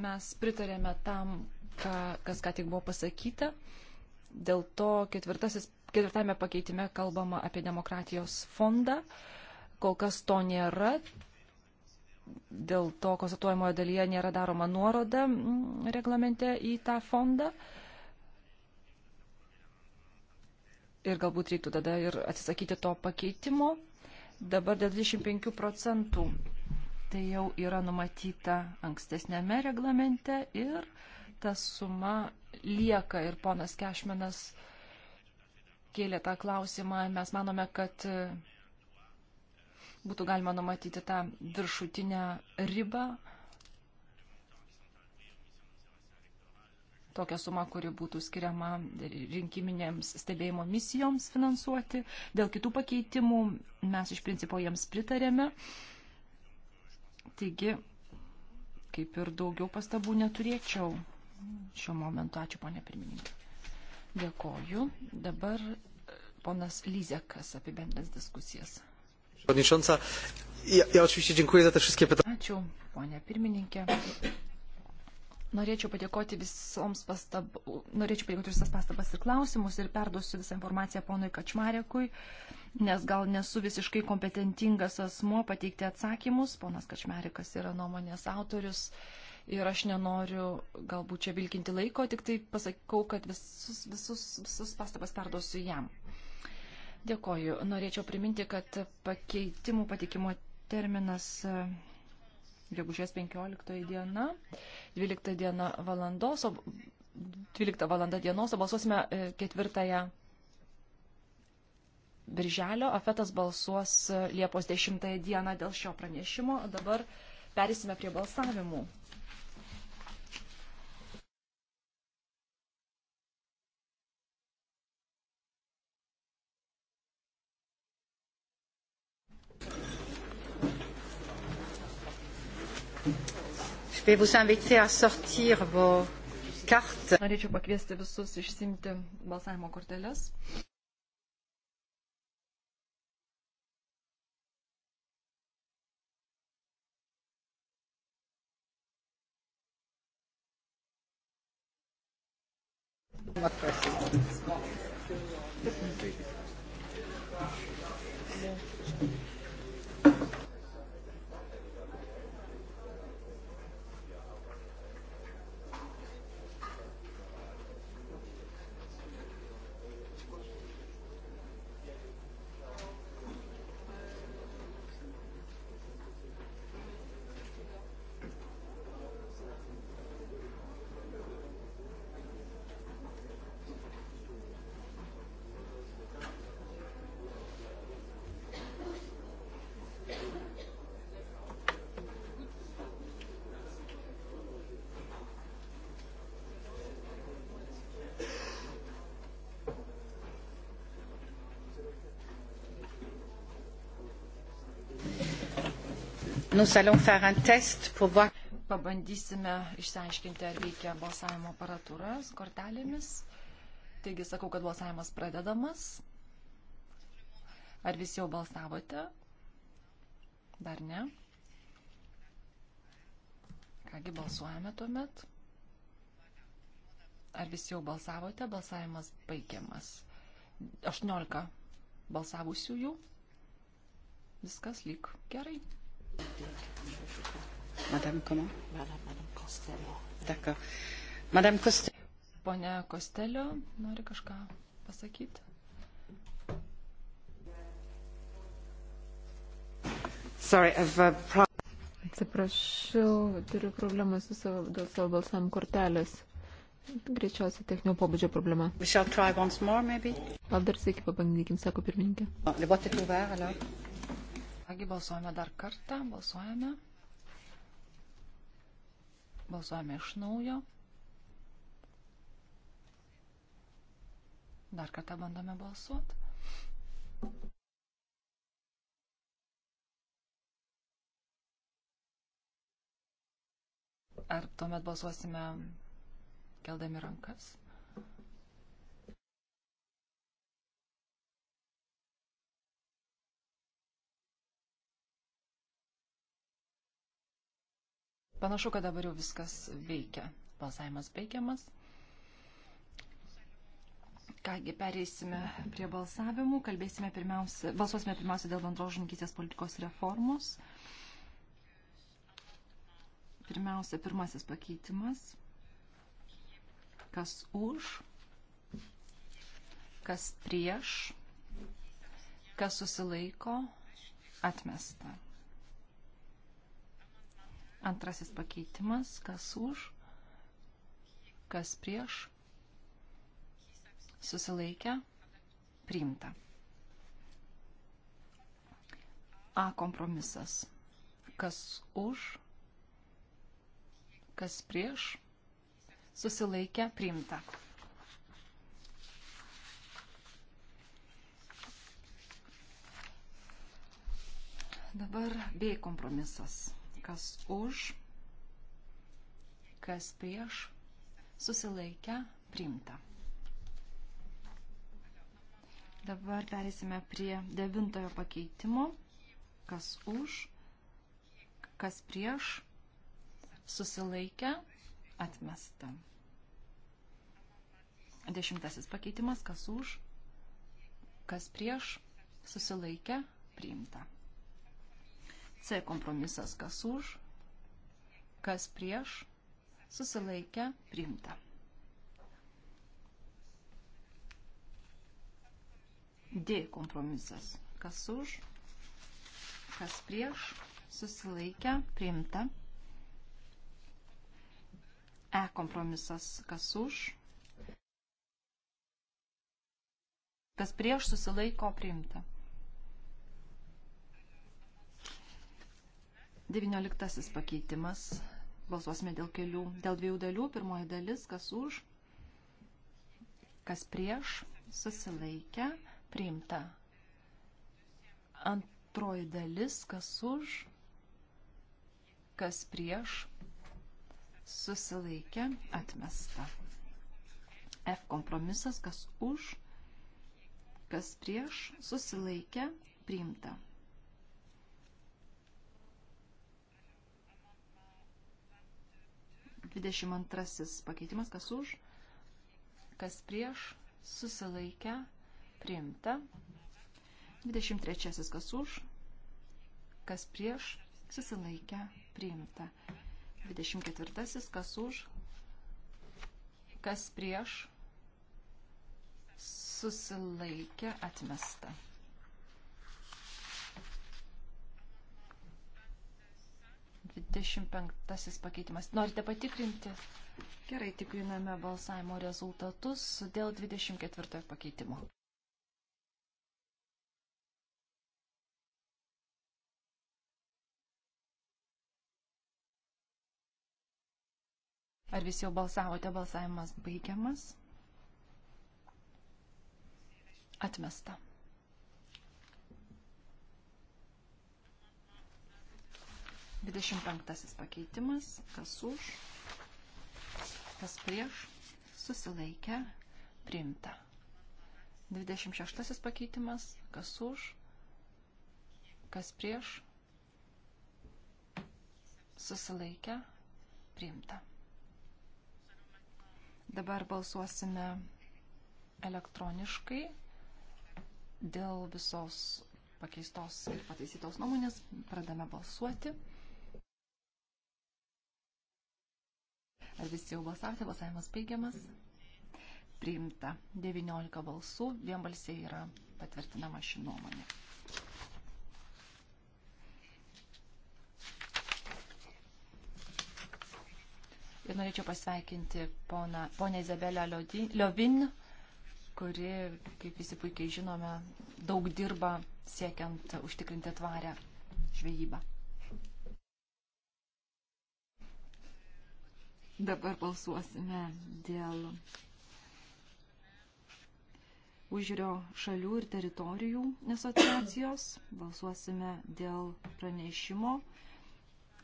mes pritarėme tam, ką, kas ką tik buvo pasakyta. Dėl to ketvirtame pakeitime kalbama apie demokratijos fondą. Kol kas to nėra, dėl to konstatuojamojo dalyje nėra daroma nuoroda reglamente į tą fondą. Ir galbūt reiktų tada ir atsisakyti to pakeitimo. Dabar dėl 25 procentų tai jau yra numatyta ankstesnėme reglamente ir ta suma lieka ir ponas Kešmenas kėlė tą klausimą. Mes manome, kad būtų galima numatyti tą viršutinę ribą, tokią sumą, kuri būtų skiriama rinkiminėms stebėjimo misijoms finansuoti. Dėl kitų pakeitimų mes iš principo jiems pritarėme. Taigi, kaip ir daugiau pastabų neturėčiau šiuo momentu. Ačiū, ponė pirmininkė. Dėkoju. Dabar e, ponas Lyzekas apibendrins diskusijas. Podnicząca. Ja, ja oczywiście dziękuję za te wszystkie pytania. Ačiū, ponia pirmininkė. Norėčiau padėkoti visoms pastab... Norėčiau padėkoti visas pastabas ir klausimus ir perduosiu visą informaciją ponui Kačmarekui, nes gal nesu visiškai kompetentingas asmuo pateikti atsakymus. Ponas Kačmarekas yra nuomonės autorius ir aš nenoriu galbūt čia vilkinti laiko, tik tai pasakau, kad visus, visus, visus pastabas perduosiu jam. Dėkoju. Norėčiau priminti, kad pakeitimų patikimo terminas e, gegužės 15 diena, 12 diena valandos, 12 valanda dienos, o balsuosime 4 e, birželio, afetas balsuos e, Liepos 10 dieną dėl šio pranešimo, o dabar perėsime prie balsavimų. Norėčiau pakviesti visus išsimti balsavimo korteles. Thank you. Pabandysime išsiaiškinti, ar veikia balsavimo aparatūras kortelėmis. Taigi sakau, kad balsavimas pradedamas. Ar visi jau balsavote? Dar ne. Kągi balsuojame tuomet. Ar visi jau balsavote? Balsavimas baigiamas. 18 balsavusiųjų. Viskas lyg gerai. Madame comment Madame, Madame Costello. D'accord. Madame Costello. Pone Costello, nori kažką pasakyti? Sorry, I've, uh, Atsiprašau, turiu problemą su savo, dėl savo balsam kortelės. Greičiausiai techninio pobūdžio problema. More, Gal dar sėki pabandykim, sako pirmininkė. Oh, Kągi balsuojame dar kartą, balsuojame. Balsuojame iš naujo. Dar kartą bandome balsuoti. Ar tuomet balsuosime keldami rankas? Panašu, kad dabar jau viskas veikia. Balsavimas baigiamas. Kągi, pereisime prie balsavimų. Kalbėsime pirmiausia, balsuosime pirmiausia dėl bendros žininkystės politikos reformos. Pirmiausia, pirmasis pakeitimas. Kas už, kas prieš, kas susilaiko, atmesta. Antrasis pakeitimas, kas už, kas prieš, susilaikę, priimta. A kompromisas, kas už, kas prieš, susilaikę, priimta. Dabar B kompromisas kas už, kas prieš, susilaikę, priimta. Dabar perėsime prie devintojo pakeitimo, kas už, kas prieš, susilaikę, atmesta. Dešimtasis pakeitimas, kas už, kas prieš, susilaikę, priimta. C kompromisas kas už, kas prieš, susilaikę, priimta. D kompromisas kas už, kas prieš, susilaikę, priimta. E kompromisas kas už, kas prieš susilaiko priimta. 19 pakeitimas. Balsuosime dėl kelių, dėl dviejų dalių. Pirmoji dalis, kas už, kas prieš, susilaikę, priimta. Antroji dalis, kas už, kas prieš, susilaikę, atmesta. F kompromisas, kas už, kas prieš, susilaikę, priimta. 22 pakeitimas, kas už, kas prieš, susilaikę, priimta. 23 kas už, kas prieš, susilaikę, priimta. 24 kas už, kas prieš, susilaikę, atmesta. 25 pakeitimas. Norite patikrinti? Gerai, tikriname balsavimo rezultatus dėl 24 pakeitimo. Ar visi jau balsavote? Balsavimas baigiamas. Atmesta. 25 pakeitimas, kas už, kas prieš, susilaikę, priimta. 26 pakeitimas, kas už, kas prieš, susilaikę, priimta. Dabar balsuosime elektroniškai dėl visos pakeistos ir pataisytos nuomonės. Pradame balsuoti. Ar visi jau balsavote? Balsavimas baigiamas. Priimta 19 balsų, vienbalsiai yra patvirtinama ši nuomonė. Ir norėčiau pasveikinti ponę Izabelę Liovin, kuri, kaip visi puikiai žinome, daug dirba siekiant užtikrinti tvarę žvejybą. Dabar balsuosime dėl užžiūrio šalių ir teritorijų asociacijos. Balsuosime dėl pranešimo.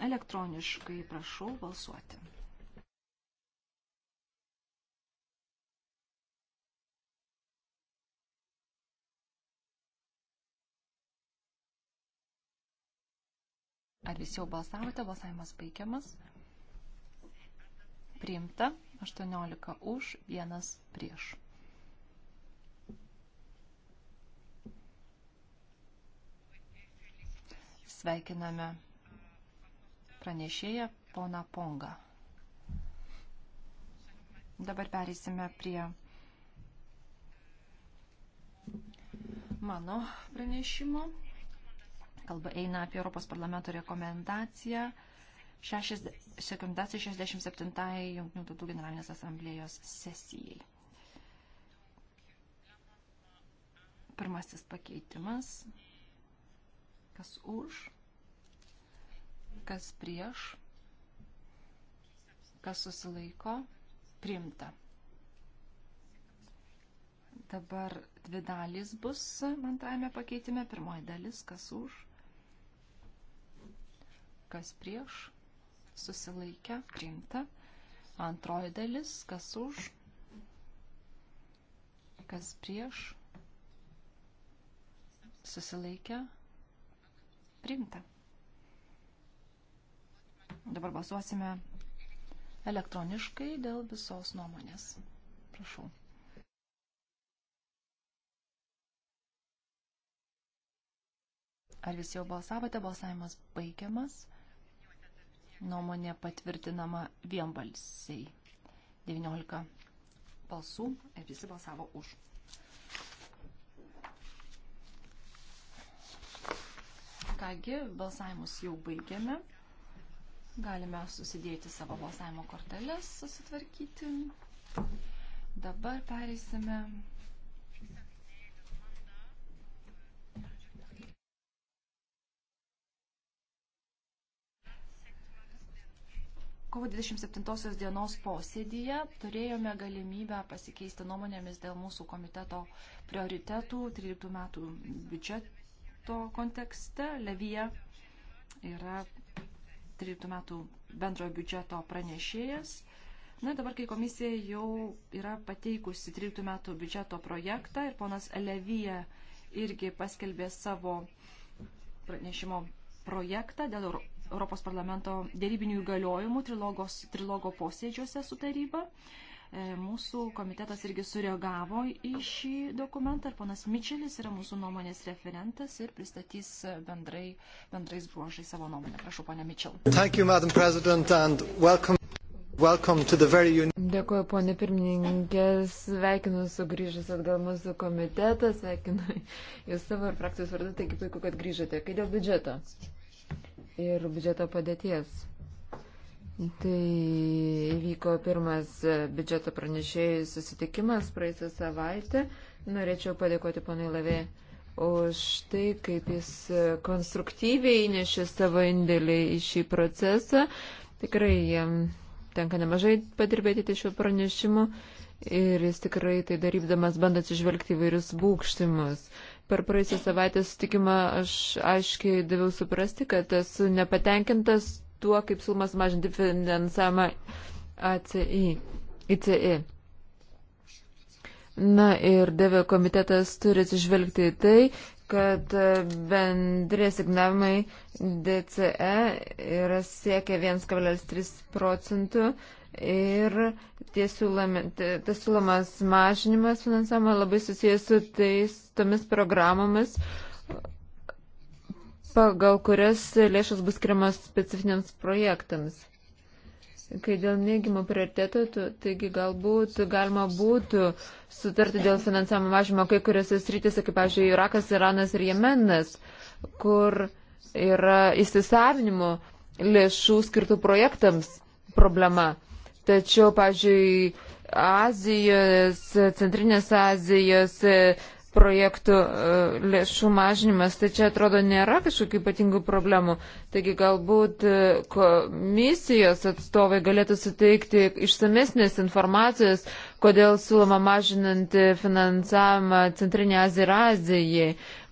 Elektroniškai prašau balsuoti. Ar visi jau balsavote? Balsavimas baigiamas priimta, 18 už, 1 prieš. Sveikiname pranešėją poną Pongą. Dabar perėsime prie mano pranešimo. Kalba eina apie Europos parlamento rekomendaciją 67-ai Junktinių tautų generalinės asamblėjos sesijai. Pirmasis pakeitimas. Kas už, kas prieš, kas susilaiko, priimta. Dabar dvi dalys bus antrajame pakeitime. Pirmoji dalis, kas už, kas prieš, susilaikę, priimta. Antroji dalis, kas už, kas prieš, susilaikę, priimta. Dabar balsuosime elektroniškai dėl visos nuomonės. Prašau. Ar visi jau balsavote? Balsavimas baigiamas nuomonė patvirtinama vienbalsiai. 19 balsų ir visi balsavo už. Kągi, balsavimus jau baigėme. Galime susidėti savo balsavimo korteles, susitvarkyti. Dabar pereisime Kovo 27 dienos posėdyje turėjome galimybę pasikeisti nuomonėmis dėl mūsų komiteto prioritetų 13 metų biudžeto kontekste. Levija yra 13 metų bendrojo biudžeto pranešėjas. Na, dabar, kai komisija jau yra pateikusi 13 metų biudžeto projektą ir ponas Levija irgi paskelbė savo pranešimo projektą dėl Europos parlamento dėrybinių įgaliojimų trilogos, trilogo posėdžiuose su taryba. E, mūsų komitetas irgi sureagavo į šį dokumentą ir ponas Mičelis yra mūsų nuomonės referentas ir pristatys bendrai, bendrais bruožais savo nuomonę. Prašau, ponė Mičel. Very... Dėkuoju, ponė pirmininkė, sveikinu sugrįžęs atgal mūsų komitetą, sveikinu jūs savo ir frakcijos vardu, taigi puiku, kad grįžote. Kai dėl biudžeto? ir biudžeto padėties. Tai vyko pirmas biudžeto pranešėjų susitikimas praeisą savaitę. Norėčiau padėkoti ponai Lavė už tai, kaip jis konstruktyviai įnešė savo indėlį į šį procesą. Tikrai jam tenka nemažai padirbėti ties šiuo pranešimu ir jis tikrai tai darydamas bando atsižvelgti įvairius būkštimus. Per praėjusią savaitę sutikimą aš aiškiai daviau suprasti, kad esu nepatenkintas tuo, kaip siūlomas mažinti finansavimą ACI, ICI. E. Na ir devė komitetas turi atsižvelgti į tai, kad bendri signavimai DCE yra siekia 1,3 procentų Ir tas siūlomas mažinimas finansavimo labai susijęs su tais, tomis programomis, pagal kurias lėšas bus skiriamas specifiniams projektams. Kai dėl neigiamų prioritetų, taigi galbūt galima būtų sutarti dėl finansavimo mažimo kai kuriuose srityse, kaip, pavyzdžiui, Irakas, Iranas ir Jemenas, kur yra įsisavinimo lėšų skirtų projektams problema. Tačiau, pažiūrėjau, Azijos, Centrinės Azijos projektų e, lėšų mažinimas, tai čia atrodo nėra kažkokių ypatingų problemų. Taigi galbūt e, komisijos atstovai galėtų suteikti išsamesnės informacijos, kodėl siūloma mažinanti finansavimą Centrinė Azija ir Azijai.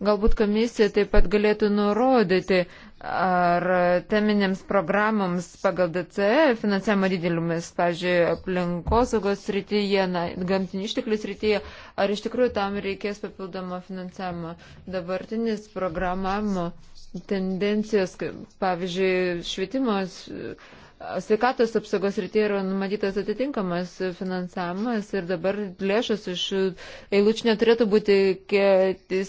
Galbūt komisija taip pat galėtų nurodyti, ar teminėms programoms pagal DCE finansavimo dideliumis, pavyzdžiui, aplinkosaugos srityje, na, gamtinių išteklių srityje, ar iš tikrųjų tam reikės papildomo finansavimo. Dabartinis programavimo tendencijos, pavyzdžiui, švietimos sveikatos apsaugos rytyje yra numatytas atitinkamas finansavimas ir dabar lėšos iš eilučių neturėtų būti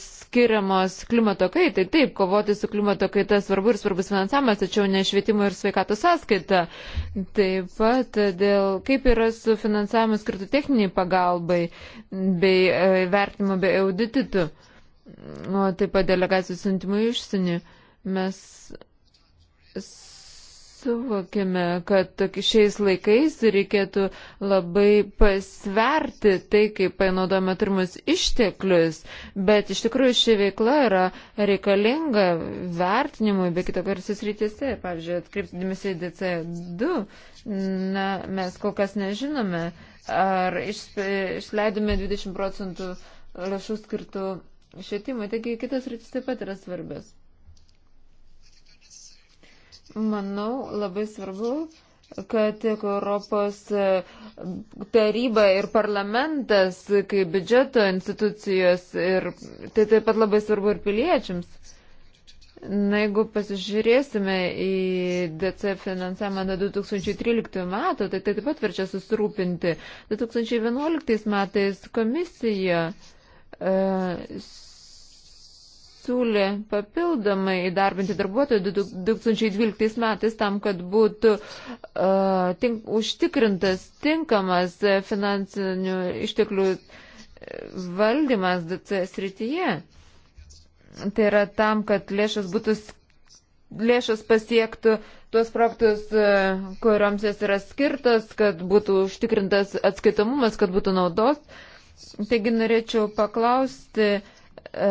skiriamos klimato kaitai. Taip, kovoti su klimato kaita svarbu ir svarbus finansavimas, tačiau ne švietimo ir sveikatos sąskaita. Taip pat dėl kaip yra su finansavimu skirtų techniniai pagalbai bei e, vertimo bei auditų, o taip pat delegacijų siuntimų išsienį. Mes suvokime, kad šiais laikais reikėtų labai pasverti tai, kaip panaudojame turimus išteklius, bet iš tikrųjų ši veikla yra reikalinga vertinimui, be kito karsis rytise, pavyzdžiui, atkreipsidėmės į DC2, na, mes kol kas nežinome, ar išleidome 20 procentų lėšų skirtų švietimui, taigi kitas rytis taip pat yra svarbios. Manau, labai svarbu, kad tiek Europos e, taryba ir parlamentas, kaip biudžeto institucijos, ir tai taip pat labai svarbu ir piliečiams. Na, jeigu pasižiūrėsime į DC finansavimą nuo 2013 metų, tai tai taip pat verčia susirūpinti. 2011 metais komisija e, siūlė papildomai įdarbinti darbuotojų 2012 metais tam, kad būtų uh, tink, užtikrintas tinkamas finansinių išteklių e, valdymas DC srityje. Tai yra tam, kad lėšas būtų lėšas pasiektų tuos projektus, e, kuriuoms jas yra skirtas, kad būtų užtikrintas atskaitomumas, kad būtų naudos. Taigi norėčiau paklausti, E,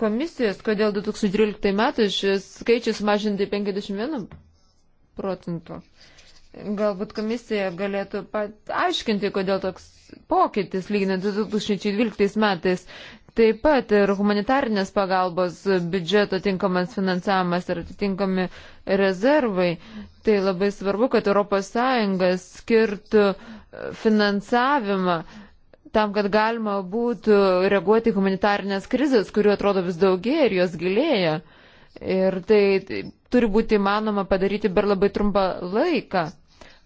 komisijos, kodėl 2013 metų šis skaičius mažinti 51 procentų. Galbūt komisija galėtų pat aiškinti, kodėl toks pokytis lyginant 2012 metais. Taip pat ir humanitarnės pagalbos biudžeto tinkamas finansavimas ir atitinkami rezervai. Tai labai svarbu, kad ES skirtų finansavimą uh, tam, kad galima būtų reaguoti humanitarnės krizės, kurių atrodo vis daugėja ir jos gilėja. Ir tai, tai turi būti įmanoma padaryti per labai trumpą laiką.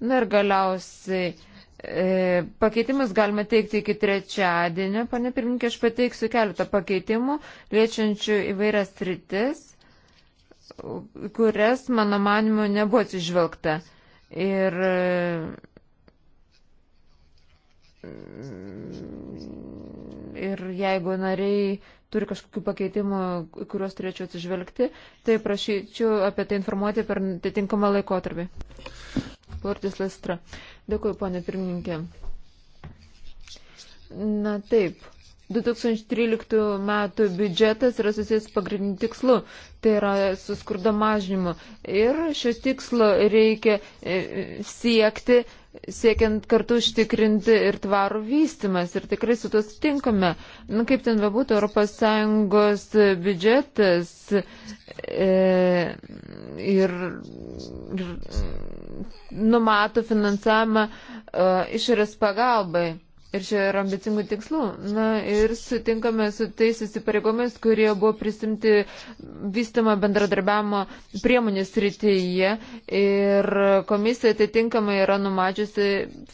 Na ir galiausiai e, pakeitimus galima teikti iki trečiadienio. Pane pirmininkė, aš pateiksiu keletą pakeitimų, liečiančių įvairias rytis, kurias, mano manimu, nebuvo atsižvelgta. Ir e, ir jeigu nariai turi kažkokių pakeitimų, kuriuos turėčiau atsižvelgti, tai prašyčiau apie tai informuoti per atitinkamą laikotarpį. Lortis Lestra. Dėkuoju, ponė pirmininkė. Na taip. 2013 metų biudžetas yra susijęs pagrindiniu tikslu, tai yra suskurdo mažinimu. Ir šio tikslo reikia e, e, siekti siekiant kartu užtikrinti ir tvarų vystimas. Ir tikrai su to sutinkame. Na, nu, kaip ten bebūtų, ES biudžetas e, ir, ir numato finansavimą e, išorės pagalbai. Ir čia yra ambicingų tikslų. Na ir sutinkame su tais įsipareigomis, kurie buvo prisimti vystamo bendradarbiavimo priemonės rytyje. Ir komisija atitinkamai yra numačiusi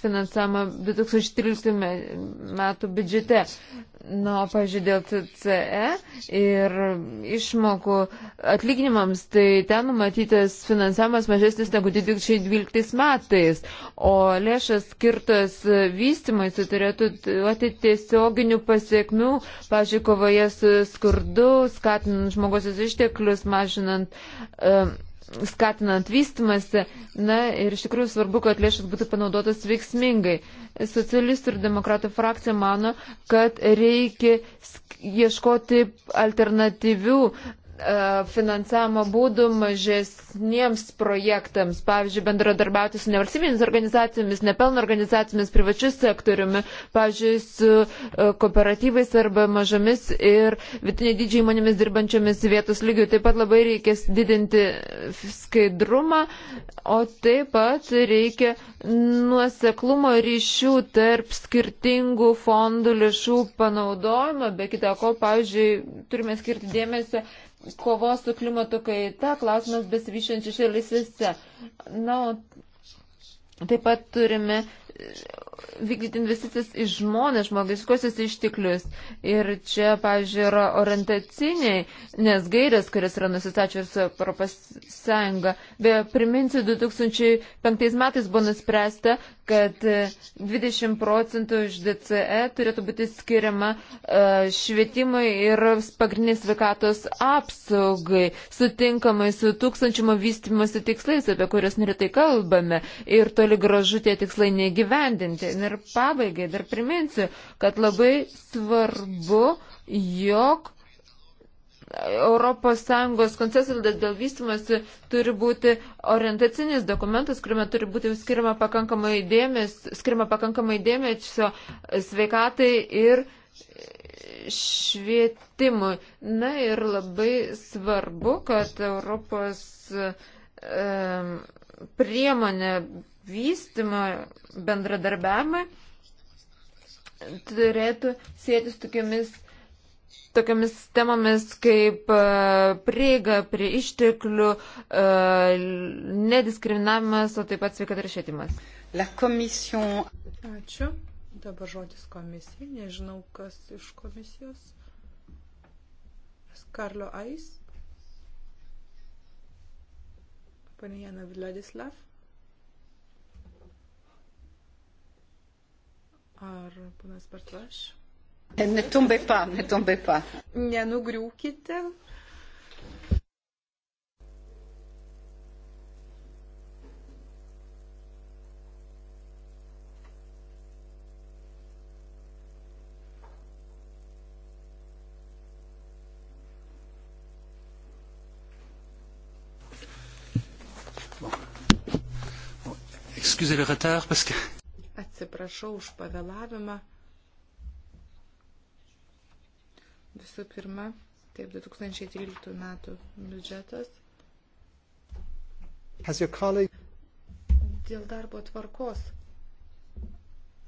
finansavimą 2013 metų biudžete. Na, pažiūrėjau, dėl CE ir išmokų atlyginimams, tai ten numatytas finansavimas mažesnis negu 2012 metais, o lėšas skirtas vystimai turėtų duoti tiesioginių pasiekmių, pažiūrėjau, kovoje su skurdu, skatinant žmogosius išteklius, mažinant. Um, skatinant vystimasi, na ir iš tikrųjų svarbu, kad lėšas būtų panaudotas veiksmingai. Uh, Socialistų ir demokratų frakcija mano, kad reikia ieškoti alternatyvių E, finansavimo būdų mažesniems projektams, pavyzdžiui, bendradarbiauti su nevalstybinėmis organizacijomis, nepelno organizacijomis, privačiu sektoriumi, pavyzdžiui, su e, kooperatyvais arba mažomis ir vidutiniai dydžiai įmonėmis dirbančiomis vietos lygių. Taip pat labai reikės didinti skaidrumą, o taip pat reikia nuoseklumo ryšių tarp skirtingų fondų lėšų panaudojimo, be kita ko, pavyzdžiui, turime skirti dėmesio kovos su klimato kaita klausimas besivyšiančiose šalyse. Na, taip pat turime vykdyti investicijas į žmonės, žmogiškosius išteklius. Ir čia, pavyzdžiui, yra orientaciniai, nes gairės, kurias yra nusistačius Europos Sąjunga. Be priminsiu, 2005 metais buvo nuspręsta, kad 20 procentų iš DCE turėtų būti skiriama e, švietimui ir pagrindinės sveikatos apsaugai, sutinkamai su tūkstančiumo vystimosi tikslais, apie kuriuos neretai kalbame, ir toli gražu tie tikslai negyvendinti. Ir pabaigai dar priminsiu, kad labai svarbu, jog ES koncesilas dėl vystimasi turi būti orientacinis dokumentas, kuriame turi būti skirima pakankamai dėmesio, skirima pakankamai dėmesio sveikatai ir švietimui. Na ir labai svarbu, kad Europos e, priemonė vystymą, bendradarbiavimą turėtų sėtis tokiamis, tokiamis temomis kaip e, prieiga prie išteklių, e, nediskriminavimas, o taip pat sveikata ir švietimas. Komision... Ačiū. Dabar žodis komisija. Nežinau, kas iš komisijos. Karlo Ais. Panijana Vladislav. Ar panas Bartvaš? Netumbai pa, netumbai pa. Nenugriūkite. excuser le retard parce que atsiprašau už pavėlavimą. Visų pirma, taip 2013 metų biudžetas. Dėl darbo tvarkos.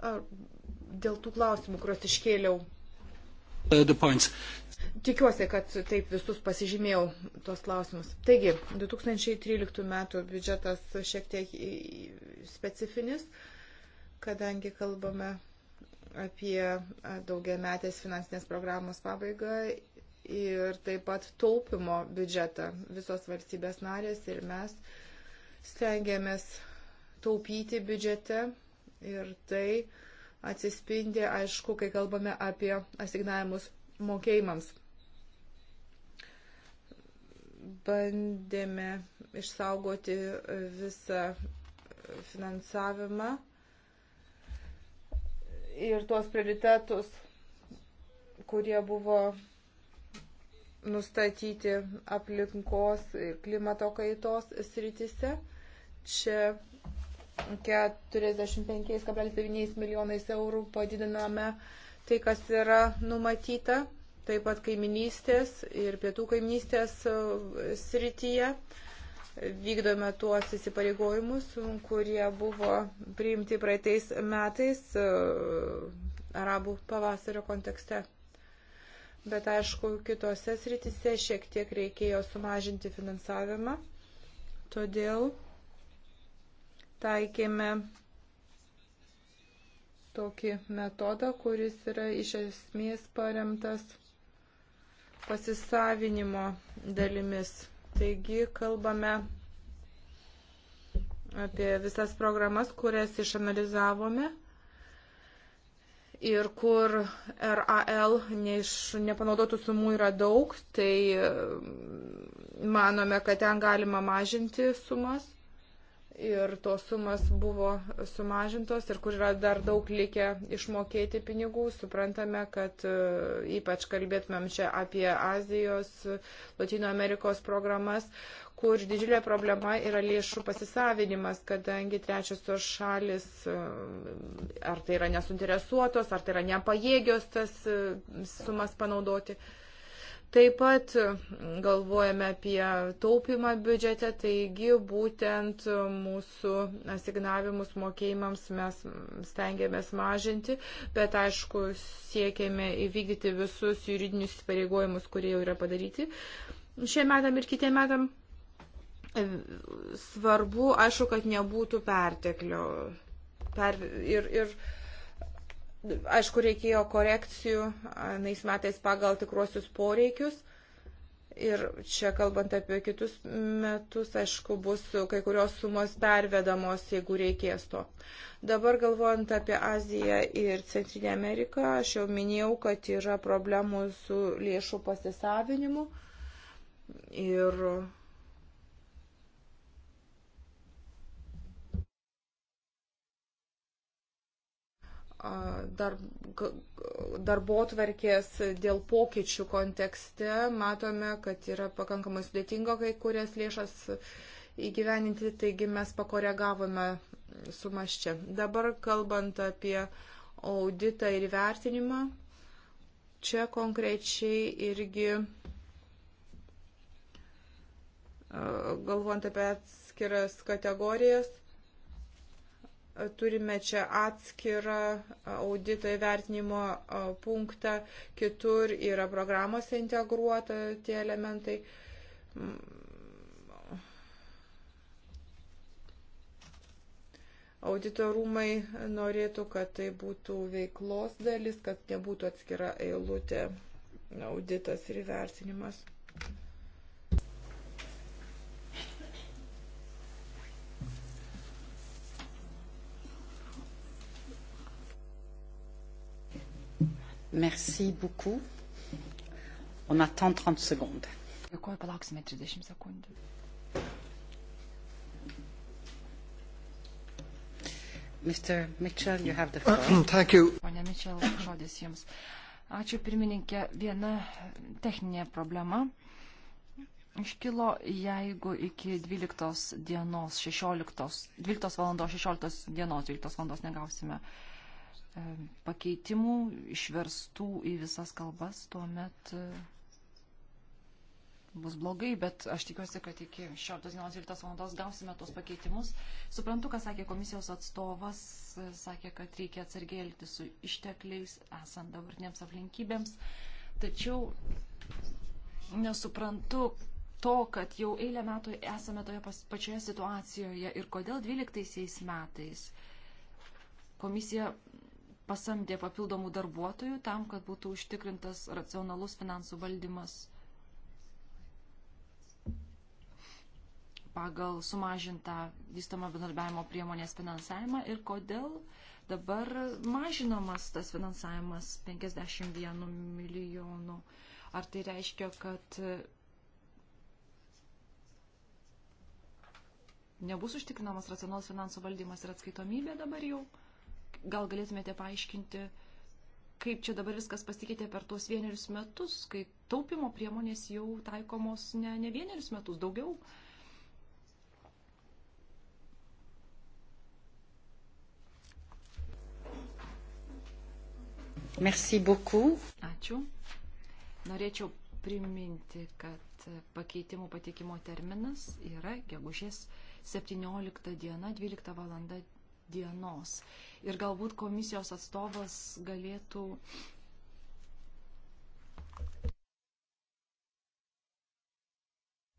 Ar dėl tų klausimų, kuriuos iškėliau. Uh, Tikiuosi, kad taip visus pasižymėjau tuos klausimus. Taigi, 2013 metų biudžetas šiek tiek specifinis. Uh, kadangi kalbame apie daugiametės finansinės programos pabaigą ir taip pat taupimo biudžetą. Visos valstybės narės ir mes stengiamės taupyti biudžete ir tai atsispindi, aišku, kai kalbame apie asignavimus mokėjimams. Bandėme išsaugoti visą finansavimą ir tuos prioritetus, kurie buvo nustatyti aplinkos ir klimato kaitos sritise. Čia 45,9 milijonais eurų padidiname tai, kas yra numatyta, taip pat kaiminystės ir pietų kaiminystės srityje. Uh, vykdome tuos įsipareigojimus, kurie buvo priimti praeitais metais e, arabų pavasario kontekste. Bet aišku, kitose sritise šiek tiek reikėjo sumažinti finansavimą, todėl taikėme tokį metodą, kuris yra iš esmės paremtas pasisavinimo dalimis Taigi kalbame apie visas programas, kurias išanalizavome ir kur RAL neiš, nepanaudotų sumų yra daug, tai e, manome, kad ten galima mažinti sumas ir tos sumas buvo sumažintos ir kur yra dar daug likę išmokėti pinigų. Suprantame, kad e, ypač kalbėtumėm čia apie Azijos, Latino Amerikos programas, kur didžiulė problema yra lėšų pasisavinimas, kadangi trečiosios šalis, e, ar tai yra nesuinteresuotos, ar tai yra nepajėgios tas e, sumas panaudoti. Taip pat mm, galvojame apie taupimą biudžete, taigi būtent mūsų asignavimus mokėjimams mes stengiamės mažinti, bet aišku siekėme įvykdyti visus juridinius įsipareigojimus, kurie jau yra padaryti šiem metam ir kitiem metam. E, svarbu, aišku, kad nebūtų perteklio. Per, ir, ir Aišku, reikėjo korekcijų nais metais pagal tikruosius poreikius. Ir čia kalbant apie kitus metus, aišku, bus kai kurios sumos pervedamos, jeigu reikės to. Dabar galvojant apie Aziją ir Centrinę Ameriką, aš jau minėjau, kad yra problemų su lėšų pasisavinimu. Ir dar, darbo tvarkės dėl pokyčių kontekste matome, kad yra pakankamai sudėtinga kai kurias lėšas įgyveninti, taigi mes pakoregavome sumas čia. Dabar kalbant apie auditą ir vertinimą, čia konkrečiai irgi galvojant apie atskiras kategorijas, turime čia atskirą audito įvertinimo punktą, kitur yra programuose integruota tie elementai. Mm. Audito rūmai norėtų, kad tai būtų veiklos dalis, kad nebūtų atskira eilutė auditas ir įvertinimas. Merci beaucoup. On attend 30 secondes. Dėkuoju, palauksime 30 sekundžių. Mr. Mitchell, you have the uh, floor. *clears throat* Thank you. Pone Mitchell, žodis jums. Ačiū pirmininkė. Viena techninė problema iškilo, jeigu iki 12 dienos, 16, 12 valandos 16 dienos, 12 valandos negausime uh, E, pakeitimų išverstų į visas kalbas, tuomet e, bus blogai, bet aš tikiuosi, kad iki 16.12 val. gausime tos pakeitimus. Suprantu, ką sakė komisijos atstovas, e, sakė, kad reikia atsargiai elgti su ištekliais, esant dabartiniams aplinkybėms. Tačiau nesuprantu to, kad jau eilę metų esame toje pačioje situacijoje ir kodėl 12 metais komisija pasamdė papildomų darbuotojų tam, kad būtų užtikrintas racionalus finansų valdymas pagal sumažintą vystamą bendarbiavimo priemonės finansavimą ir kodėl dabar mažinamas tas finansavimas 51 milijonų. Ar tai reiškia, kad nebus užtikrinamas racionalus finansų valdymas ir atskaitomybė dabar jau? Gal galėtumėte paaiškinti, kaip čia dabar viskas pasikeitė per tuos vienerius metus, kai taupimo priemonės jau taikomos ne, ne vienerius metus, daugiau. Merci beaucoup. Ačiū. Norėčiau priminti, kad pakeitimų patikimo terminas yra gegužės 17 diena, 12 valanda dienos. Ir galbūt komisijos atstovas galėtų.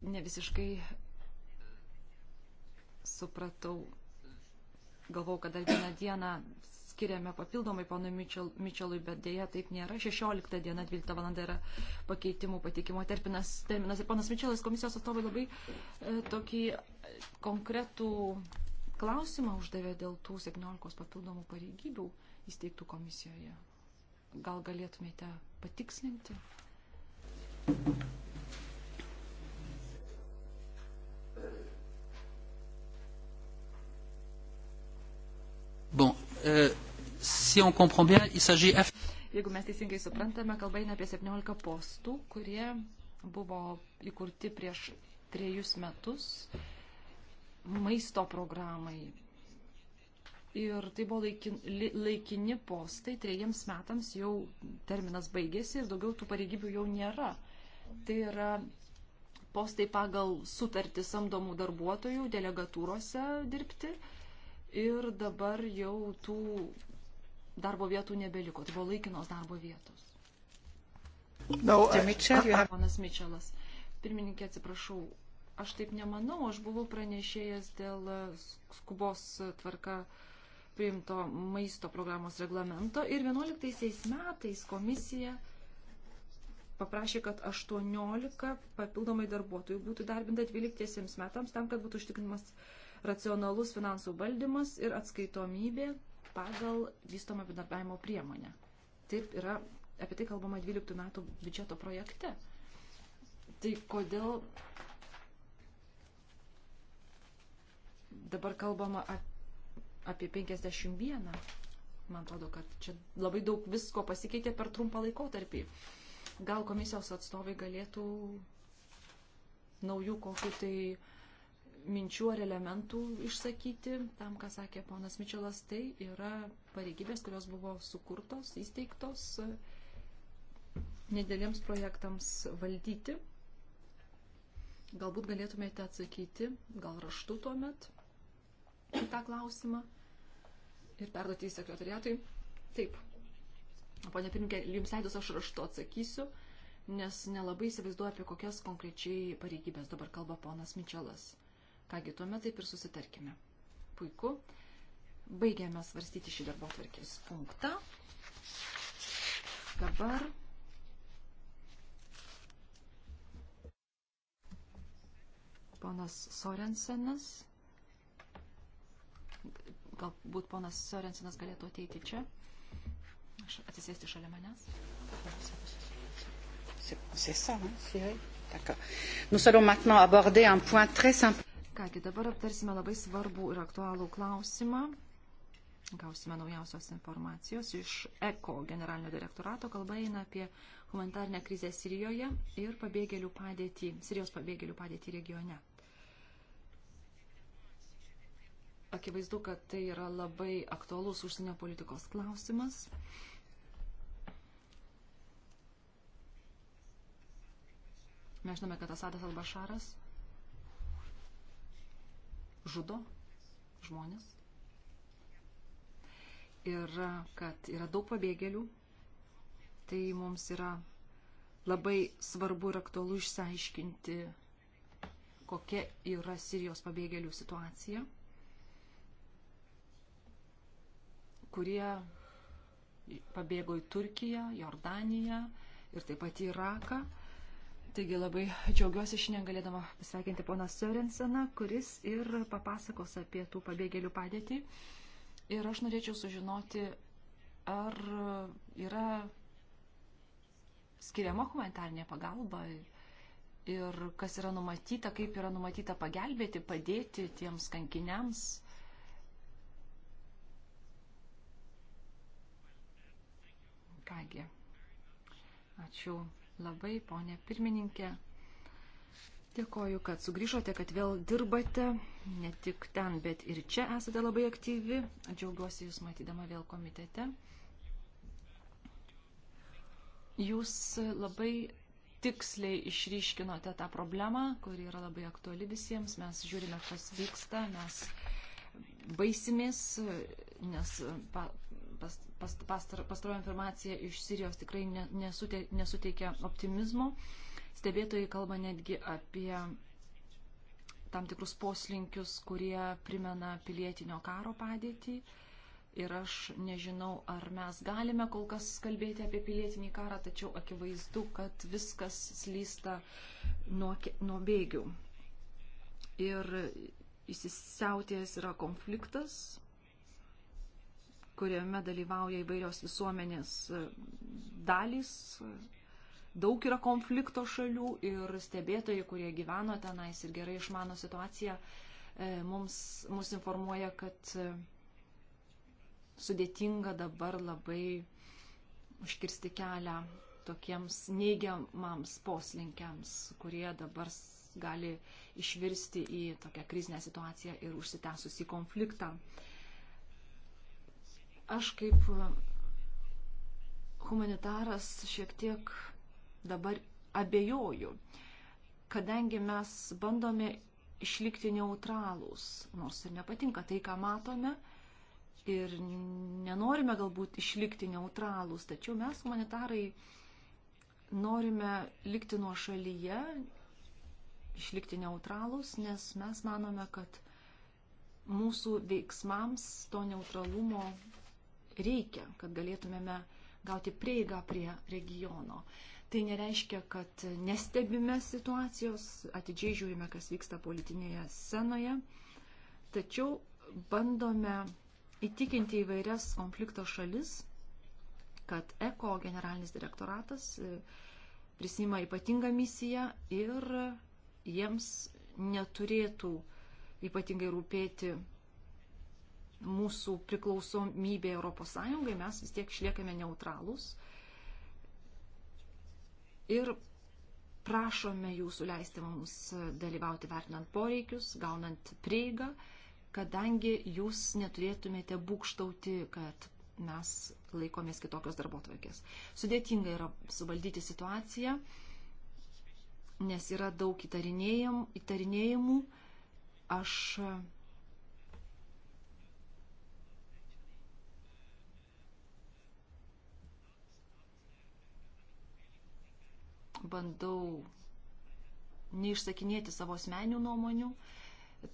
Ne visiškai supratau. Galvau, kad dar vieną dieną skiriame papildomai ponui Mičelui, bet dėja taip nėra. 16 diena, 12 val. yra pakeitimų patikimo terminas. terminas. Ir ponas Mičelas komisijos atstovai labai e, tokį konkretų klausimą uždavė dėl tų 17 papildomų pareigybių įsteigtų komisijoje. Gal galėtumėte patikslinti? Bon, euh, si on comprend bien, il s'agit... Jeigu mes teisingai suprantame, kalba eina apie 17 postų, kurie buvo įkurti prieš trejus metus maisto programai. Ir tai buvo laikin, laikini postai, trejiems metams jau terminas baigėsi ir daugiau tų pareigybių jau nėra. Tai yra postai pagal sutartį samdomų darbuotojų delegatūrose dirbti ir dabar jau tų darbo vietų nebeliko. Tai buvo laikinos darbo vietos. No, I... Ponas Mičelas. Pirmininkė, atsiprašau, Aš taip nemanau, aš buvau pranešėjęs dėl e, skubos tvarka priimto maisto programos reglamento ir 11 metais komisija paprašė, kad 18 papildomai darbuotojų būtų darbinta 12 metams tam, kad būtų užtikrinamas racionalus finansų valdymas ir atskaitomybė pagal vystomą bendarbiavimo priemonę. Taip yra, apie tai kalbama 12 metų biudžeto projekte. Tai kodėl dabar kalbama apie 51. Man atrodo, kad čia labai daug visko pasikeitė per trumpą laikotarpį. Gal komisijos atstovai galėtų naujų kokių tai minčių ar elementų išsakyti tam, ką sakė ponas Mičelas, tai yra pareigybės, kurios buvo sukurtos, įsteigtos e, nedėliems projektams valdyti. Galbūt galėtumėte atsakyti, gal raštu tuomet tą klausimą ir perduoti į sekretariatui. Taip. Pone pirmininkė, jums leidus aš raštu atsakysiu, nes nelabai įsivaizduoju, apie kokias konkrečiai pareigybės dabar kalba ponas Mičelas. Kągi, tuomet taip ir susitarkime. Puiku. Baigėme svarstyti šį darbo tvarkės punktą. Dabar ponas Sorensenas. Galbūt ponas Sorensinas galėtų ateiti čia. Aš atsisėsti šalia manęs. C'est ça, hein, Siri D'accord. Nous allons maintenant aborder un point très simple. Kągi, dabar aptarsime labai svarbų ir aktualų klausimą. Gausime naujausios informacijos iš ECO generalinio direktorato. Kalba eina apie humanitarnę krizę Sirijoje ir pabėgėlių padėtį, Sirijos pabėgėlių padėtį regione. akivaizdu, kad tai yra labai aktualus užsienio politikos klausimas. Mes žinome, kad Asadas Albašaras žudo žmonės ir kad yra daug pabėgėlių. Tai mums yra labai svarbu ir aktualu išsiaiškinti, kokia yra Sirijos pabėgėlių situacija. kurie pabėgo į Turkiją, Jordaniją ir taip pat į Iraką. Taigi labai džiaugiuosi šiandien galėdama pasveikinti poną Sörenseną, kuris ir papasakos apie tų pabėgėlių padėtį. Ir aš norėčiau sužinoti, ar yra skiriama humanitarnė pagalba ir kas yra numatyta, kaip yra numatyta pagelbėti, padėti tiems kankiniams Kągi, ačiū labai, ponė pirmininkė. Dėkoju, kad sugrįžote, kad vėl dirbate, ne tik ten, bet ir čia esate labai aktyvi. Džiaugiuosi Jūs matydama vėl komitete. Jūs labai tiksliai išryškinote tą problemą, kuri yra labai aktuali visiems. Mes žiūrime, kas vyksta, mes baisimės, nes pas, pas, pastar, pastarojo informacija iš Sirijos tikrai nesute, nesuteikia optimizmo. Stebėtojai kalba netgi apie tam tikrus poslinkius, kurie primena pilietinio karo padėtį. Ir aš nežinau, ar mes galime kol kas kalbėti apie pilietinį karą, tačiau akivaizdu, kad viskas slysta nuo, nuo bėgių. Ir įsisiautėjęs yra konfliktas, kuriame dalyvauja įvairios visuomenės dalys. Daug yra konflikto šalių ir stebėtojai, kurie gyveno tenais ir gerai išmano situaciją, e, mums, mums informuoja, kad e, sudėtinga dabar labai užkirsti kelią tokiems neigiamams poslinkiams, kurie dabar gali išvirsti į tokią krizinę situaciją ir užsitęsusi konfliktą. Uh, Aš kaip e, humanitaras šiek tiek dabar abejoju, kadangi mes bandome išlikti neutralūs, nors ir nepatinka tai, ką matome, ir nenorime galbūt išlikti neutralūs, tačiau mes humanitarai norime likti nuo šalyje, išlikti neutralūs, nes mes manome, kad mūsų veiksmams to neutralumo reikia, kad galėtumėme gauti prieigą prie regiono. Tai nereiškia, kad nestebime situacijos, atidžiai žiūrime, kas vyksta politinėje scenoje, tačiau bandome įtikinti įvairias konflikto šalis, kad ECO generalinis direktoratas e, prisima ypatingą misiją ir jiems neturėtų ypatingai rūpėti mūsų priklausomybė ES, mes vis tiek išliekame neutralūs. Ir prašome jūsų leisti mums dalyvauti vertinant poreikius, gaunant prieigą, kadangi jūs neturėtumėte būkštauti, kad mes laikomės kitokios darbo tvarkės. Sudėtinga yra suvaldyti situaciją, nes yra daug įtarinėjimų. Aš bandau neišsakinėti savo asmenių nuomonių.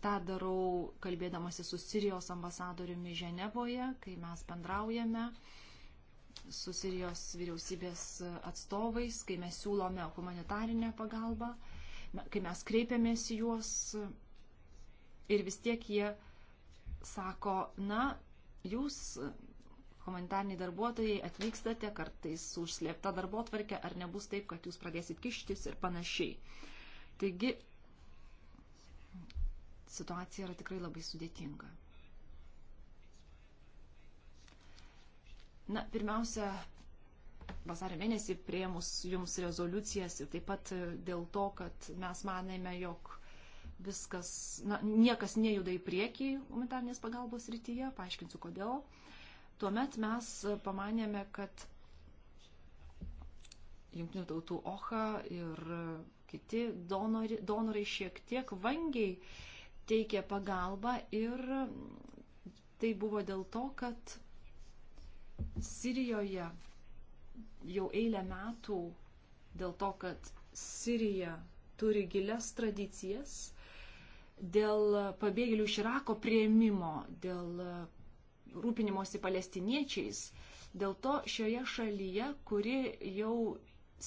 Ta darau kalbėdamasi su Sirijos ambasadoriumi Ženevoje, kai mes bendraujame su Sirijos vyriausybės atstovais, kai mes siūlome humanitarinę pagalbą, kai mes kreipiamės į juos ir vis tiek jie sako, na, jūs humanitariniai darbuotojai atvykstate kartais užslėpta darbo tvarkė, ar nebus taip, kad jūs pradėsit kištis ir panašiai. Taigi situacija yra tikrai labai sudėtinga. Na, pirmiausia, vasario mėnesį prieimus jums rezoliucijas ir taip pat dėl to, kad mes manėme, jog viskas, na, niekas nejuda į priekį humanitarnės pagalbos rytyje, paaiškinsiu kodėl. Tuomet mes pamanėme, kad Junktinių tautų OHA ir kiti donori, donorai šiek tiek vangiai teikė pagalbą ir tai buvo dėl to, kad Sirijoje jau eilę metų dėl to, kad Sirija turi gilias tradicijas, dėl pabėgėlių iš Irako prieimimo, dėl rūpinimosi palestiniečiais. Dėl to šioje šalyje, kuri jau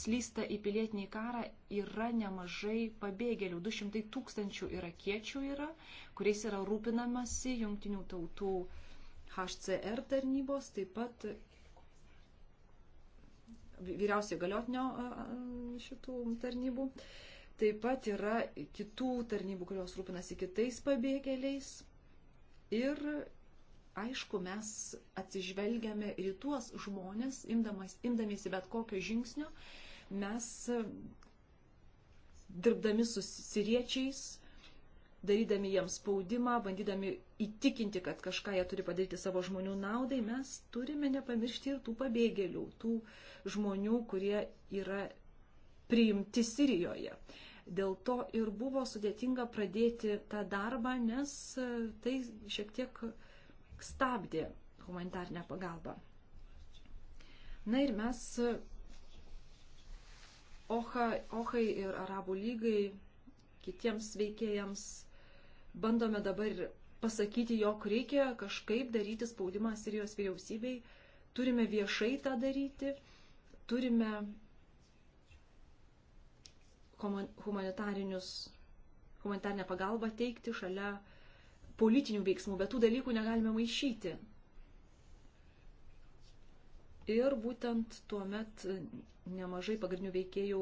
slysta į pilietinį karą, yra nemažai pabėgėlių. 200 tūkstančių irakiečių yra, kuriais yra rūpinamasi jungtinių tautų HCR tarnybos, taip pat vyriausiai galiotinio šitų tarnybų. Taip pat yra kitų tarnybų, kurios rūpinasi kitais pabėgėliais. Ir aišku, mes atsižvelgiame ir į tuos žmonės, imdamas, imdamiesi bet kokio žingsnio, mes dirbdami su siriečiais, darydami jiems spaudimą, bandydami įtikinti, kad kažką jie turi padaryti savo žmonių naudai, mes turime nepamiršti ir tų pabėgėlių, tų žmonių, kurie yra priimti Sirijoje. Dėl to ir buvo sudėtinga pradėti tą darbą, nes tai šiek tiek uh, stabdė humanitarnę pagalbą. Na ir mes Oha, Ohai ir Arabų lygai kitiems veikėjams bandome dabar pasakyti, jog reikia kažkaip daryti spaudimą Sirijos vyriausybei, turime viešai tą daryti, turime humanitarinius, humanitarinę pagalbą teikti šalia uh, politinių veiksmų, bet tų dalykų negalime maišyti. Ir būtent tuo met nemažai pagrindinių veikėjų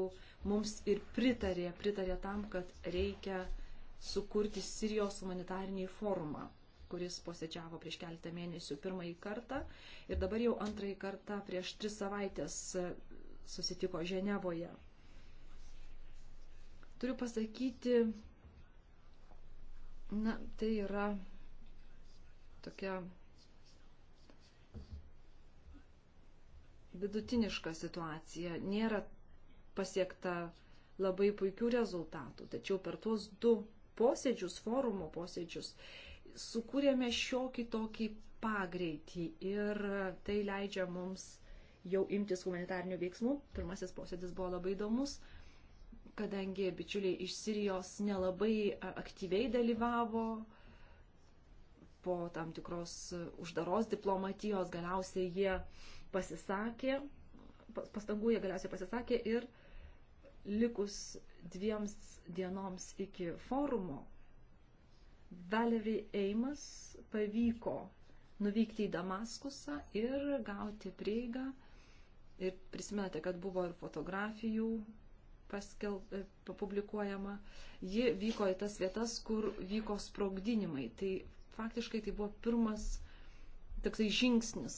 mums ir pritarė, pritarė tam, kad reikia sukurti Sirijos humanitarinį forumą, kuris posėdžiavo prieš keletą mėnesių pirmąjį kartą ir dabar jau antrąjį kartą prieš tris savaitės susitiko Ženevoje. Turiu pasakyti, Na, tai yra tokia vidutiniška situacija. Nėra pasiekta labai puikių rezultatų, tačiau per tuos du posėdžius, forumo posėdžius, sukūrėme šiokį tokį pagreitį ir tai leidžia mums jau imtis humanitarnių veiksmų. Pirmasis posėdis buvo labai įdomus kadangi bičiuliai iš Sirijos nelabai aktyviai dalyvavo po tam tikros uždaros diplomatijos, galiausiai jie pasisakė, pastangų jie galiausiai pasisakė ir likus dviems dienoms iki forumo Valerie Eimas pavyko nuvykti į Damaskusą ir gauti prieigą. Ir prisimenate, kad buvo ir fotografijų paskel, e, publikuojama, ji vyko į tas vietas, kur vyko sprogdinimai. Tai faktiškai tai buvo pirmas toksai žingsnis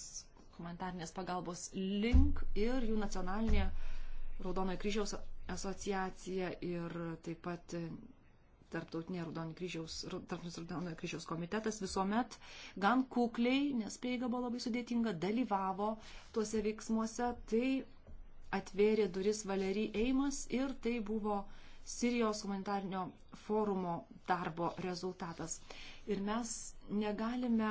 humanitarnės pagalbos link ir jų nacionalinė Raudonojo kryžiaus asociacija ir taip pat Tarptautinė Raudonojo kryžiaus, Tarptautinis Raudonojo kryžiaus komitetas visuomet gan kukliai, nes prieiga buvo labai sudėtinga, dalyvavo tuose veiksmuose. Tai atvėrė duris Valery Eimas ir tai buvo Sirijos humanitarnio forumo darbo rezultatas. Ir mes negalime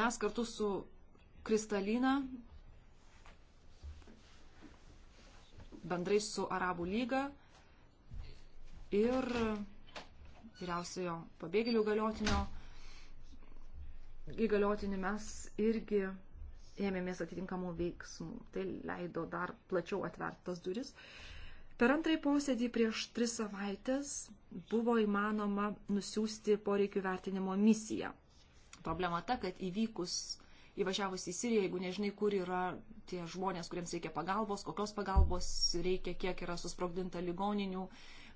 mes kartu su Kristalina, bendrai su Arabų lyga ir vyriausiojo pabėgėlių galiotinio įgaliotinį mes irgi ėmėmės atitinkamų veiksmų. Tai leido dar plačiau atvertas duris. Per antrąjį posėdį prieš tris savaitės buvo įmanoma nusiųsti poreikių vertinimo misiją. Problema ta, kad įvykus įvažiavus į Siriją, jeigu nežinai, kur yra tie žmonės, kuriems reikia pagalbos, kokios pagalbos reikia, kiek yra susprogdinta ligoninių,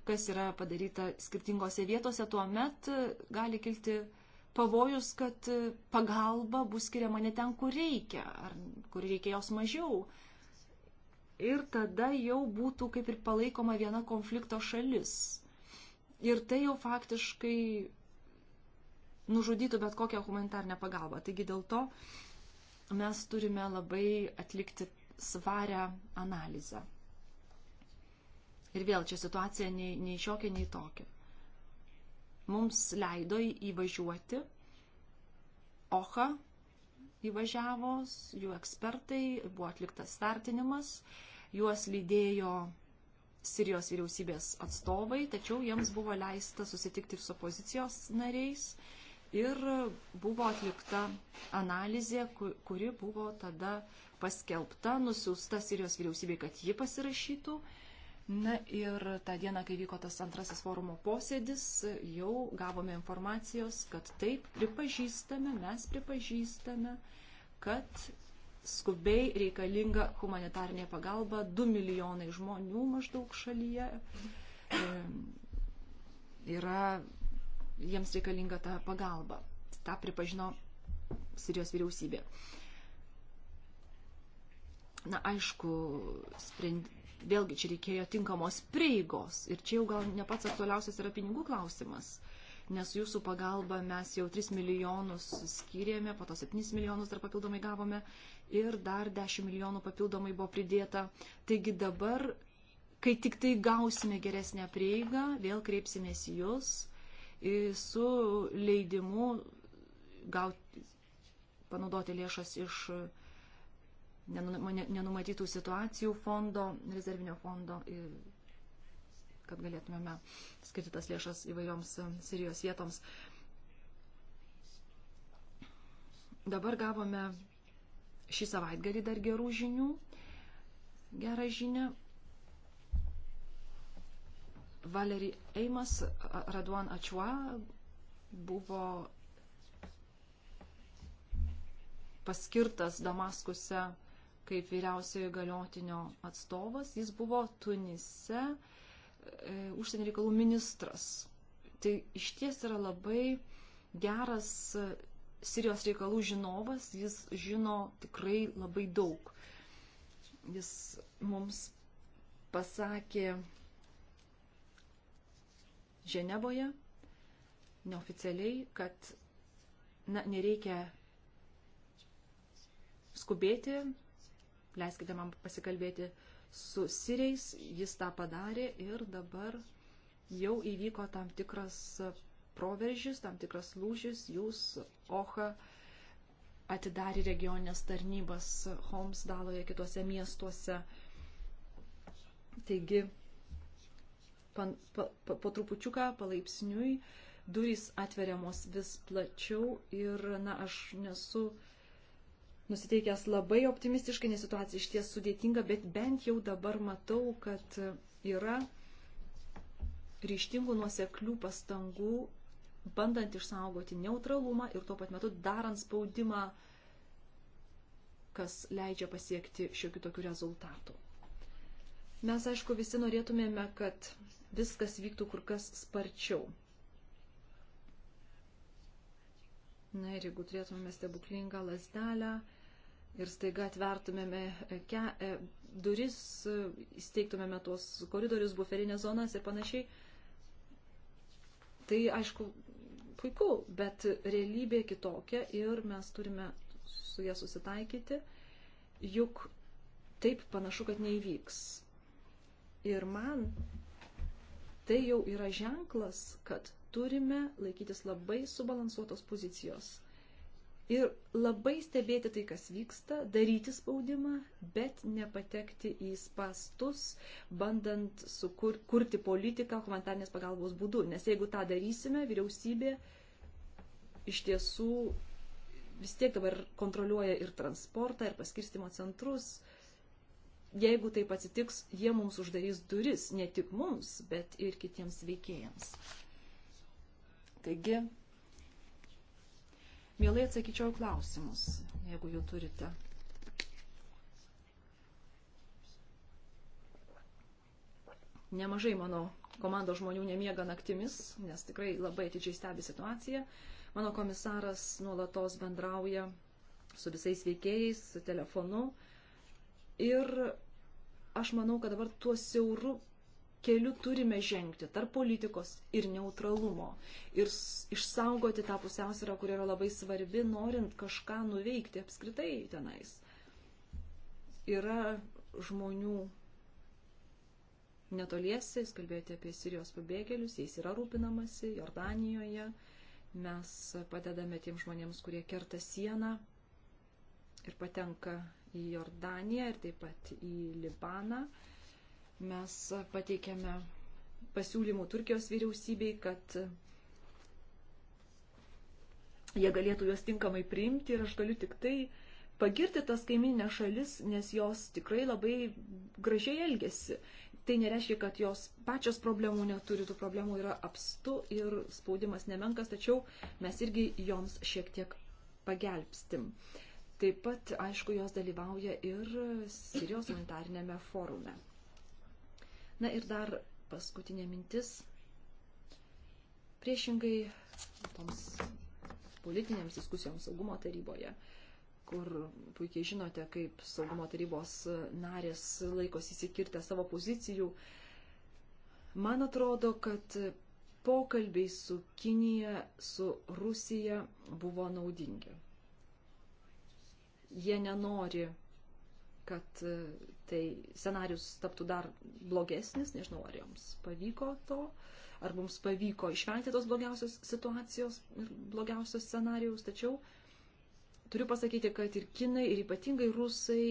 kas yra padaryta skirtingose vietose, tuo met gali kilti uh, pavojus, kad e, pagalba bus skiriama ne ten, kur reikia, ar kur reikia jos mažiau. Ir tada jau būtų kaip ir palaikoma viena konflikto šalis. Ir tai jau faktiškai nužudytų bet kokią humanitarnę pagalbą. Taigi dėl to mes turime labai atlikti svarę analizę. Ir vėl čia situacija nei, nei šiokia, nei tokia mums leido įvažiuoti. OHA įvažiavo, jų ekspertai, buvo atliktas vertinimas, juos lydėjo Sirijos vyriausybės atstovai, tačiau jiems buvo leista susitikti ir su opozicijos nariais ir buvo atlikta analizė, kuri buvo tada paskelbta, nusiųsta Sirijos vyriausybei, kad ji pasirašytų. Uh, Na ir tą dieną, kai vyko tas antrasis forumo posėdis, jau gavome informacijos, kad taip pripažįstame, mes pripažįstame, kad skubiai reikalinga humanitarnė pagalba 2 milijonai žmonių maždaug šalyje. E, yra, jiems reikalinga ta pagalba. Ta pripažino Sirijos vyriausybė. Na, aišku, sprendimai vėlgi čia reikėjo tinkamos prieigos. Ir čia jau gal ne pats aktualiausias yra pinigų klausimas, nes jūsų pagalba mes jau 3 milijonus skyrėme, po to 7 milijonus dar papildomai gavome ir dar 10 milijonų papildomai buvo pridėta. Taigi dabar, kai tik tai gausime geresnę prieigą, vėl kreipsimės į jūs su leidimu gauti, panaudoti lėšas iš nenumatytų situacijų fondo, rezervinio fondo, kad galėtumėme skirti tas lėšas įvairioms e, Sirijos vietoms. Dabar gavome šį savaitgalį dar gerų žinių. Gerą žinią. Valerij Eimas, Raduan Ačua buvo paskirtas Damaskuse kaip vyriausiojo galiotinio atstovas. Jis buvo Tunise e, užsienio reikalų ministras. Tai iš ties yra labai geras e, Sirijos reikalų žinovas, jis žino tikrai labai daug. Jis mums pasakė Ženeboje neoficialiai, kad na, nereikia skubėti, leiskite man pasikalbėti su Siriais, jis tą padarė ir dabar jau įvyko tam tikras proveržis, tam tikras lūžis, jūs, Oha, atidarė regioninės tarnybas Homsdaloje, kitose miestuose. Taigi, pan, pa, pa, po trupučiuką, palaipsniui, durys atveriamos vis plačiau ir, na, aš nesu. Nesu nusiteikęs labai optimistiškai, nes situacija iš ties sudėtinga, bet bent jau dabar matau, kad yra ryštingų nuoseklių pastangų, bandant išsaugoti neutralumą ir tuo pat metu darant spaudimą, kas leidžia pasiekti šiokių tokių rezultatų. Mes, aišku, visi norėtumėme, kad viskas vyktų kur kas sparčiau. Na ir jeigu turėtumėme stebuklingą lasdelę, ir staiga atvertumėme e, ke, e, duris, e, įsteigtumėme tuos koridorius, buferinės zonas ir panašiai. Tai aišku, puiku, bet realybė kitokia ir mes turime su ją susitaikyti, juk taip panašu, kad neįvyks. Ir man tai jau yra ženklas, kad turime laikytis labai subalansuotos pozicijos ir labai stebėti tai, kas vyksta, daryti spaudimą, bet nepatekti į spastus, bandant sukurti politiką humanitarnės pagalbos būdu. Nes jeigu tą darysime, vyriausybė iš tiesų vis tiek dabar kontroliuoja ir transportą, ir paskirstimo centrus. Jeigu taip atsitiks, jie mums uždarys duris ne tik mums, bet ir kitiems veikėjams. Taigi, Mielai atsakyčiau klausimus, jeigu jų turite. Nemažai mano komandos žmonių nemiega naktimis, nes tikrai labai atidžiai stebi situaciją. Mano komisaras nuolatos bendrauja su visais veikėjais, telefonu. Ir aš manau, kad dabar tuo siauru keliu turime žengti tarp politikos ir neutralumo ir išsaugoti tą pusiausvyrą, kur yra labai svarbi, norint kažką nuveikti apskritai tenais. Yra žmonių netoliese, jūs kalbėjote apie Sirijos pabėgėlius, jais yra rūpinamasi Jordanijoje, mes padedame tiem žmonėms, kurie kerta sieną ir patenka į Jordaniją ir taip pat į Libaną. Mes pateikėme pasiūlymų Turkijos vyriausybei, kad jie galėtų juos tinkamai priimti ir aš galiu tik tai pagirti tas kaiminės šalis, nes jos tikrai labai gražiai elgesi. Tai nereiškia, kad jos pačios problemų neturi, tų problemų yra apstu ir spaudimas nemenkas, tačiau mes irgi joms šiek tiek pagelbstim. Taip pat, aišku, jos dalyvauja ir Sirijos humanitarinėme forume. Na ir dar paskutinė mintis. Priešingai toms politinėms diskusijoms saugumo taryboje, kur puikiai žinote, kaip saugumo tarybos narės laikosi įsikirtę savo pozicijų, man atrodo, kad pokalbiai su Kinija, su Rusija buvo naudingi. Jie nenori kad e, tai scenarius taptų dar blogesnis, nežinau, ar joms pavyko to, ar mums pavyko išvengti tos blogiausios situacijos ir blogiausios scenarijaus, tačiau turiu pasakyti, kad ir kinai, ir ypatingai rusai,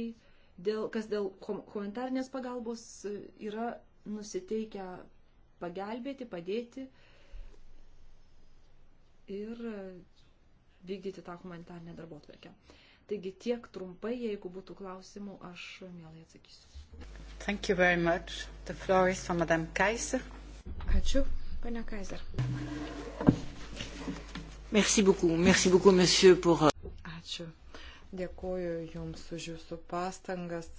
dėl, kas dėl humanitarnės pagalbos e, yra nusiteikę pagelbėti, padėti ir e, vykdyti tą humanitarnę darbo atverkę. Uh, Taigi tiek trumpai, jeigu būtų klausimų, aš mielai atsakysiu. Thank you very much. The floor is for Madame Kaiser. Ačiū, ponia Kaiser. Merci beaucoup, merci beaucoup, monsieur, pour... Euh, Ačiū. Dėkuoju Jums už Jūsų pastangas.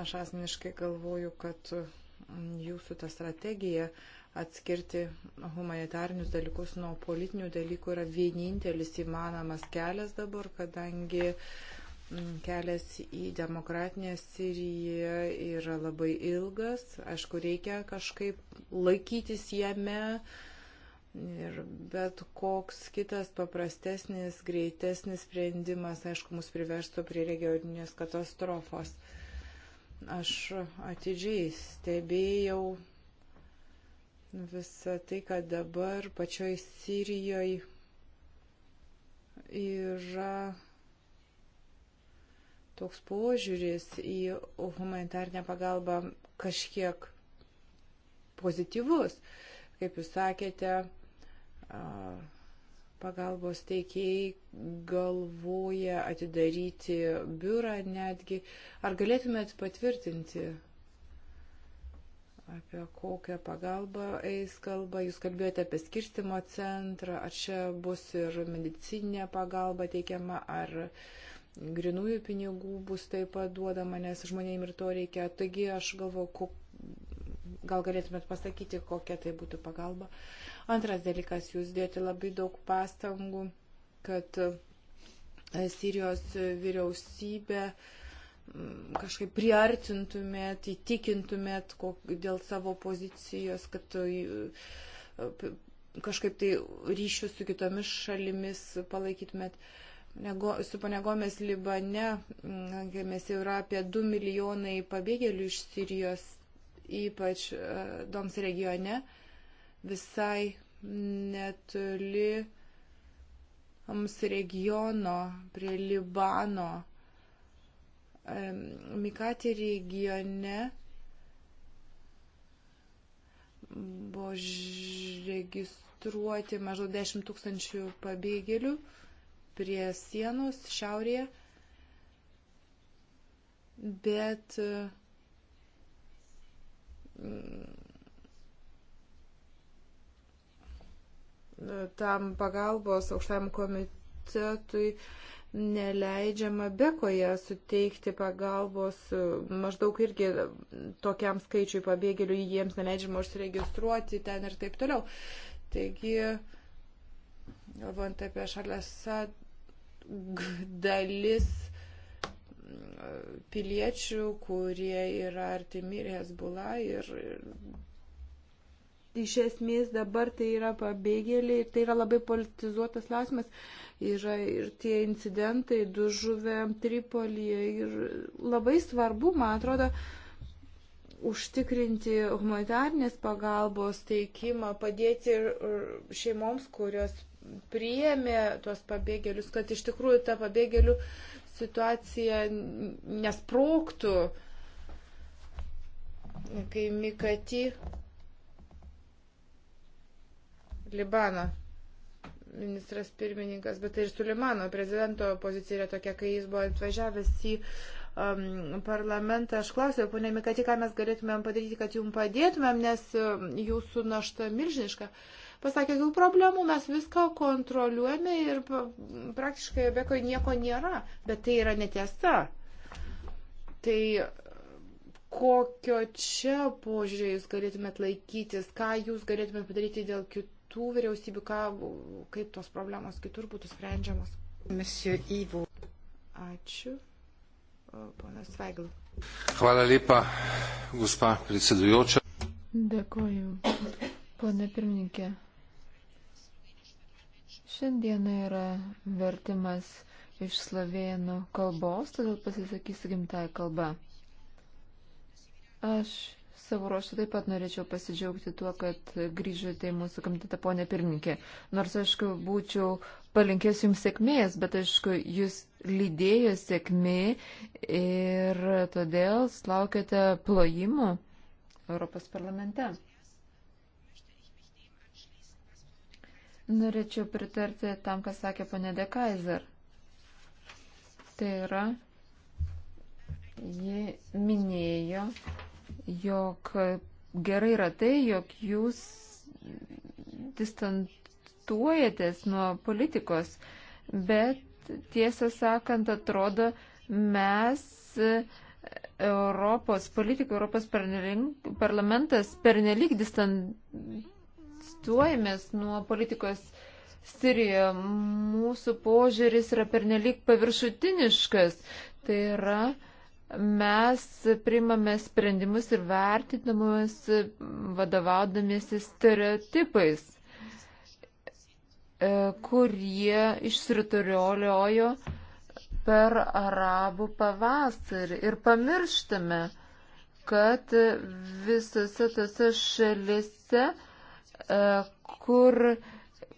Aš asmeniškai galvoju, kad mm, Jūsų ta strategija uh, atskirti humanitarinius dalykus nuo politinių dalykų yra vienintelis įmanomas kelias dabar, kadangi mm, kelias į demokratinę Siriją yra labai ilgas. Aišku, reikia kažkaip laikytis jame. Ir bet koks kitas paprastesnis, greitesnis sprendimas, aišku, mus priverstų prie regioninės katastrofos. Aš atidžiai stebėjau visą tai, kad dabar pačioj Sirijoje yra toks požiūris į humanitarnę pagalbą kažkiek pozityvus. Kaip jūs sakėte, pagalbos teikėjai galvoja atidaryti biurą netgi. Ar galėtumėt patvirtinti apie kokią pagalbą eis kalba. Jūs kalbėjote apie skirstimo centrą, ar čia bus ir medicinė pagalba teikiama, ar grinųjų pinigų bus taip pat duodama, nes žmonėm ir to reikia. Taigi aš galvoju, gal galėtumėt pasakyti, kokia tai būtų pagalba. Antras dalykas, jūs dėti labai daug pastangų, kad Sirijos vyriausybė uh, kažkaip priartintumėt, įtikintumėt kok, dėl savo pozicijos, kad kažkaip tai ryšius su kitomis šalimis palaikytumėt. Nego, su panegomis Libane, mes jau yra apie 2 milijonai pabėgėlių iš Sirijos, ypač e, Doms regione, visai netoli mums regiono prie Libano Mikati regione buvo registruoti maždaug 10 tūkstančių pabėgėlių prie sienos šiaurėje, bet mm, tam pagalbos aukštam komitetui neleidžiama Bekoje suteikti pagalbos maždaug irgi tokiam skaičiui pabėgėlių, jiems neleidžiama užsiregistruoti ten ir taip toliau. Taigi, galvojant apie šalėse dalis piliečių, kurie yra artimi Hezbollah ir, ir iš esmės dabar tai yra pabėgėliai ir tai yra labai politizuotas klausimas. Yra ir tie incidentai, du žuvę Tripolyje ir labai svarbu, man atrodo, užtikrinti humanitarnės pagalbos teikimą, padėti šeimoms, kurios priėmė tuos pabėgėlius, kad iš tikrųjų ta pabėgėlių situacija nesproktų. Kai Mikati Libano ministras pirmininkas, bet tai ir Sulimano prezidento pozicija yra tokia, kai jis buvo atvažiavęs į um, parlamentą. Aš klausiau, ponė Mikati, ką mes galėtumėm padaryti, kad jums padėtumėm, nes um, jūsų našta milžiniška. Pasakė, jokių problemų, mes viską kontroliuojame ir praktiškai beko nieko nėra, bet tai yra netiesa. Tai kokio čia požiūrį jūs galėtumėt laikytis, ką jūs galėtumėt padaryti dėl kitų kitų vyriausybių, ką, kaip tos problemos kitur būtų sprendžiamos. Monsieur Ivo. Ačiū. Ponas Vegl. Hvala lepa, gospa predsedujoča. Dėkoju, ponė pirmininkė. Šiandien yra vertimas iš slovėnų kalbos, todėl pasisakysiu gimtąją kalbą. Aš Savo ruoštų taip pat norėčiau pasidžiaugti tuo, kad grįžote į mūsų komitetą, ponė pirmininkė. Nors, aišku, būčiau palinkęs jums sėkmės, bet, aišku, jūs lydėjo sėkmė ir todėl laukiate plojimų Europos parlamente. Norėčiau pritarti tam, ką sakė ponė De Kaiser. Tai yra, ji minėjo jog gerai yra tai, jog jūs distantuojatės nuo politikos, bet tiesą sakant, atrodo, mes e, Europos politika, Europos parlamentas pernelik distantuojamės nuo politikos Sirijoje. Mūsų požiūris yra pernelik paviršutiniškas. Tai yra, uh, mes priimame sprendimus ir vertinamus vadovaudamiesi stereotipais, e, kurie išsiritorioliojo per arabų pavasarį ir pamirštame, kad visose tose šalise, e, kur uh,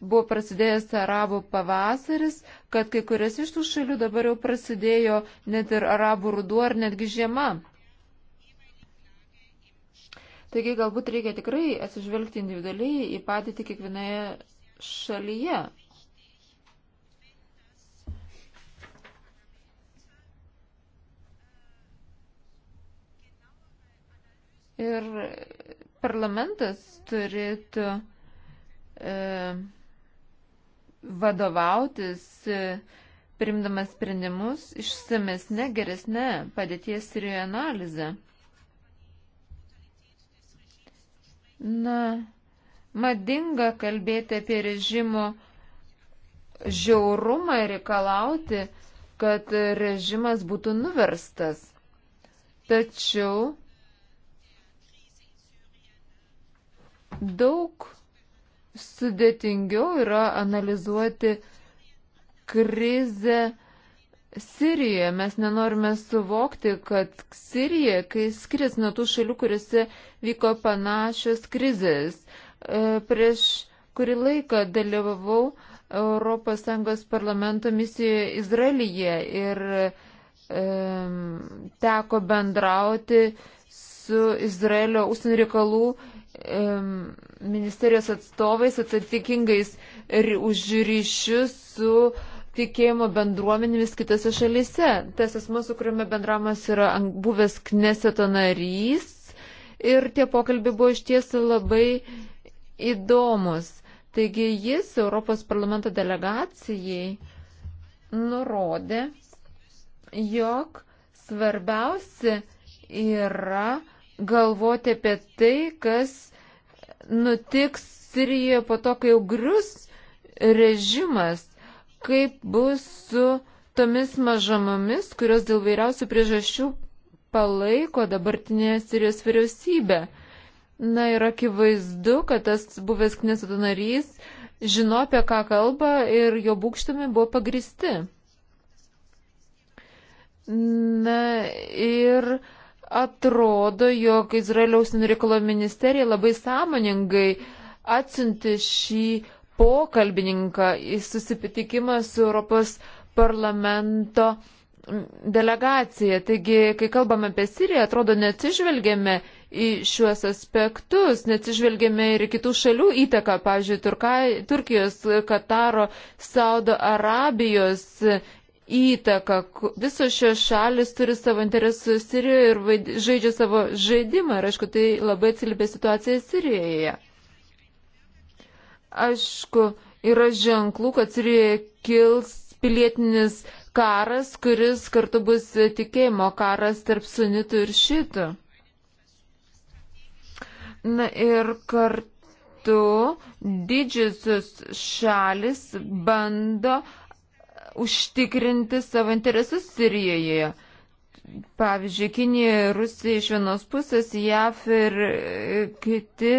buvo prasidėjęs arabų pavasaris, kad kai kurias iš tų šalių dabar jau prasidėjo net ir arabų ruduo ar netgi žiema. Taigi galbūt reikia tikrai atsižvelgti individualiai į padėtį kiekvienoje šalyje. Ir parlamentas turėtų e, vadovautis, primdamas sprendimus, išsamesnė, geresnė padėties ir analizė. Na, madinga kalbėti apie režimo žiaurumą ir reikalauti, kad režimas būtų nuverstas. Tačiau daug sudėtingiau yra analizuoti krizę Sirijoje. Mes nenorime suvokti, kad Sirija, kai skris nuo tų šalių, kuriuose vyko panašios krizės. E, prieš kurį laiką dalyvavau ES parlamento misijoje Izraelyje ir e, teko bendrauti su Izraelio užsienio reikalų ministerijos atstovais atsakingais už ryšius su tikėjimo bendruomenėmis kitose šalyse. Tas asmo, su kuriuo bendramas yra buvęs Kneseto narys ir tie pokalbiai buvo iš tiesų labai įdomus. Taigi jis Europos parlamento delegacijai nurodė, jog svarbiausia yra galvoti apie tai, kas nutiks Sirijoje po to, kai jau grius režimas, kaip bus su tomis mažomomis, kurios dėl vairiausių priežasčių palaiko dabartinė Sirijos vyriausybė. Na ir akivaizdu, kad tas buvęs kneseto narys žino, apie ką kalba ir jo būkštami buvo pagristi. Na ir uh, atrodo, jog Izraelio užsienio reikalų ministerija labai sąmoningai atsinti šį pokalbininką į susitikimą su Europos parlamento delegacija. Taigi, kai kalbame apie Siriją, atrodo, neatsižvelgėme į šiuos aspektus, neatsižvelgėme ir kitų šalių įtaką, pavyzdžiui, Turkai, Turkijos, Kataro, Saudo Arabijos įtaką. Visos šios šalis turi savo interesus Sirijoje ir vaid... žaidžia savo žaidimą. Ir aišku, tai labai atsilipė situacija Sirijoje. Aišku, yra ženklų, kad Sirijoje kils pilietinis karas, kuris kartu bus tikėjimo karas tarp sunitų ir šitų. Na ir kartu didžiosios šalis bando užtikrinti savo interesus Sirijoje. Pavyzdžiui, Kinija ir Rusija iš vienos pusės, JAF ir e, kiti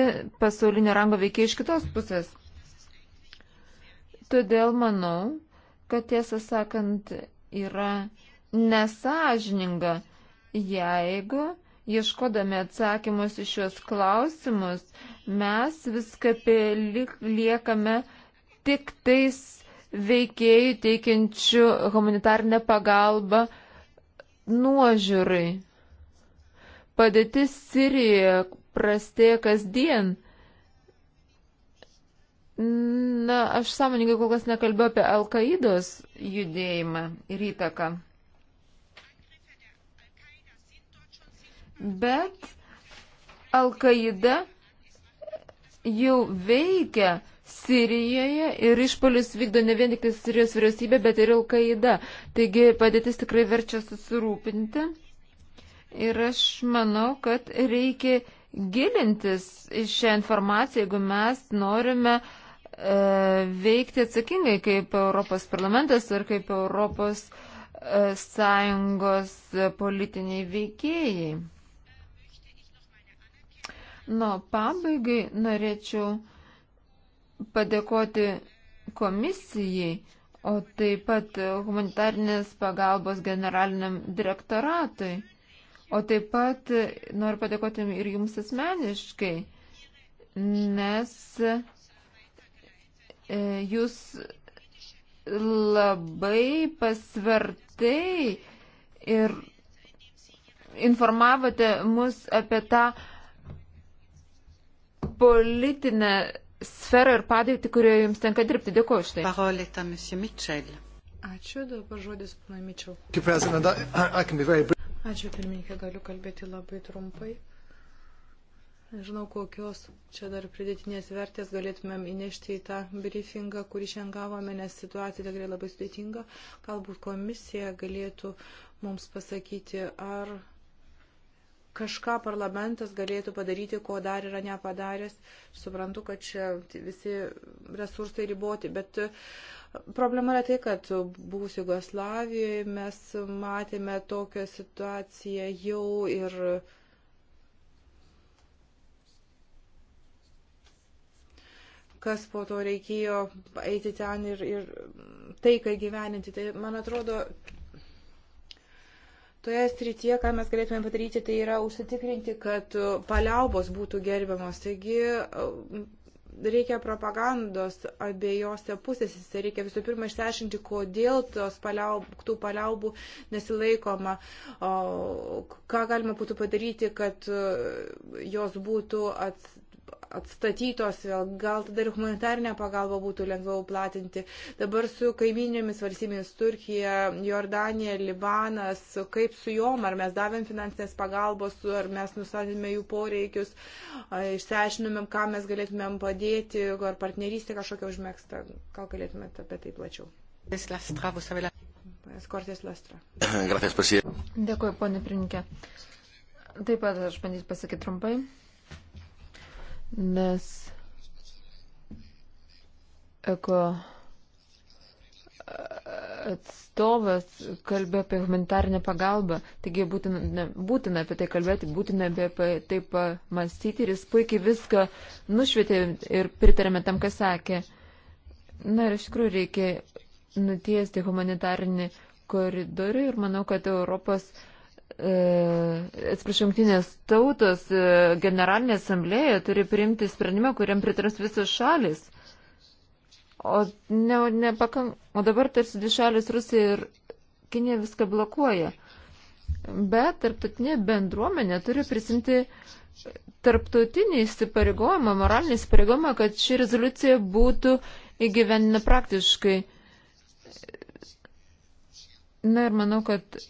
pasaulinio rango veikiai iš kitos pusės. Todėl manau, kad tiesą sakant yra nesažininga, jeigu ieškodami atsakymus iš šios klausimus, mes viską liekame tik tais veikėjų teikiančių humanitarnę pagalbą nuožiūrai. Padėtis Sirijoje prastėja kasdien. Na, aš sąmoningai kol kas nekalbėjau apie Al-Qaidos judėjimą ir įtaką. Bet Al-Qaida jau veikia Sirijoje ir išpolius vykdo ne vien tik tai Sirijos vyriausybė, bet ir Alkaida. Taigi padėtis tikrai verčia susirūpinti. Ir aš manau, kad reikia gilintis į šią informaciją, jeigu mes norime e, veikti atsakingai kaip Europos parlamentas ar kaip Europos e, Sąjungos politiniai veikėjai. Nu, pabaigai norėčiau padėkoti komisijai, o taip pat humanitarnės pagalbos generaliniam direktoratui. O taip pat noriu padėkoti ir jums asmeniškai, nes e, jūs labai pasvertai ir informavote mus apie tą politinę sferą ir padėtį, kurioje jums tenka dirbti. Dėkuoju už tai. Ačiū, dabar žodis pana Mičel. Ačiū, pirmininkė, galiu kalbėti labai trumpai. Nežinau, kokios čia dar pridėtinės vertės galėtumėm įnešti į tą briefingą, kurį šiandien gavome, nes situacija tikrai labai sudėtinga. Galbūt komisija galėtų mums pasakyti, ar kažką parlamentas galėtų padaryti, ko dar yra nepadaręs. Suprantu, kad čia visi resursai riboti, bet e, problema yra tai, kad buvus Jugoslavijoje mes matėme tokią situaciją jau ir. kas po to reikėjo eiti ten ir, ir taiką gyveninti. Tai, man atrodo, toje srityje, ką mes galėtume padaryti, tai yra užsitikrinti, kad paliaubos būtų gerbiamos. Taigi e, reikia propagandos abiejose pusėse. Reikia visų pirma išsiaiškinti, kodėl paliaub, tų paliaubų nesilaikoma, o, ką galima būtų padaryti, kad e, jos būtų ats, atstatytos, vėl, gal tada ir humanitarinę pagalbą būtų lengviau platinti. Dabar su kaiminėmis valstybėmis Turkija, Jordanija, Libanas, kaip su juom, ar mes davėm finansinės pagalbos, ar mes nustatėme jų poreikius, išsiaiškinomėm, ką mes galėtumėm padėti, ar partnerystė kažkokia užmėgsta. Gal galėtumėte apie tai plačiau? Eskortės Lastra. Gracias, presidente. Dėkuoju, ponė Prinkė. Taip pat aš bandysiu pasakyti trumpai nes eko atstovas kalbėjo apie humanitarinę pagalbą, taigi būtina, būtina apie tai kalbėti, būtina apie tai pamastyti ir jis puikiai viską nušvietė ir pritarėme tam, kas sakė. Na ir iš tikrųjų reikia nutiesti humanitarinį koridorių ir manau, kad Europos uh, E, atsiprašau, jungtinės tautos e, generalinė asamblėja turi priimti sprendimą, kuriam pritars visos šalis. O, ne, ne pakam, o dabar tarsi dvi šalis Rusija ir Kinė viską blokuoja. Bet tarptautinė bendruomenė turi prisimti tarptautinį įsipareigojimą, moralinį įsipareigojimą, kad ši rezoliucija būtų įgyvenina praktiškai. Na ir manau, kad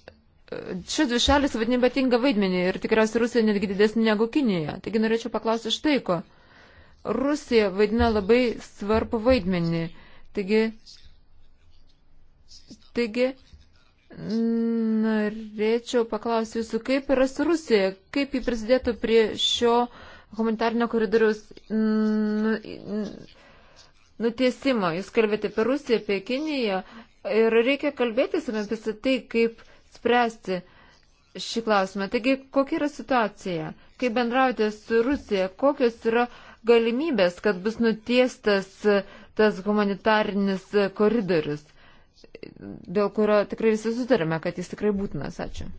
Čia dvi šalis vadina ypatingą vaidmenį ir tikriausiai Rusija netgi didesnė negu Kinija. Taigi norėčiau paklausti štai ko. Rusija vaidina labai svarbu vaidmenį. Taigi, taigi norėčiau paklausti jūsų, kaip yra su Rusija, kaip jį prisidėtų prie šio humanitarnio koridoriaus nu, nutiesimo. Jūs kalbėte apie Rusiją, apie Kiniją ir reikia kalbėtis apie tai, kaip spręsti šį klausimą. Taigi, kokia yra situacija? Kaip bendraujate su Rusija? Kokios yra galimybės, kad bus nutiestas tas humanitarinis koridorius, dėl kurio tikrai visi sutarėme, kad jis tikrai būtinas? Ačiū.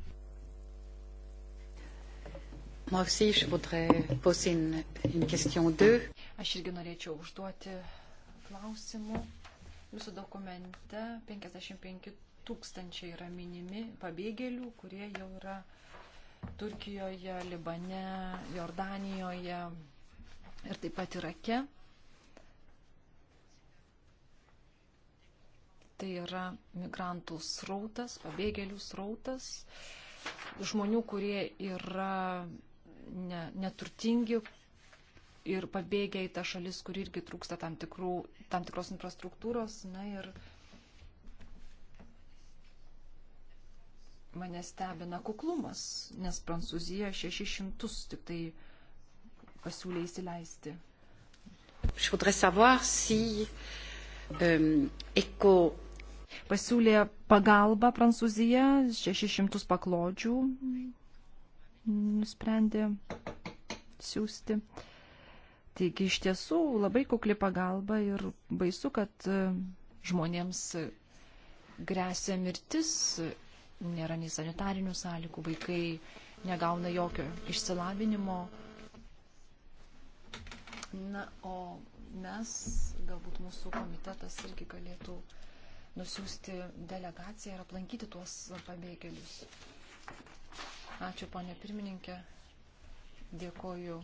Aš irgi norėčiau užduoti klausimų. Jūsų dokumente 55 tūkstančiai yra minimi pabėgėlių, kurie jau yra Turkijoje, Libane, Jordanijoje ir taip pat Irake. Tai yra migrantų srautas, pabėgėlių srautas, žmonių, kurie yra ne, neturtingi, ir pabėgę į tą šalis, kur irgi trūksta tam, tikrų, tam tikros infrastruktūros. Na ir mane stebina kuklumas, nes Prancūzija 600 tik tai pasiūlė įsileisti. Je voudrais savoir si um, ECO pasiūlė pagalbą Prancūzija, 600 paklodžių nusprendė siūsti. Taigi iš tiesų labai kukli pagalba ir baisu, kad e, žmonėms e, grėsia mirtis nėra nei sanitarinių sąlygų, vaikai negauna jokio išsilavinimo. Na, o mes, galbūt mūsų komitetas irgi galėtų nusiųsti delegaciją ir aplankyti tuos pabėgėlius. Ačiū, ponė pirmininkė. Dėkoju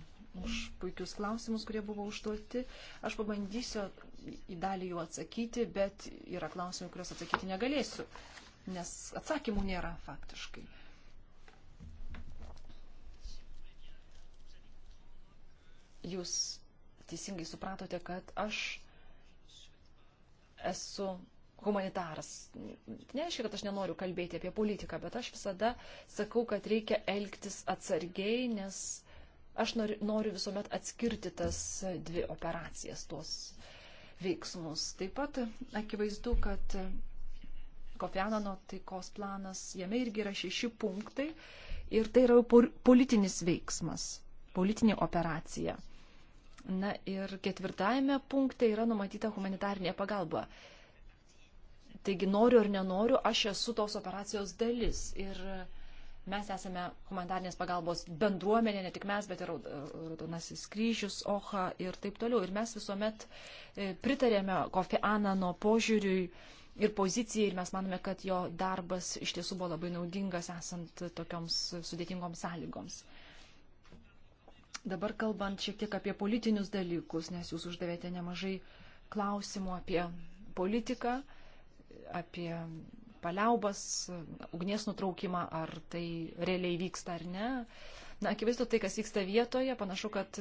už puikius klausimus, kurie buvo užduoti. Aš pabandysiu į dalį jų atsakyti, bet yra klausimų, kuriuos atsakyti negalėsiu nes atsakymų nėra faktiškai. Jūs teisingai supratote, kad aš esu humanitaras. Neaišku, kad aš nenoriu kalbėti apie politiką, bet aš visada sakau, kad reikia elgtis atsargiai, nes aš noriu, noriu visuomet atskirti tas dvi operacijas, tuos veiksmus. Taip pat akivaizdu, kad Kofianano taikos planas, jame irgi yra šeši punktai ir tai yra politinis veiksmas, politinė operacija. Na ir ketvirtajame punkte yra numatyta humanitarnė pagalba. Taigi noriu ar nenoriu, aš esu tos operacijos dalis. Ir mes esame humanitarnės pagalbos bendruomenė, ne tik mes, bet ir Raudonasis kryžius, OHA ir taip toliau. Ir mes visuomet e, pritarėme Kofi Anano požiūriui ir poziciją ir mes manome, kad jo darbas iš tiesų buvo labai naudingas esant tokioms sudėtingoms sąlygoms. Dabar kalbant šiek tiek apie politinius dalykus, nes jūs uždavėte nemažai klausimų apie politiką, apie paliaubas, ugnies nutraukimą, ar tai realiai vyksta ar ne. Uh, Na, akivaizdu, tai, kas vyksta vietoje, panašu, kad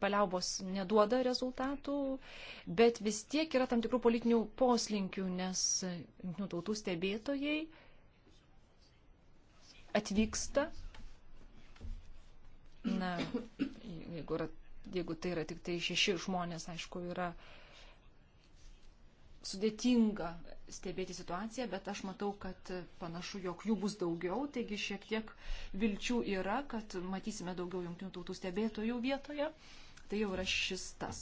paliaubos neduoda rezultatų, bet vis tiek yra tam tikrų politinių poslinkių, nes jungtinių tautų stebėtojai atvyksta. Na, jeigu, yra, jeigu tai yra tik tai šeši žmonės, aišku, yra sudėtinga stebėti situaciją, bet aš matau, kad panašu, jog jų bus daugiau, taigi šiek tiek vilčių yra, kad matysime daugiau jungtinių tautų stebėtojų vietoje. Tai jau yra šis tas.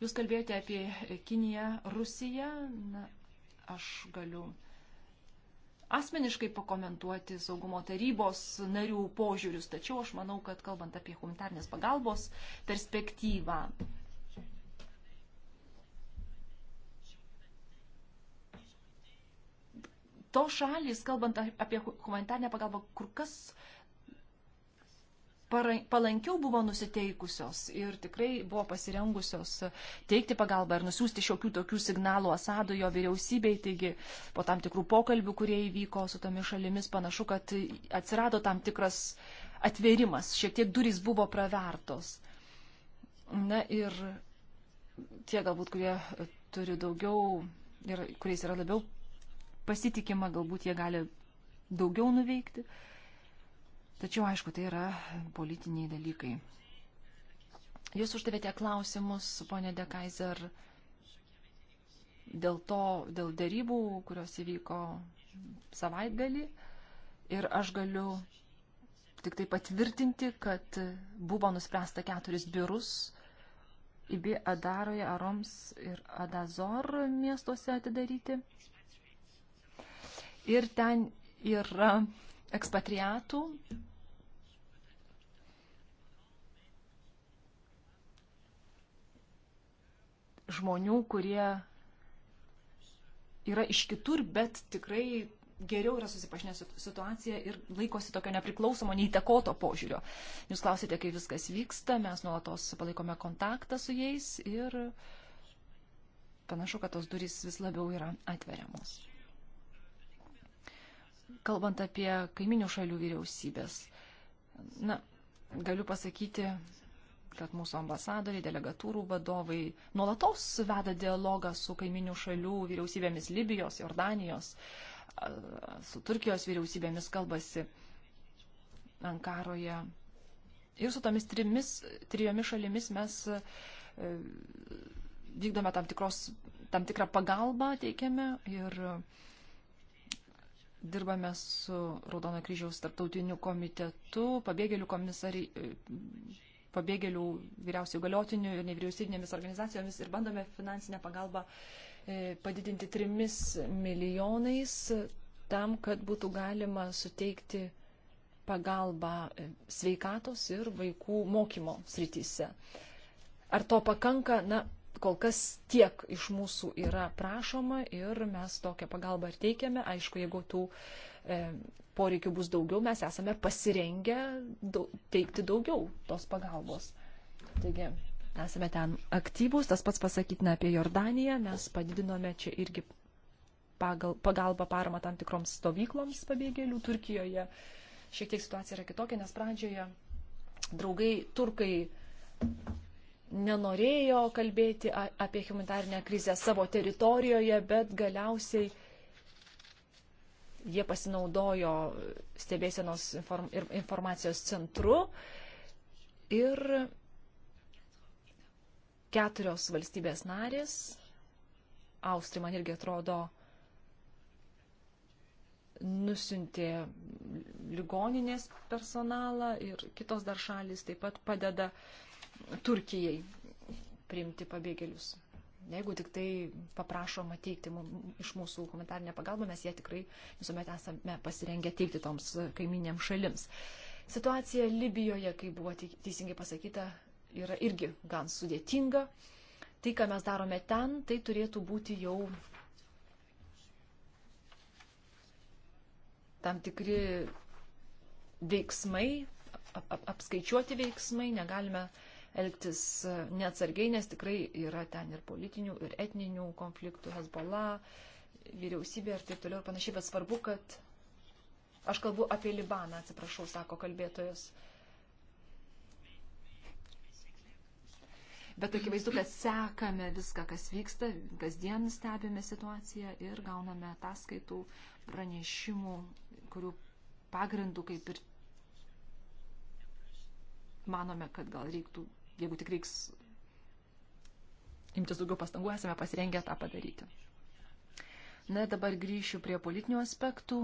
Jūs kalbėjote apie Kiniją, Rusiją. Na, aš galiu asmeniškai pakomentuoti saugumo tarybos narių požiūrius, tačiau aš manau, kad kalbant apie humanitarnės pagalbos perspektyvą, to šalis, kalbant apie humanitarnę pagalbą, kur kas palankiau buvo nusiteikusios ir tikrai buvo pasirengusios teikti pagalbą ir nusiųsti šiokių tokių signalų Asado jo vyriausybei. Taigi po tam tikrų pokalbių, kurie įvyko su tomis šalimis, panašu, kad atsirado tam tikras atvėrimas, šiek tiek durys buvo pravertos. Na ir tie galbūt, kurie turi daugiau ir kuriais yra labiau pasitikima, galbūt jie gali daugiau nuveikti. Tačiau, aišku, tai yra politiniai dalykai. Jūs uždavėte klausimus, ponė Dekaiser, dėl to, dėl darybų, kurios įvyko savaitgalį. Ir aš galiu tik tai patvirtinti, kad buvo nuspręsta keturis biurus Ibi Adaroje, Aroms ir Adazor miestuose atidaryti ir ten yra ekspatriatų. Žmonių, kurie yra iš kitur, bet tikrai geriau yra susipažinę su situacija ir laikosi tokio nepriklausomo, neįtakoto požiūrio. Jūs klausite, kaip viskas vyksta, mes nuolatos palaikome kontaktą su jais ir panašu, kad tos durys vis labiau yra atveriamos kalbant apie kaiminių šalių vyriausybės, na, galiu pasakyti, kad mūsų ambasadoriai, delegatūrų vadovai nuolatos veda dialogą su kaiminių šalių vyriausybėmis Libijos, Jordanijos, su Turkijos vyriausybėmis kalbasi Ankaroje. Ir su tomis trimis, trijomis šalimis mes e, vykdome tam, tikros, tam tikrą pagalbą, teikiame ir uh, dirbame su Raudono kryžiaus tarptautiniu komitetu, pabėgėlių komisari, pabėgėlių vyriausių galiotinių ir nevyriausybinėmis organizacijomis ir bandome finansinę pagalbą e, padidinti 3 milijonais tam, kad būtų galima suteikti pagalbą e, sveikatos ir vaikų mokymo srityse. Ar to pakanka? Na, kol kas tiek iš mūsų yra prašoma ir mes tokią pagalbą ir teikiame. Aišku, jeigu tų e, poreikių bus daugiau, mes esame pasirengę daug, teikti daugiau tos pagalbos. Taigi, esame ten aktyvūs, tas pats pasakytina apie Jordaniją, mes padidinome čia irgi pagal, pagalbą paramą tam tikroms stovykloms pabėgėlių Turkijoje. Šiek tiek situacija yra kitokia, nes pradžioje draugai turkai nenorėjo kalbėti apie humanitarinę krizę savo teritorijoje, bet galiausiai jie pasinaudojo stebėsienos inform informacijos centru ir keturios valstybės narės, Austrija man irgi atrodo, nusintė ligoninės personalą ir kitos dar šalis taip pat padeda uh, Turkijai priimti pabėgėlius. Jeigu tik tai paprašoma teikti iš mūsų humanitarinę pagalbą, mes ją tikrai visuomet esame pasirengę teikti toms kaiminėms šalims. Situacija Libijoje, kaip buvo teisingai pasakyta, yra irgi gan sudėtinga. Tai, ką mes darome ten, tai turėtų būti jau tam tikri veiksmai, ap, ap, apskaičiuoti veiksmai, negalime uh, elgtis e, neatsargiai, nes tikrai yra ten ir politinių, ir etninių konfliktų, Hezbollah, vyriausybė ir taip toliau ir panašiai, bet svarbu, kad aš kalbu apie Libaną, atsiprašau, sako kalbėtojas. Bet akivaizdu, kad sekame viską, kas vyksta, kasdien stebime situaciją ir gauname ataskaitų, pranešimų, kurių pagrindų kaip ir manome, kad gal reiktų jeigu tik reiks imtis daugiau pastangų, esame pasirengę tą padaryti. Na, dabar grįšiu prie politinių aspektų.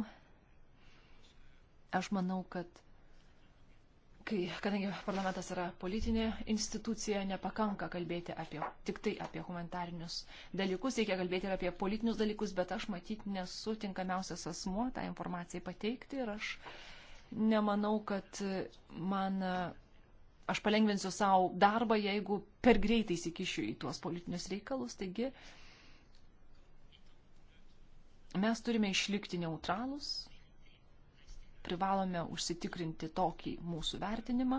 Aš manau, kad kai, kadangi parlamentas yra politinė institucija, nepakanka kalbėti apie, tik tai apie humanitarinius dalykus, reikia kalbėti ir apie politinius dalykus, bet aš matyt nesu tinkamiausias asmuo tą informaciją pateikti ir aš nemanau, kad man aš palengvinsiu savo darbą, jeigu per greitai įsikišiu į tuos politinius reikalus. Taigi mes turime išlikti neutralus, privalome užsitikrinti tokį mūsų vertinimą,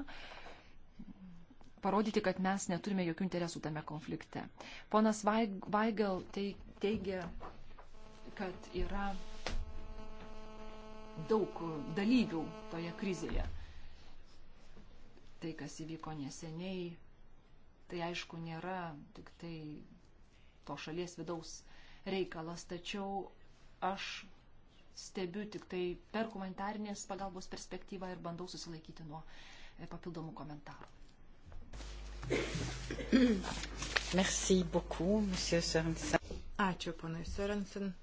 parodyti, kad mes neturime jokių interesų tame konflikte. Ponas Vaigel teigia, kad yra daug dalyvių toje krizėje tai, kas įvyko neseniai, tai aišku nėra tik tai to šalies vidaus reikalas, tačiau aš stebiu tik tai per humanitarnės pagalbos perspektyvą ir bandau susilaikyti nuo e, papildomų komentarų. Merci beaucoup, monsieur Sørensen. Ačiū, ponai Sørensen.